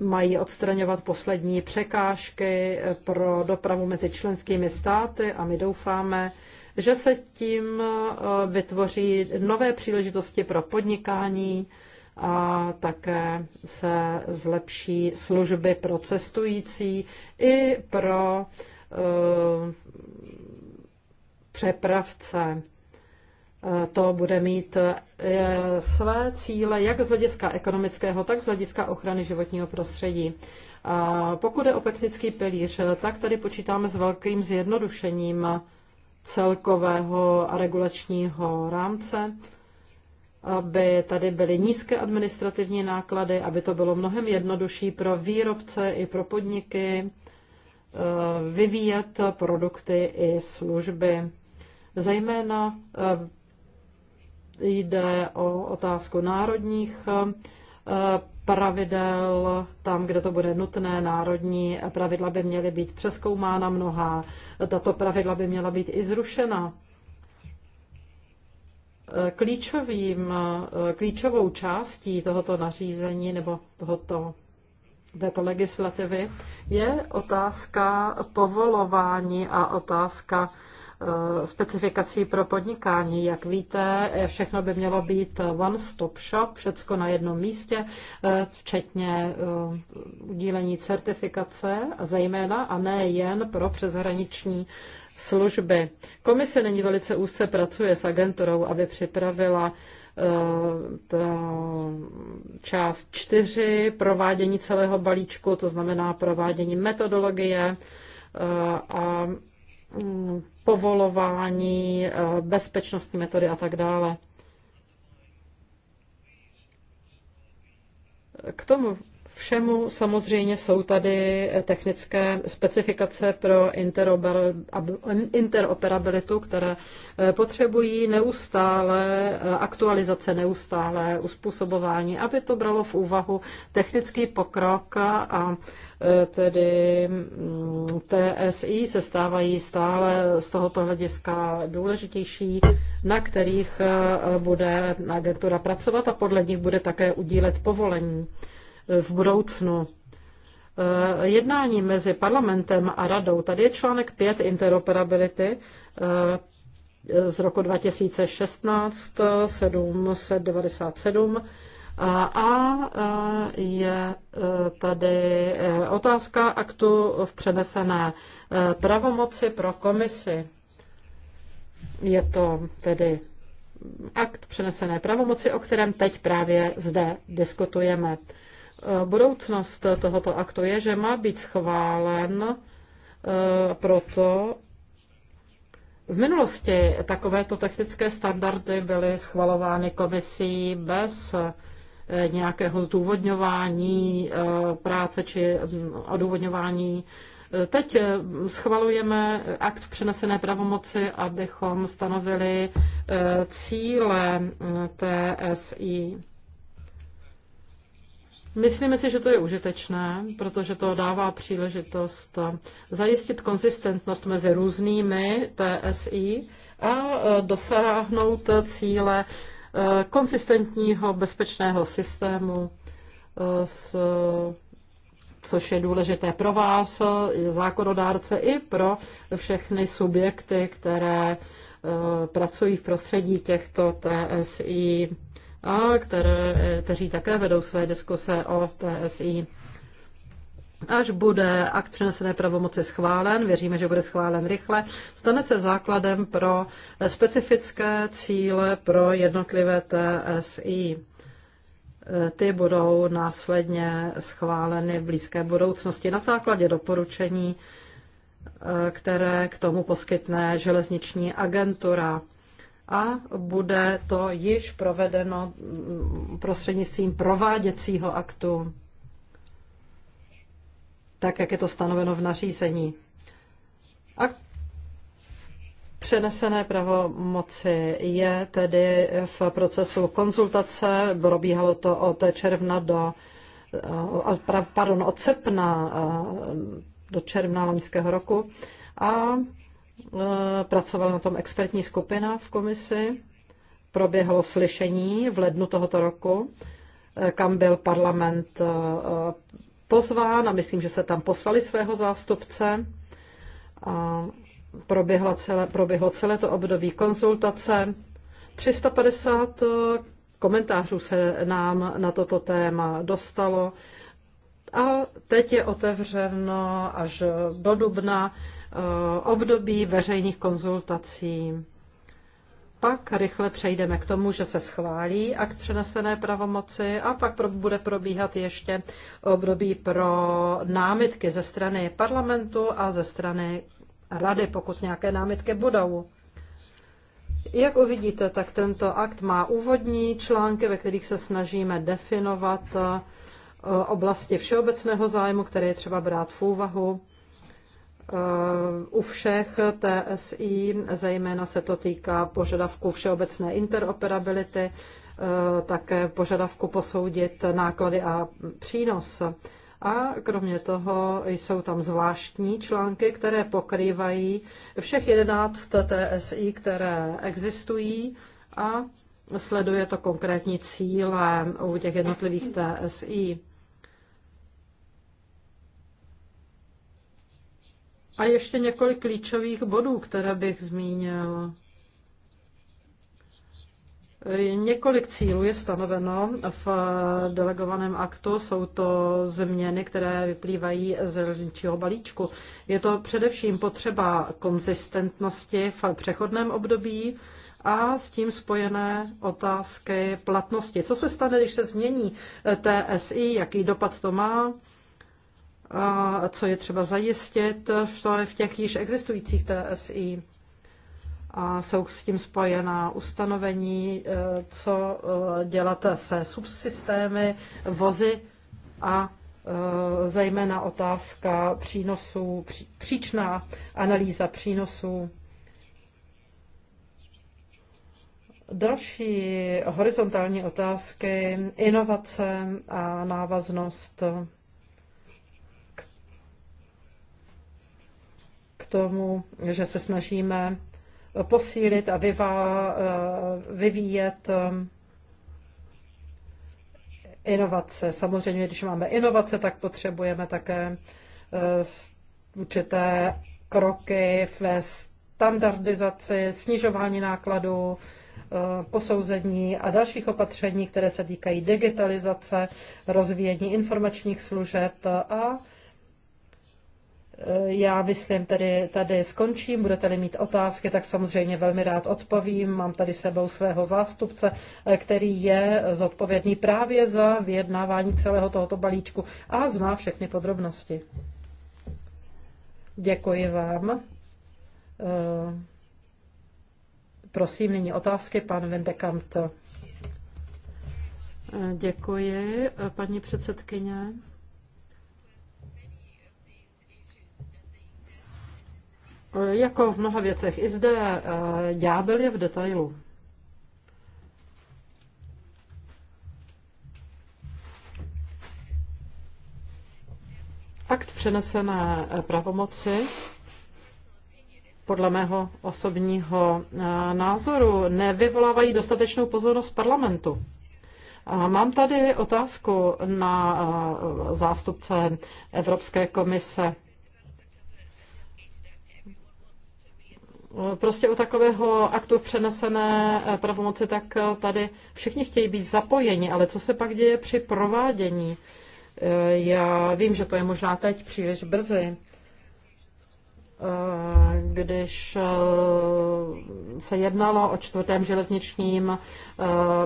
mají odstraňovat poslední překážky pro dopravu mezi členskými státy a my doufáme, že se tím eh, vytvoří nové příležitosti pro podnikání a také se zlepší služby pro cestující i pro eh, přepravce. Eh, to bude mít E, své cíle jak z hlediska ekonomického, tak z hlediska ochrany životního prostředí. A pokud je o technický pilíř, tak tady počítáme s velkým zjednodušením celkového a regulačního rámce, aby tady byly nízké administrativní náklady, aby to bylo mnohem jednodušší pro výrobce i pro podniky e, vyvíjet produkty i služby. Zejména e, Jde o otázku národních eh, pravidel, tam, kde to bude nutné, národní pravidla by měly být přeskoumána mnoha, tato pravidla by měla být i zrušena. Eh, klíčovým, eh, klíčovou částí tohoto nařízení nebo tohoto, této legislativy je otázka povolování a otázka Eh, specifikací pro podnikání. Jak víte, všechno by mělo být one-stop shop, všecko na jednom místě, eh, včetně eh, udílení certifikace a zejména a ne jen pro přeshraniční služby. Komise není velice úzce pracuje s agenturou, aby připravila část čtyři, provádění celého balíčku, to znamená provádění metodologie a Mm, povolování, eh, bezpečnostní metody a tak dále. K tomu všemu samozřejmě jsou tady technické specifikace pro interoperabilitu, které eh, potřebují neustále eh, aktualizace, neustále uspůsobování, aby to bralo v úvahu technický pokrok a eh, tedy mm, TSI se stávají stále z tohoto hlediska důležitější, na kterých bude agentura pracovat a podle nich bude také udílet povolení v budoucnu. Eh, jednání mezi parlamentem a radou, tady je článek 5 interoperability eh, z roku 2016 797 a eh, je tady otázka aktu v přenesené pravomoci pro komisi. Je to tedy akt přenesené pravomoci, o kterém teď právě zde diskutujeme. Budoucnost tohoto aktu je, že má být schválen eh, proto, v minulosti takovéto technické standardy byly schvalovány komisí bez eh, nějakého zdůvodňování eh, práce či mm, odůvodňování. Teď schvalujeme akt přenesené pravomoci, abychom stanovili cíle mm, TSI. Myslíme si, že to je užitečné, protože to dává příležitost eh, zajistit konzistentnost mezi různými TSI a eh, dosáhnout cíle eh, konzistentního bezpečného systému, s, což je důležité pro vás, zákonodárce, i pro všechny subjekty, které pracují v prostředí těchto TSI a které, e, kteří také vedou své diskuse o TSI. Až bude akt přenesené pravomoci schválen, věříme, že bude schválen rychle, stane se základem pro specifické cíle pro jednotlivé TSI. E, ty budou následně schváleny v blízké budoucnosti na základě doporučení, e, které k tomu poskytne železniční agentura a bude to již provedeno mm, prostřednictvím prováděcího aktu, tak jak je to stanoveno v nařízení. A přenesené pravomoci je tedy v procesu konzultace, probíhalo to od června do, eh, pardon, od srpna eh, do června loňského roku a Eh, Pracovala na tom expertní skupina v komisi. Proběhlo slyšení v lednu tohoto roku, eh, kam byl parlament eh, pozván a myslím, že se tam poslali svého zástupce. A proběhla celé, proběhlo celé to období konzultace. 350 komentářů se nám na toto téma dostalo. A teď je otevřeno až do dubna Eh, období veřejných konzultací. Pak rychle přejdeme k tomu, že se schválí akt přenesené pravomoci a pak bude probíhat ještě období pro námitky ze strany parlamentu a ze strany rady, pokud nějaké námitky budou. Jak uvidíte, tak tento akt má úvodní články, ve kterých se snažíme definovat eh, oblasti všeobecného zájmu, které je třeba brát v úvahu u všech TSI, zejména se to týká požadavku všeobecné interoperability, eh, také požadavku posoudit náklady a přínos. A kromě toho jsou tam zvláštní články, které pokrývají všech 11 TSI, které existují a sleduje to konkrétní cíle u těch jednotlivých TSI. A ještě několik klíčových bodů, které bych zmínil. Několik cílů je stanoveno v delegovaném aktu. Jsou to změny, které vyplývají z železničního balíčku. Je to především potřeba konzistentnosti v přechodném období a s tím spojené otázky platnosti. Co se stane, když se změní TSI, jaký dopad to má? a co je třeba zajistit v těch již existujících TSI. A jsou s tím spojená ustanovení, e, co e, dělat se subsystémy, vozy a e, zejména otázka přínosů, příčná analýza přínosů. Další horizontální otázky, inovace a návaznost tomu, že se snažíme posílit a vyvá, eh, vyvíjet eh, inovace. Samozřejmě, když máme inovace, tak potřebujeme také eh, určité kroky ve standardizaci, snižování nákladů, posouzení a dalších opatření, které se týkají digitalizace, rozvíjení informačních služeb a Eh, já myslím, tady, tady skončím. Budete-li mít otázky, tak samozřejmě velmi rád odpovím. Mám tady sebou svého zástupce, eh, který je zodpovědný právě za vyjednávání celého tohoto balíčku a zná všechny podrobnosti. Děkuji vám. Eh, prosím, nyní otázky, pan Vendekant. Děkuji, paní předsedkyně. Jako v mnoha věcech i zde eh, ďábel je v detailu. Akt přenesené eh, pravomoci podle mého osobního eh, názoru nevyvolávají dostatečnou pozornost parlamentu. A mám tady otázku na zástupce Evropské komise. prostě u takového aktu přenesené eh, pravomoci, tak eh, tady všichni chtějí být zapojeni, ale co se pak děje při provádění? Eh, já vím, že to je možná teď příliš brzy když eh, se jednalo o čtvrtém železničním eh,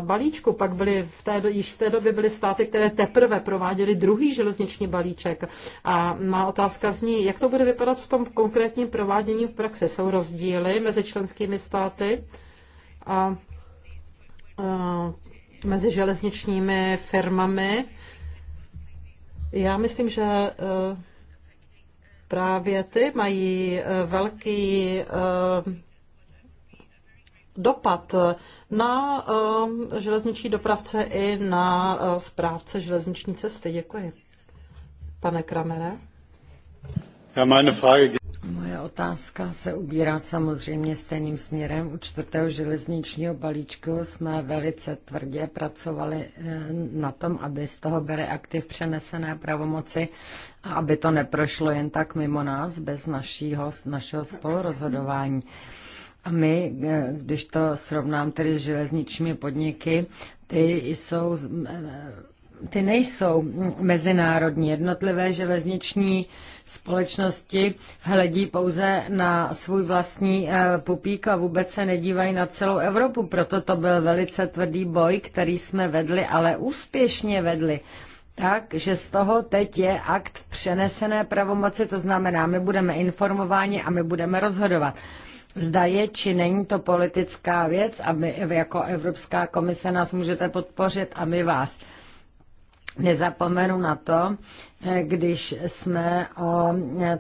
balíčku. Pak byly v té, již v té době byly státy, které teprve prováděly druhý železniční balíček. A má otázka zní, jak to bude vypadat v tom konkrétním provádění v praxi. Jsou rozdíly mezi členskými státy a, a eh, mezi železničními firmami. Já myslím, že Právě ty mají eh, velký eh, dopad na eh, železniční dopravce i na správce železniční cesty. Děkuji. Pane Kramere. Já meine Frage Moje otázka se ubírá samozřejmě stejným směrem. U čtvrtého železničního balíčku jsme velice tvrdě pracovali eh, na tom, aby z toho byly aktiv přenesené pravomoci a aby to neprošlo jen tak mimo nás, bez našího, našeho spolurozhodování. A my, eh, když to srovnám tedy s železničními podniky, ty jsou eh, ty nejsou mezinárodní. Jednotlivé železniční společnosti hledí pouze na svůj vlastní eh, pupík a vůbec se nedívají na celou Evropu. Proto to byl velice tvrdý boj, který jsme vedli, ale úspěšně vedli. Tak, že z toho teď je akt přenesené pravomoci, to znamená, my budeme informováni a my budeme rozhodovat. Zda je, či není to politická věc a my jako Evropská komise nás můžete podpořit a my vás. Nezapomenu na to, eh, když jsme o eh,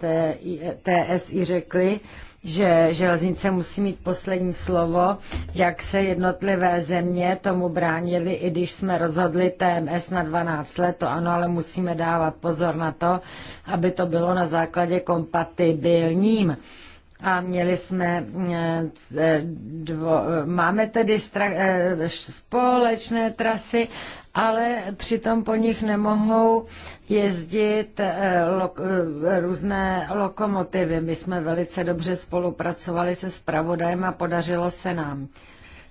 TSI, eh, řekli, že železnice musí mít poslední slovo, jak se jednotlivé země tomu bránili, i když jsme rozhodli TMS na 12 let, to ano, ale musíme dávat pozor na to, aby to bylo na základě kompatibilním a měli jsme, eh, eh, dvo, eh, máme tedy stra, společné trasy, ale přitom po nich nemohou jezdit lo, různé lokomotivy. My jsme velice dobře spolupracovali se spravodajem a podařilo se nám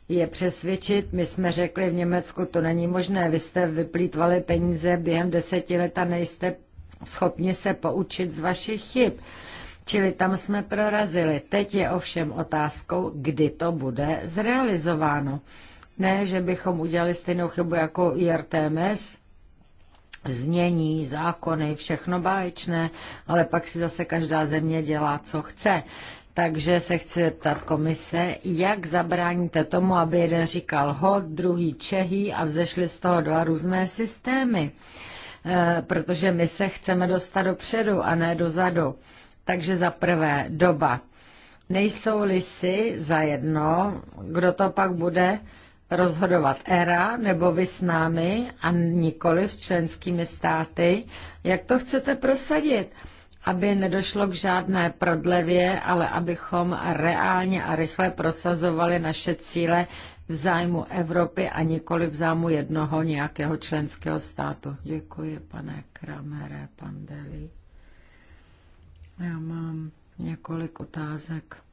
je přesvědčit. My jsme řekli v Německu, to není možné, vy jste vyplýtvali peníze během deseti let a nejste schopni se poučit z vašich chyb. Čili tam jsme prorazili. Teď je ovšem otázkou, kdy to bude zrealizováno. Ne, že bychom udělali stejnou chybu jako IRTMS, znění, zákony, všechno báječné, ale pak si zase každá země dělá, co chce. Takže se chci zeptat komise, jak zabráníte tomu, aby jeden říkal hod, druhý Čehý a vzešly z toho dva různé systémy. E, protože my se chceme dostat dopředu a ne dozadu. Takže za prvé doba. nejsou lisy za jedno. kdo to pak bude rozhodovat ERA nebo vy s námi a nikoli s členskými státy, jak to chcete prosadit, aby nedošlo k žádné prodlevě, ale abychom reálně a rychle prosazovali naše cíle v zájmu Evropy a nikoli v zájmu jednoho nějakého členského státu. Děkuji, pane Kramere, pan Deli. Já mám několik otázek.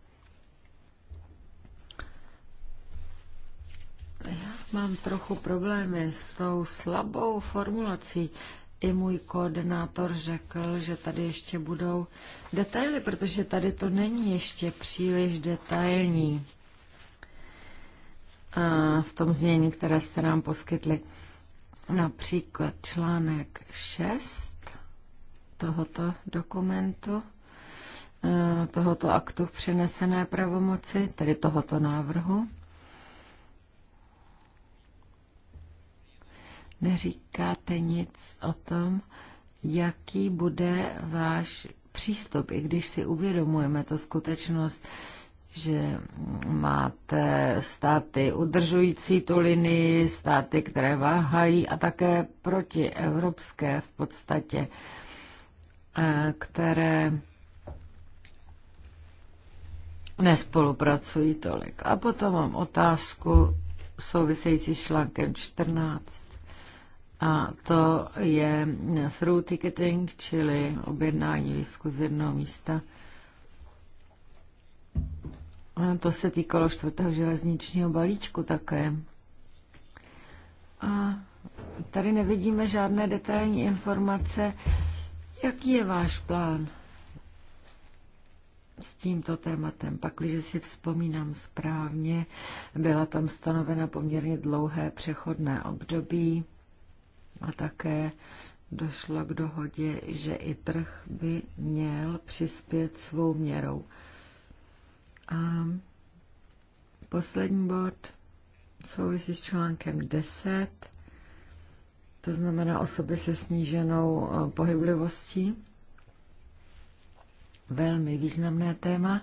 Já mám trochu problémy s tou slabou formulací. I můj koordinátor řekl, že tady ještě budou detaily, protože tady to není ještě příliš detailní A v tom znění, které jste nám poskytli. Například článek 6 tohoto dokumentu Eh, tohoto aktu v přenesené pravomoci, tedy tohoto návrhu. Neříkáte nic o tom, jaký bude váš přístup, i když si uvědomujeme to skutečnost, že máte státy udržující tu linii, státy, které váhají a také protievropské v podstatě, eh, které nespolupracují tolik. A potom mám otázku související s článkem 14. A to je through ticketing, čili objednání výzku z jednoho místa. A to se týkalo čtvrtého železničního balíčku také. A tady nevidíme žádné detailní informace. Jaký je váš plán? s tímto tématem. Pak, když si vzpomínám správně, byla tam stanovena poměrně dlouhé přechodné období a také došlo k dohodě, že i trh by měl přispět svou měrou. A poslední bod souvisí s článkem 10, to znamená osoby se sníženou eh, pohyblivostí velmi významné téma,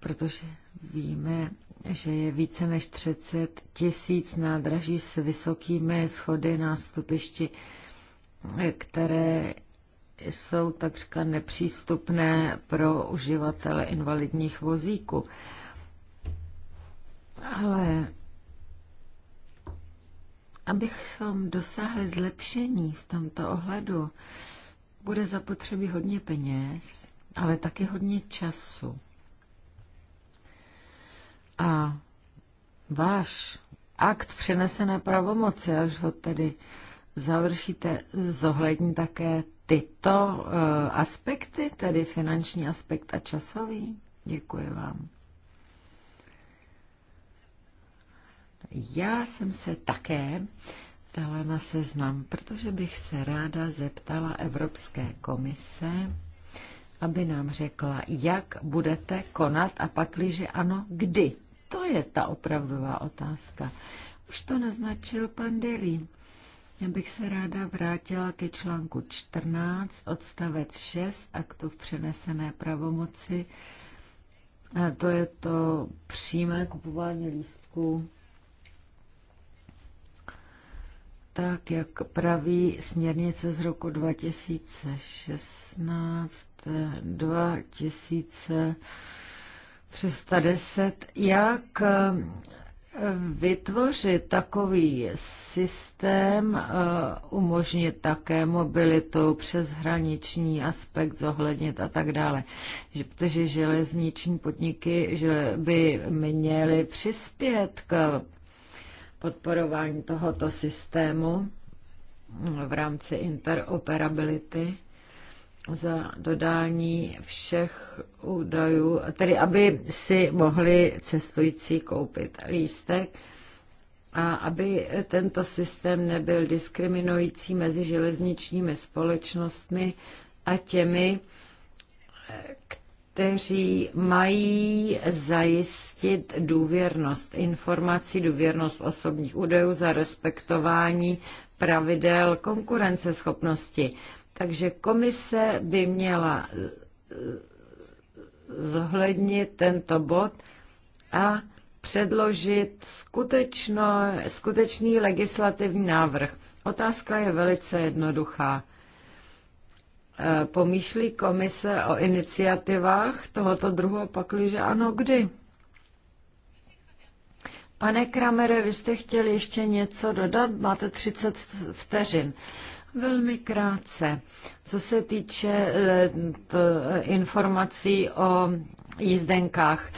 protože víme, že je více než 30 tisíc nádraží s vysokými schody nástupišti, které jsou takřka nepřístupné pro uživatele invalidních vozíků. Ale abychom dosáhli zlepšení v tomto ohledu, bude zapotřebí hodně peněz ale taky hodně času. A váš akt přenesené pravomoci, až ho tedy završíte, zohlední také tyto eh, aspekty, tedy finanční aspekt a časový? Děkuji vám. Já jsem se také dala na seznam, protože bych se ráda zeptala Evropské komise aby nám řekla, jak budete konat a pakliže ano, kdy. To je ta opravdová otázka. Už to naznačil pan Delí. Já bych se ráda vrátila ke článku 14, odstavec 6, aktu v přenesené pravomoci. A to je to přímé kupování lístků tak, jak praví směrnice z roku 2016 2310, jak eh, vytvořit takový systém, eh, umožnit také mobilitu, přeshraniční aspekt zohlednit a tak dále. Že, protože železniční podniky že by měly přispět k podporování tohoto systému v rámci interoperability za dodání všech údajů, tedy aby si mohli cestující koupit lístek a aby tento systém nebyl diskriminující mezi železničními společnostmi a těmi, kteří mají zajistit důvěrnost informací, důvěrnost osobních údajů za respektování pravidel konkurenceschopnosti. Takže komise by měla eh, zohlednit tento bod a předložit skutečno, skutečný legislativní návrh. Otázka je velice jednoduchá. Eh, pomýšlí komise o iniciativách tohoto druhu, že ano, kdy? Pane Kramere, vy jste chtěli ještě něco dodat? Máte 30 vteřin. Velmi krátce. Co se týče eh, informací o jízdenkách,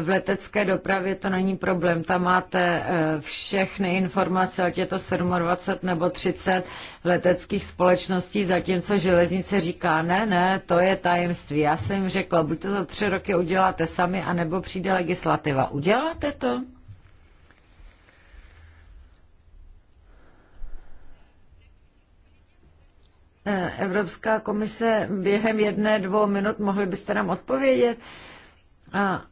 v letecké dopravě to není problém. Tam máte eh, všechny informace, ať je to 27 nebo 30 leteckých společností, zatímco železnice říká, ne, ne, to je tajemství. Já jsem jim řekla, buď to za tři roky uděláte sami, anebo přijde legislativa. Uděláte to? Eh, Evropská komise během jedné, dvou minut, mohli byste nám odpovědět? A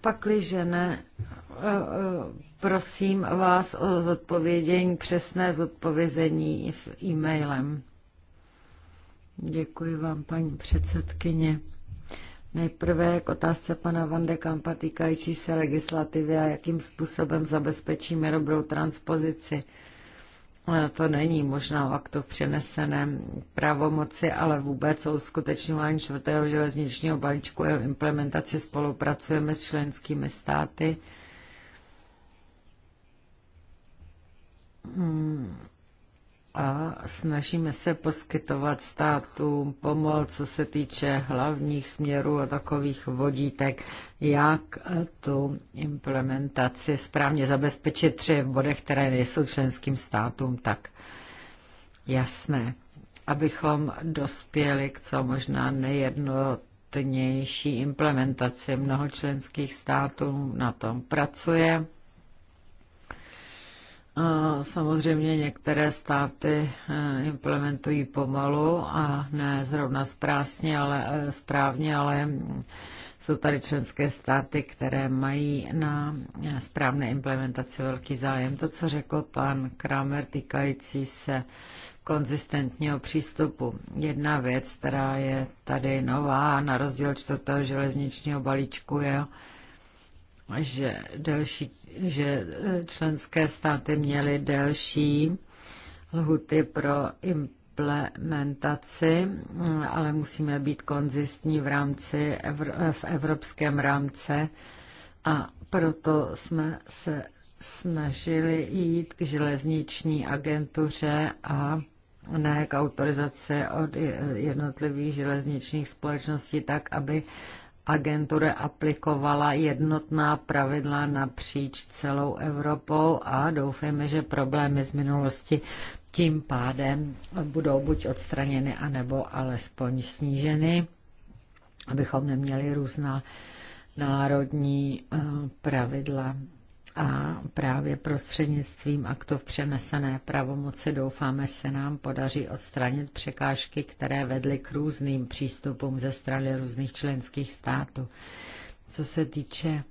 pakliže ne, eh, eh, prosím vás o zodpovědění, přesné zodpovězení e-mailem. Děkuji vám, paní předsedkyně. Nejprve k otázce pana Vande Kampa týkající se legislativy a jakým způsobem zabezpečíme dobrou transpozici to není možná o aktu v přeneseném pravomoci, ale vůbec o uskutečňování čtvrtého železničního balíčku a implementaci spolupracujeme s členskými státy. Hmm a snažíme se poskytovat státům pomoc, co se týče hlavních směrů a takových vodítek, jak tu implementaci správně zabezpečit tři bodech, které nejsou členským státům tak jasné, abychom dospěli k co možná nejednotnější implementaci. Mnoho členských států na tom pracuje Samozřejmě některé státy eh, implementují pomalu a ne zrovna správně, ale, eh, správně, ale mm, jsou tady členské státy, které mají na eh, správné implementaci velký zájem. To, co řekl pan Kramer týkající se konzistentního přístupu. Jedna věc, která je tady nová na rozdíl čtvrtého železničního balíčku, je, že, delší, že e, členské státy měly delší lhuty pro implementaci, e, ale musíme být konzistní v rámci v evropském rámce a proto jsme se snažili jít k železniční agentuře a ne k autorizaci od jednotlivých železničních společností, tak aby agentura aplikovala jednotná pravidla napříč celou Evropou a doufejme, že problémy z minulosti tím pádem budou buď odstraněny, anebo alespoň sníženy, abychom neměli různá národní eh, pravidla a právě prostřednictvím aktu v přenesené pravomoci doufáme se nám podaří odstranit překážky, které vedly k různým přístupům ze strany různých členských států. Co se týče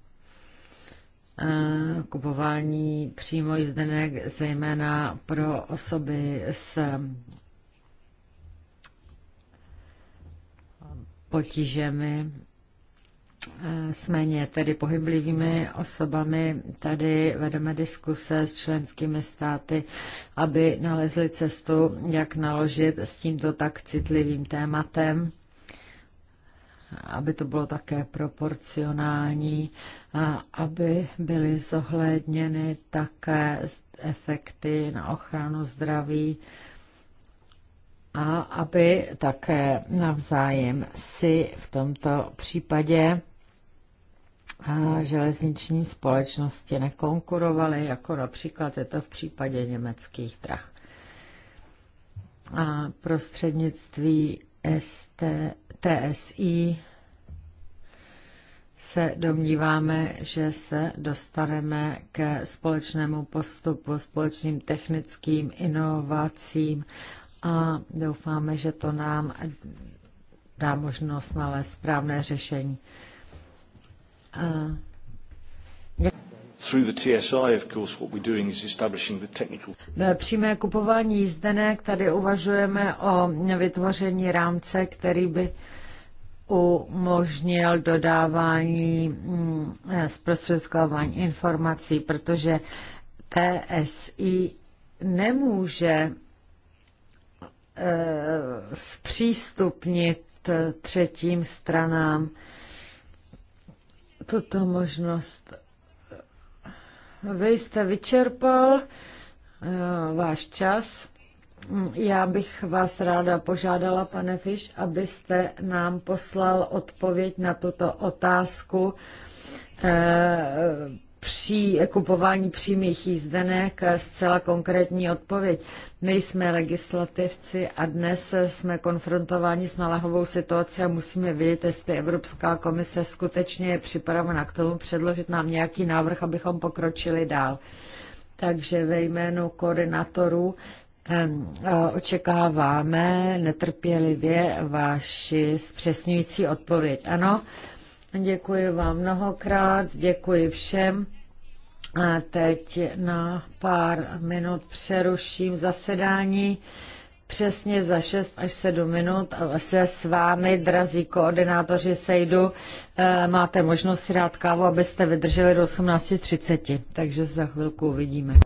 eh, kupování přímo jízdenek, zejména pro osoby s potížemi s méně tedy pohyblivými osobami tady vedeme diskuse s členskými státy, aby nalezli cestu, jak naložit s tímto tak citlivým tématem, aby to bylo také proporcionální, a aby byly zohledněny také efekty na ochranu zdraví a aby také navzájem si v tomto případě železniční společnosti nekonkurovaly, jako například je to v případě německých drah. A prostřednictví ST, TSI se domníváme, že se dostaneme ke společnému postupu, společným technickým inovacím a doufáme, že to nám dá možnost nalézt správné řešení. Eh, přímé kupování jízdenek, tady uvažujeme o vytvoření rámce, který by umožnil dodávání mm, eh, zprostředkování informací, protože TSI nemůže eh, zpřístupnit třetím stranám tuto možnost. Vy jste vyčerpal eh, váš čas. Já bych vás ráda požádala, pane Fiš, abyste nám poslal odpověď na tuto otázku eh, při kupování přímých jízdenek eh, zcela konkrétní odpověď. My jsme legislativci a dnes eh, jsme konfrontováni s nalahovou situací a musíme vědět, jestli Evropská komise skutečně je připravena k tomu předložit nám nějaký návrh, abychom pokročili dál. Takže ve jménu koordinatorů eh, očekáváme netrpělivě vaši zpřesňující odpověď. Ano, Děkuji vám mnohokrát, děkuji všem. A teď na pár minut přeruším zasedání přesně za 6 až 7 minut se s vámi, drazí koordinátoři, sejdu. E, máte možnost si dát kávu, abyste vydrželi do 18.30, takže za chvilku uvidíme.